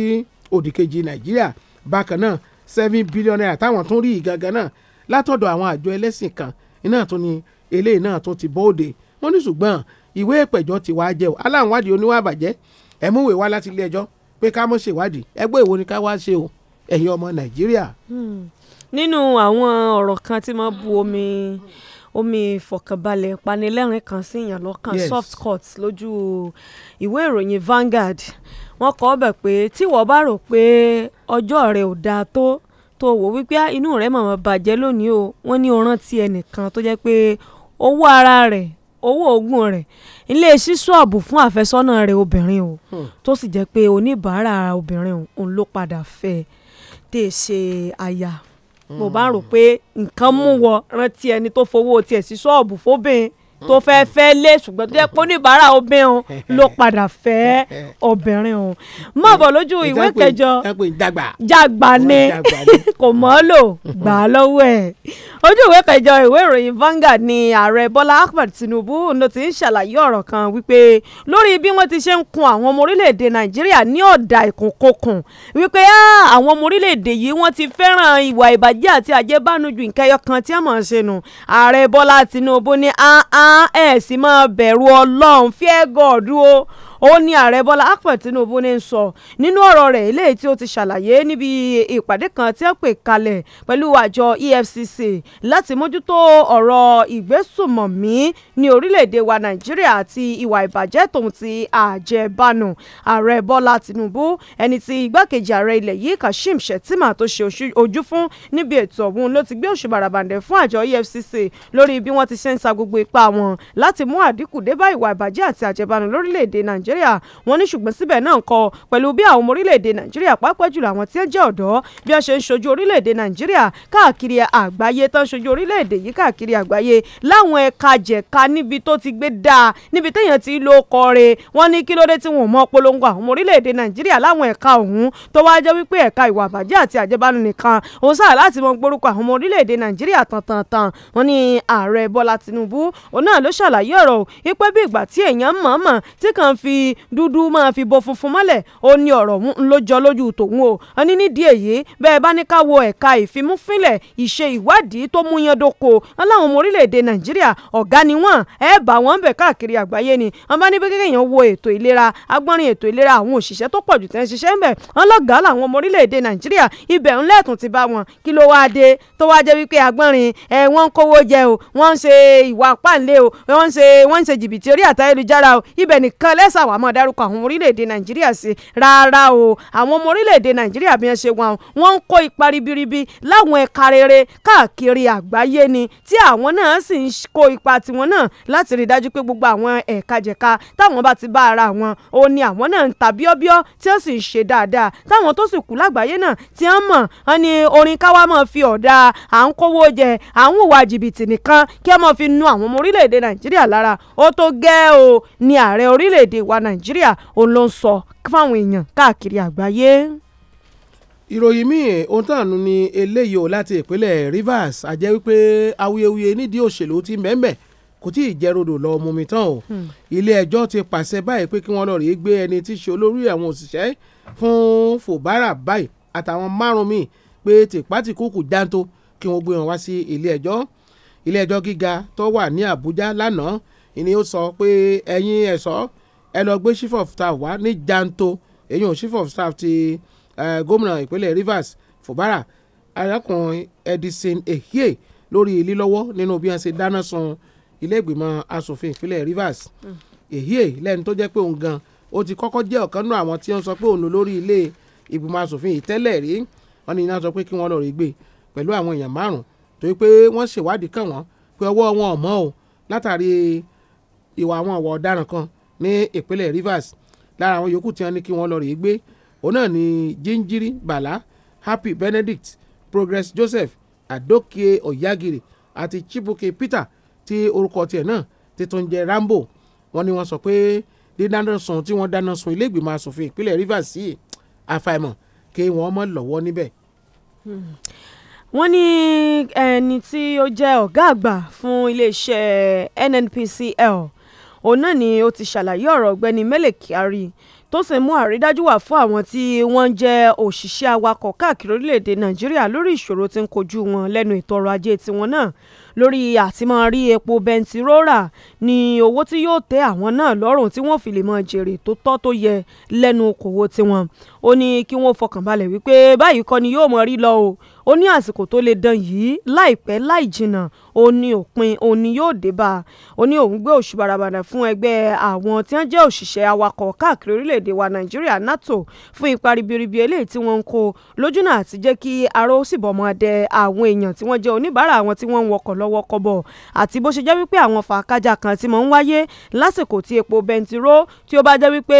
S6: òdì kejì nàìjíríà bákan náà seven billion naira táwọn tún rí gangan náà látọ̀dọ̀ àwọn àjọ ẹlẹ́sìn kan iná tó ni eléyìí náà tó ti bọ́ òde wọ́n ní ṣùgbọ́n ìwé ìpẹ̀jọ́ ti wá jẹ́ o aláǹwádìí oníwà bàjẹ́ ẹ̀ mú ìwé wá láti ilé ẹjọ́ pé ká mọ̀ ṣèwádìí ẹgbẹ́ ìwo ni ká wá ṣe o ẹ̀yin ọmọ nàìjíríà.
S7: Hmm. nínú àwọn ọ̀rọ̀ kan tí mo bu omi omi ìfọ̀kànbalẹ̀ panilẹ́rìn kan sí ìyàn lọ́kàn soft court lójú ìwé ìròyìn Vanguard wọ́n kọ ọ́ bẹ̀ pé tíwọ́ bá rò pé ọjọ́ rẹ̀ ò dáa tó tó wò wípé ah, inú rẹ̀ màmá bàjẹ́ lónìí o wọ́n ní o rántí ẹnìkan tó jẹ́ pé owó ara rẹ̀ owó oògùn rẹ̀ ilé ṣí ṣọ́ọ̀bù fún àfẹ́sọ́nà rẹ̀ obìnrin o hmm. tó sì jẹ́ pé oníbàárà obìnrin òun ló padà fẹ́ ẹ tè ṣe aya mo hmm. bá rò pé nǹkan mú wọ rántí ẹni tó fowó tiẹ̀ sí ṣọ́ọ̀bù fóbìn tó fẹ́ mm-hmm. fẹ́ lé ṣùgbọ́n tó yẹ pé oníbàárà obìnrin <laughs> ló padà fẹ́ <laughs> obìnrin o mọ̀ bọ̀ lójú ìwé kẹjọ jàgbà ni <laughs> kò mọ́ lò gbà á lọ́wọ́ ẹ̀ ojú ìwé kẹjọ ìwé ìròyìn Vanguard ni ààrẹ Bọ́lá Ahmed Tinubu ló ti ń ṣàlàyé ọ̀rọ̀ kan wípé lórí bí wọ́n ti ṣe ń kun àwọn ọmọ orílẹ̀-èdè Nàìjíríà ní ọ̀dà ìkùnkùnkùn wípé àwọn ọmọ orílẹ̀-èdè yìí wọ́n ti fẹ́ràn ìwà ìbàjẹ́ àti àjẹbánu ju nǹkan ẹyọ kan tí a mọ̀ ṣe nù ààrẹ Bọ́lá Tinubu ní áá ẹ sì máa bẹ̀rù ọlọ́run fear God o òun ni ààrẹ bọ́lá ahmed tinubu ní ń sọ nínú ọ̀rọ̀ rẹ̀ eléyìí tí ó ti ṣàlàyé níbi ìpàdé kan tí ó pè kalẹ̀ pẹ̀lú àjọ efcc láti mójútó ọ̀rọ̀ ìgbésùmọ̀mí ní orílẹ̀ wa nàìjíríà àti ìwà ìbàjẹ́ tòun ti àjẹbánu ààrẹ bọ́lá tinubu ẹni tí igbákejì ààrẹ ilẹ̀ yìí kashim shettima tó ṣe ojú fún níbi ètò ọ̀hún ló ti gbé òṣùbàràbàǹdẹ̀ fún àjọ efcc lórí bí wọ́n ti ṣe ń sa gbogbo ipá wọn láti mú àdínkù dé bá ìwà ìbàjẹ́ àti àjẹbánu lórílẹ̀ nàìj nàìjíríà wọ́n ní ṣùgbọ́n síbẹ̀ náà kọ pẹ̀lú bí àwọn ọmọ orílẹ̀-èdè nàìjíríà pàápàá jùlọ àwọn tí ó jẹ́ ọ̀dọ́ bí wọ́n ṣe ń ṣojú orílẹ̀-èdè nàìjíríà káàkiri àgbáyé tán ṣojú orílẹ̀-èdè yìí káàkiri àgbáyé láwọn ẹ̀ka jẹ̀ka níbi tó ti gbé dáa níbi téèyàn ti lo kọre wọ́n ní kí ló dé tí wọn ò mọ polongo àwọn ọmọ orílẹ̀-èdè nàìjíríà láwọn ẹ̀ka ọ̀hún tó wáá jẹ́ wípé ẹ̀ka ìwà àbàjẹ́ àti àjẹbánu nìkan òun sáà láti mọ gbórúkọ àwọn orílẹ̀-èdè nàìjíríà tàntàntàn wọ́n ní ààrẹ bọ́lá tinubu òun náà ló ṣàlàyé ọ̀rọ̀ wípé bí ìgbà tí èèyàn mọ̀ọ́mọ̀ tí kàn fi fi dúdú máa fi bo funfun mọ́lẹ̀ ó ní ọ̀rọ̀ ń ló jọ lójú tòun o a nídìí èyí bẹ́ẹ̀ bá ní ká wo ẹ̀ka ìfimúfínlẹ̀ ìṣe ìwádìí tó múyandoko aláwọn ọmọ orílẹ̀-èdè nàìjíríà ọ̀gá ni wọ́n ẹ bá wọn bẹ̀ káàkiri àgbáyé ni wọn bá ní bí kéèyàn wo ètò ìlera agbọ́nrin ètò ìlera àwọn òṣìṣẹ́ tó pọ̀jù tẹ́ ń ṣiṣẹ́ ńbẹ̀ wọn lọ́gàá làwọn ọmọ orílẹ̀-èdè nàìjíríà ibẹ̀ ńlẹ́ẹ̀tún ti bá wọn kí ló wáá dé tó wáá jẹ́ wípé agbọ́nrin ẹ wọ́n ń kówó jẹ o wọ́n ń ṣe ìwà pàǹlẹ̀ o wọ́n àwa máa dárúkọ àwọn orílẹ̀-èdè nàìjíríà sí rárá o àwọn ọmọ orílẹ̀-èdè nàìjíríà bí wọ́n ṣe wọn wọ́n ń kó ipa ribiribi láwọn ẹ̀ka rere káàkiri àgbáyé ni tí àwọn náà sì ń kó ipa tiwọn náà láti rí dájú pé gbogbo àwọn ẹ̀ka jẹ̀ka táwọn bá ti bá ara wọn ó ní àwọn náà ń ta bíọ́bíọ́ tí ó sì ń ṣe dáadáa táwọn tó sì kú lágbàáyé náà tí wọ́n mọ̀ wọ́n ní orin káwá máa fi ọ̀dà à ń kówó jẹ à ń hùwà jìbìtì nìkan kí wọ́n fi nu àwọn ọmọ orílẹ̀-èdè nàìjíríà lára ó tó gẹ́ o ni ààrẹ orílẹ̀-èdè wa nàìjíríà òun ló ń sọ fáwọn èèyàn káàkiri àgbáyé. ìròyìn míì ohun tànù ni eléyìí o
S6: láti ìpínlẹ̀ Rivers àjẹ́ wípé awuyewuye nídìí òṣèlú ti mẹ́mẹ́ kò tí ì jẹ́rọ̀dọ̀ lọ mumi tán o hmm. ilé ẹjọ́ ti pàṣẹ báyìí pé kí wọ́n lọ rèé gbé ẹni tí í ṣe olórí àwọn òṣìṣẹ́ fún Fubara báyìí àtàwọn márùn míì pé tìpátìkúkù jáńtó kí wọ́n gbé wọn wá sí ilé ẹjọ́ ilé ẹjọ́ gíga tó wà ní Àbújá lánàá ni ó sọ pé ẹ̀yin ẹ̀ṣọ́ ẹ lọ chief of staff wa ní janto èyàn chief of staff ti gómìnà ìpínlẹ̀ Rivers Fubara arákùnrin Edison Ehie lórí lílọ́wọ́ nínú bí wọ́n ṣe dáná sun ilé ìgbìmọ̀ asòfin ìpínlẹ̀ Rivers hmm. Ehie lẹ́ni tó jẹ́ pé òun gan ó ti kọ́kọ́ jẹ́ ọ̀kan nínú àwọn tí wọ́n sọ pé òun lórí ilé ìgbìmọ̀ asòfin ìtẹ́lẹ̀ rí wọ́n ní iná sọ pé kí wọ́n lọ rí gbé pẹ̀lú àwọn èèyàn márùn-ún torí pé wọ́n ṣèwádìí kàn wọ́n pé ọwọ́ wọn ò mọ́ o látàrí ìwà àwọn ọ̀wọ́ ọ̀daràn kan ní ìpínlẹ̀ Rivers lára àwọn yòókù tí wọ́n ní kí wọ́n lọ rèé gbé òun náà ni Jinjiri Bala Happy Benedict Progress Joseph Adoke Oyagiri àti Chibuke Peter tí orúkọ tiẹ̀ náà ti jẹ́ Rambo wọ́n ní wọ́n sọ pé dídáná sun tí wọ́n dáná sun ilé asòfin ìpínlẹ̀ Rivers sí àfàìmọ̀ kí wọ́n mọ̀ lọ́wọ́ níbẹ̀
S7: wọ́n ní ẹni tí ó jẹ́ ọ̀gá àgbà fún iléeṣẹ́ NNPCL òun náà ni ó ti ṣàlàyé ọ̀rọ̀ ọ̀gbẹ́ni Mele Kyari tó sì mú àrídájú wá fún àwọn tí wọ́n ń jẹ́ òṣìṣẹ́ awakọ̀ káàkiri orílẹ̀-èdè Nàìjíríà lórí ìṣòro tí ń kojú wọn lẹ́nu ètò ọrọ̀ ajé tiwọn náà lórí àtìmọ́rí epo bẹntiróòrà ní owó tí yóò tẹ́ àwọn náà lọ́rùn tí wọ́n fi lè mọ jèrè tó tọ́ tó yẹ lẹ́nu okòwò tiwọn ó ní kí wọ́n fọkànbalẹ̀ wípé báyìí kọ́ ni yóò mọ rí lọ o ó ní àsìkò tó lè dán yìí láìpẹ́ láì jìnnà ó ní òpin òun ni yóò dé bá a ó ní òun gbé òṣù bàràbàrà fún ẹgbẹ́ àwọn tí wọ́n jẹ́ òṣìṣẹ́ awakọ̀ káàkiri orílẹ̀-èdè wa nàìjíríà nato fún ipa ribiribi eléyìí tí wọ́n ń kó lójúnà àti jẹ́ kí aró sì bọ̀ mọ́ dẹ àwọn èèyàn tí wọ́n jẹ́ oníbàárà àwọn tí wọ́n ń wọkọ̀ lọ́wọ́ kọ́bọ̀ àti bó ṣe jẹ́ wípé àwọn fàákájà kan ti máa ń wáyé lásìkò tí epo bẹntiró tí ó bá jẹ́ wípé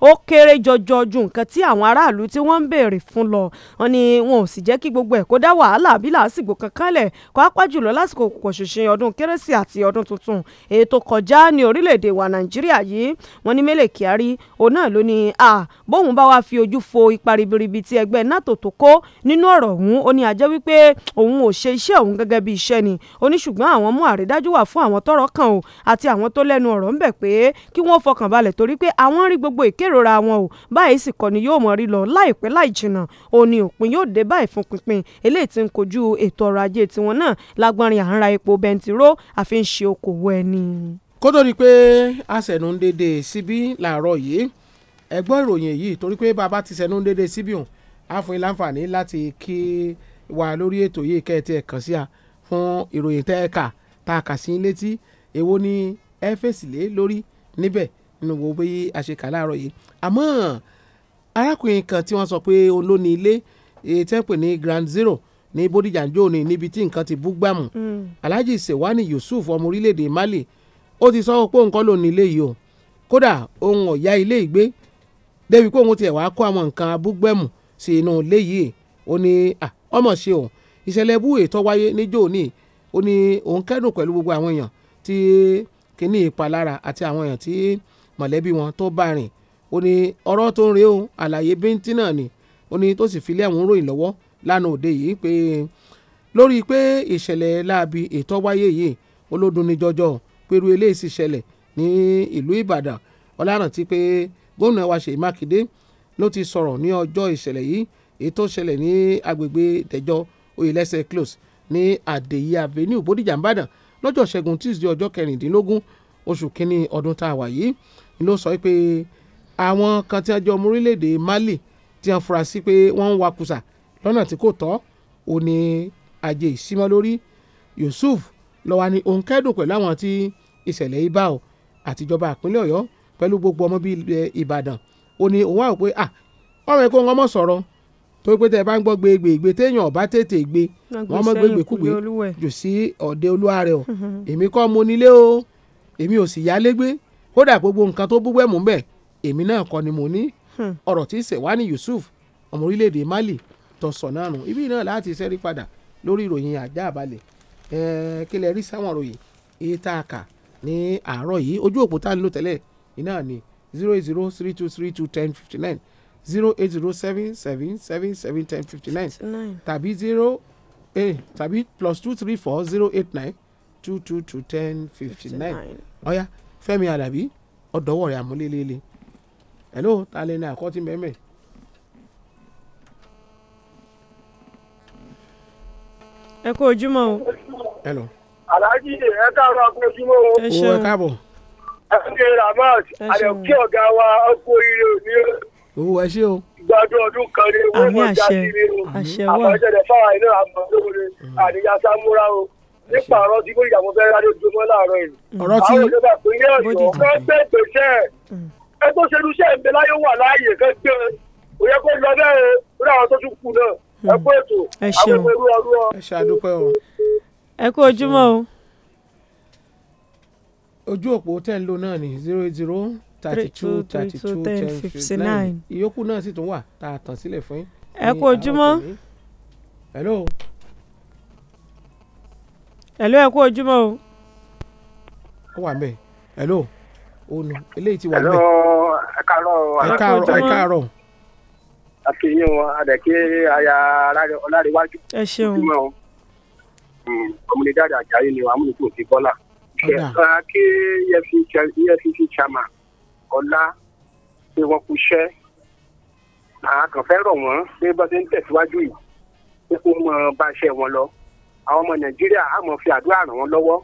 S7: ó kéré jọjọ ju nǹkan tí àwọn aráàlú tí wọ́n ń béèrè fún lọ wọn ni wọn ò sì jẹ́ kí gbogbo ẹ̀ kó dá wàhálà àbí làásìgbò kankan kó kòkò ṣìnṣìn ọdún kérésì àti ọdún tuntun èyí tó kọjá ní orílẹ̀-èdè wa nàìjíríà yìí wọ́n ní Mele Kyari òun náà ló ní à bóun bá wá fi ojú fo ipa ribiribi ti ẹgbẹ́ NATO tó kó nínú ọ̀rọ̀ ọ̀hún ó ní ajẹ́ wípé òun ò ṣe iṣẹ́ òun gẹ́gẹ́ bí iṣẹ́ ni ó ní ṣùgbọ́n àwọn mú àrídájú wà fún àwọn tọ́rọ̀ kàn o àti àwọn tó lẹ́nu ọ̀rọ̀ ńbẹ̀ pé kí wọ́n fọkàn balẹ̀ torí pé àwọn rí gbogbo ìkérora wọn o báyìí sì kọ́ ni yóò mọ̀ rí lọ láìpẹ́ láì jìnnà òun ni òpin yóò dé báyìí fún pinpin eléyìí tí ń kojú ètò ọrọ̀ ajé tiwọn náà lágbọ́nrin àárín ń ra epo bẹntiró àfi ń ṣe okòwò ẹni.
S6: kó tó di pé àṣẹ̀nù ń dédé síbí làárọ̀ yìí ẹ gbọ́ ìròyìn yìí torí pé bàbá ti ṣẹ̀nù ń dédé síbí hàn á láǹfààní láti kí wa lórí ètò yìí kẹ́ ẹ ti ẹ̀ kàn sí a fún ìròyìn tẹ́ ẹ kà tá a kà sí létí èwo ni ẹ fèsì lé lórí níbẹ̀ nínú wo bí a ṣe kà láàárọ̀ yìí àmọ́ arákùnrin kan tí wọ́n sọ pé olóni ilé èyí ní Grand Zero ní Bódìjà ń jóni níbi tí nǹkan ti bú gbàmù hmm. Alhaji Sewani Yusuf ọmọ orílẹ̀-èdè Mali ó ti sọ pé òun kọ́ ló ní ilé yìí o kódà òun ọ̀ya ilé ìgbé débi pé òun tiẹ̀ wá kó àwọn nǹkan abúgbẹ̀mù sí inú ilé yìí ó ní ọmọ ṣe o ìṣẹ̀lẹ̀ bú ètò wáyé níjó ní ó ní òun kẹ́dùn pẹ̀lú gbogbo àwọn èèyàn tí kìíní ìpalára àti àwọn èèyàn tí mọ̀lẹ́bí wọn tó bá rìn ó ní ọ̀rọ̀ tó ń re o àlàyé bíntín náà ni ó ní tó sì fi lé àwọn òròyìn lọ́wọ́ lánàá òde yìí pé lórí pé ìṣẹ̀lẹ̀ láabi ètò wáyé yìí olódùn ni jọjọ pẹ̀lú eléyìí sì ṣẹlẹ̀ ní ìlú Ìbàdàn ọláràntí pé gómìnà wa Ṣèyí Mákindé ló ti sọ̀rọ̀ ní ọjọ́ ìṣẹ̀lẹ̀ yìí èyí tó ṣẹlẹ̀ ní agbègbè Ìdẹ̀jọ Oyèlẹ́sẹ̀ close ní Àdèyí Avenue Bódìjà Ìbàdàn lọ́jọ́ Ṣẹ́gun Tuesday ọjọ́ kẹrìndínlógún oṣù kínní ọdún tá a wà yìí ni ló sọ pé àwọn kan tí wọ́n jẹ́ ọmọ orílẹ̀-èdè Mali ti hàn fura sí pé wọ́n ń wakùsà lọ́nà tí kò tọ́ ò ní ajé ìsímọ́ lórí Yusuf lọ́wọ́ ni òun kẹ́dùn pẹ̀lú àwọn tí ìṣẹ̀lẹ̀ yìí bá o àtijọba ìpínlẹ̀ Ọ̀yọ́ pẹ̀lú gbogbo ọmọ bíi Ìbàdàn ó ní òun wà pé ah ọmọ ẹ̀kọ́ wọn mọ̀ sọ̀rọ̀ tó pé tẹ́ ẹ bá ń gbọ́ gbégbé ìgbé téèyàn ọ̀bá tètè gbé wọn mọ̀ gbégbé kúgbé jù sí ọ̀dẹ olúwa rẹ̀ o <laughs> èmi kọ́ mo nílé o èmi ò sì yálé gbé kódà gbogbo nǹkan tó búgbẹ́ mú bẹ́ẹ̀ èmi náà kọ́ ni mo ní hmm. ọ̀rọ̀ tí sèwáni Yusuf ọmọ orílẹ̀-èdè Mali tọ̀sọ̀ ibi náà láti ṣẹ́rí padà lórí ìròyìn àjá àbálẹ̀ kílẹ̀ rí sáwọn ròyìn ètà àkà ní àárọ̀ yìí ojú òpó tá lò tẹ́lẹ̀ iná ni zero eight zero three two three two ten fifty nine zero eight zero seven seven seven seven ten fifty nine tàbí zero eight tàbí plus two three four zero eight nine two two two ten fifty nine ọ̀ya Fẹ́mi Àlàbí ọ̀dọ́wọ̀ rẹ̀ àmúlélẹ́lẹ́ hello ta lẹ́nu àkọ́tí
S7: mẹ́mẹ́. ẹ kú ojúmọ́ o.
S1: hello. alhaji ẹ káàárọ̀ ẹ kú ojúmọ́ o. ẹ ṣeun ẹ káàbọ̀. ẹ ṣe ramat àdàkí ọ̀gá wa ọkọ̀ oríire òní o.
S7: owó
S6: ẹ ṣe o.
S1: gbádùn ọdún kan ní owó ìmọ̀ jáde ní o. àwọn ìṣẹ̀lẹ̀ fáwọn àìní àmọ́ lóore mm. àníyá sámúrà o nípa ọ̀rọ̀ tí bóyá mo fẹ́ rádé ojúmọ́ láàárọ̀ yìí. Mm. ọ̀rọ̀ tí àwọn ìjọba ìpínlẹ̀ ọ̀yọ́ kan gbé ìgbésẹ̀ ẹ tó ṣerú iṣẹ́ ìgbéláyé wà láàyè kan gbé o yẹ kó lọ bẹ́ẹ̀ o ní àwọn tó tún kù náà ẹ kú ètò àwọn ọmọ ìlú ọlú ẹ ṣe àdúpẹ́ o.
S7: ẹ kú ojúmọ́ o.
S6: ojú òpó tẹ́ ń náà ní zero eight zero thirty two thirty two ten fifty nine ìyókù náà sì tún wà tá a tàn sílẹ̀ fún yín. ẹ kú ojúmọ́. hello. hello ẹ kú ojúmọ́ o. ó wà mẹ́ hello ònu eléyìí ti wà mẹ́. hello
S2: ẹ káàárọ̀ ẹ káàárọ̀ ẹ káàárọ̀
S1: a kì wọn a dẹ̀ kí aya ọláríwájú. ẹ ṣeun ọmọdéjáde mm, àjàyè ni amúnikù ti bọ́là. kí efcc e chairman ọlá pé wọ́n kú iṣẹ́ àkànfẹ́ rọ̀ wọ́n pé bá ṣe ń tẹ̀síwájú yìí pé kó mọ bá iṣẹ́ wọn lọ àwọn ọmọ nàìjíríà á mọ̀ fi àdúrà ràn wọ́n lọ́wọ́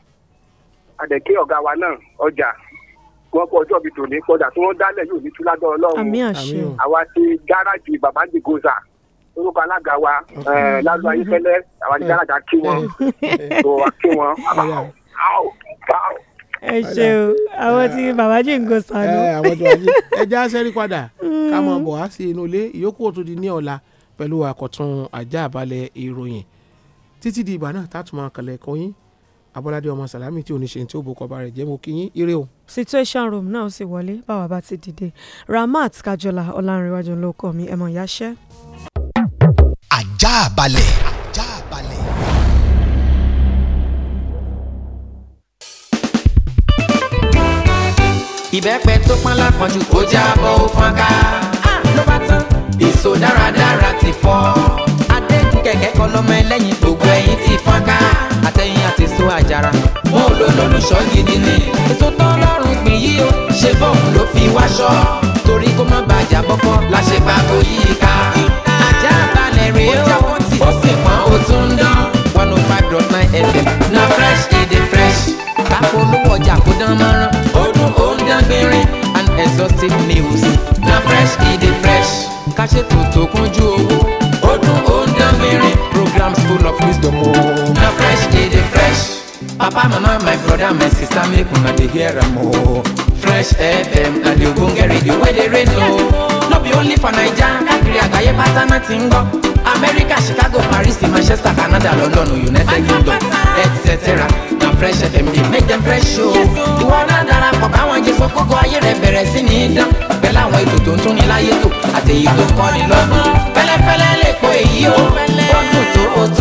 S1: a ọ̀gá wa náà ọjà wọn kọ ọjọ́ mi tò ní kọjá tí wọ́n dálẹ̀ yóò ní túlágbọ́ ọlọ́run àwa ti gáràjì babandi goza orúkọ alága wa
S2: lálọ́ ayífẹ́lẹ́ àwa ti
S1: gáràjì kí wọn tó <laughs> wa kí wọn
S7: ẹ ṣe
S6: o àwọn tí bàbá jì ń gosa lọ. àwọn tí wàá jì já sẹ́rí padà mm. ká mọ̀ bọ̀ á sí inú ilé ìyókù tó di ní ọ̀la pẹ̀lú àkọ̀tún ajá àbálẹ̀ ìròyìn títí di ìgbà náà tá a tún máa kàlẹ̀ kọ́ abọ́ládé ọmọ sàlámì tí oníṣe tí ó bo kọba rẹ̀ jẹ́ mo kí yín ire o.
S7: situation room náà sì wọlé báwa bá ti dìde ramat kájọlá ọlárìnwájú ló kọ mi ẹmọ ìyáṣẹ.
S1: ajá ajá balẹ̀.
S3: ìbẹ́pẹ tó pọ́n lápọ̀jù kó jábọ́ ó fọ́nká ah, ló bá tán èso dáradára ti fọ́ kẹ̀kẹ́ kọ lọ́mọ ẹlẹ́yin gbogbo ẹ̀yin ti fọ́nká àtẹ̀yìn àti so àjàrà. mo lò lólùṣọ́ gidi ni èso tọ́lọ́run gbìn yí o ṣe bọ́ọ̀mù ló fi wáṣọ torí kó má bàjá bọ́kọ́ la ṣe pa kó yí i ká. ajá balẹ̀ rèé o ó sì pọ́n o tún dán one oh five dot nine fm na fresh e dey fresh. káfó olówó ọjà kó dán mọ́rán ó dún òun and exhaustive news na fresh e dey fresh. ká ṣètò tó kúnjú owó ó dún spirit programs full of wisdom oh. na fresh dey dey fresh papa mama my brother my sister make una dey hear am oh. fresh fm na the ogbonge radio wey dey rain oh. no be only for naija kakiri àgbáyé pátá Tingo, america chicago paris manchester canada london united kingdom etc fresh fm dey make dem fresh o oh. ìwọ náà darapọ̀ báwọn jẹ sọ kókó ayé rẹ bẹ̀rẹ̀ sí ní dán pẹ̀lú àwọn ètò tó ń tún ní láyé tó àtẹ̀yí tó kọ́ni lọ́gbọ́n fẹ́lẹ́fẹ́lẹ́ lè po èyí o oh.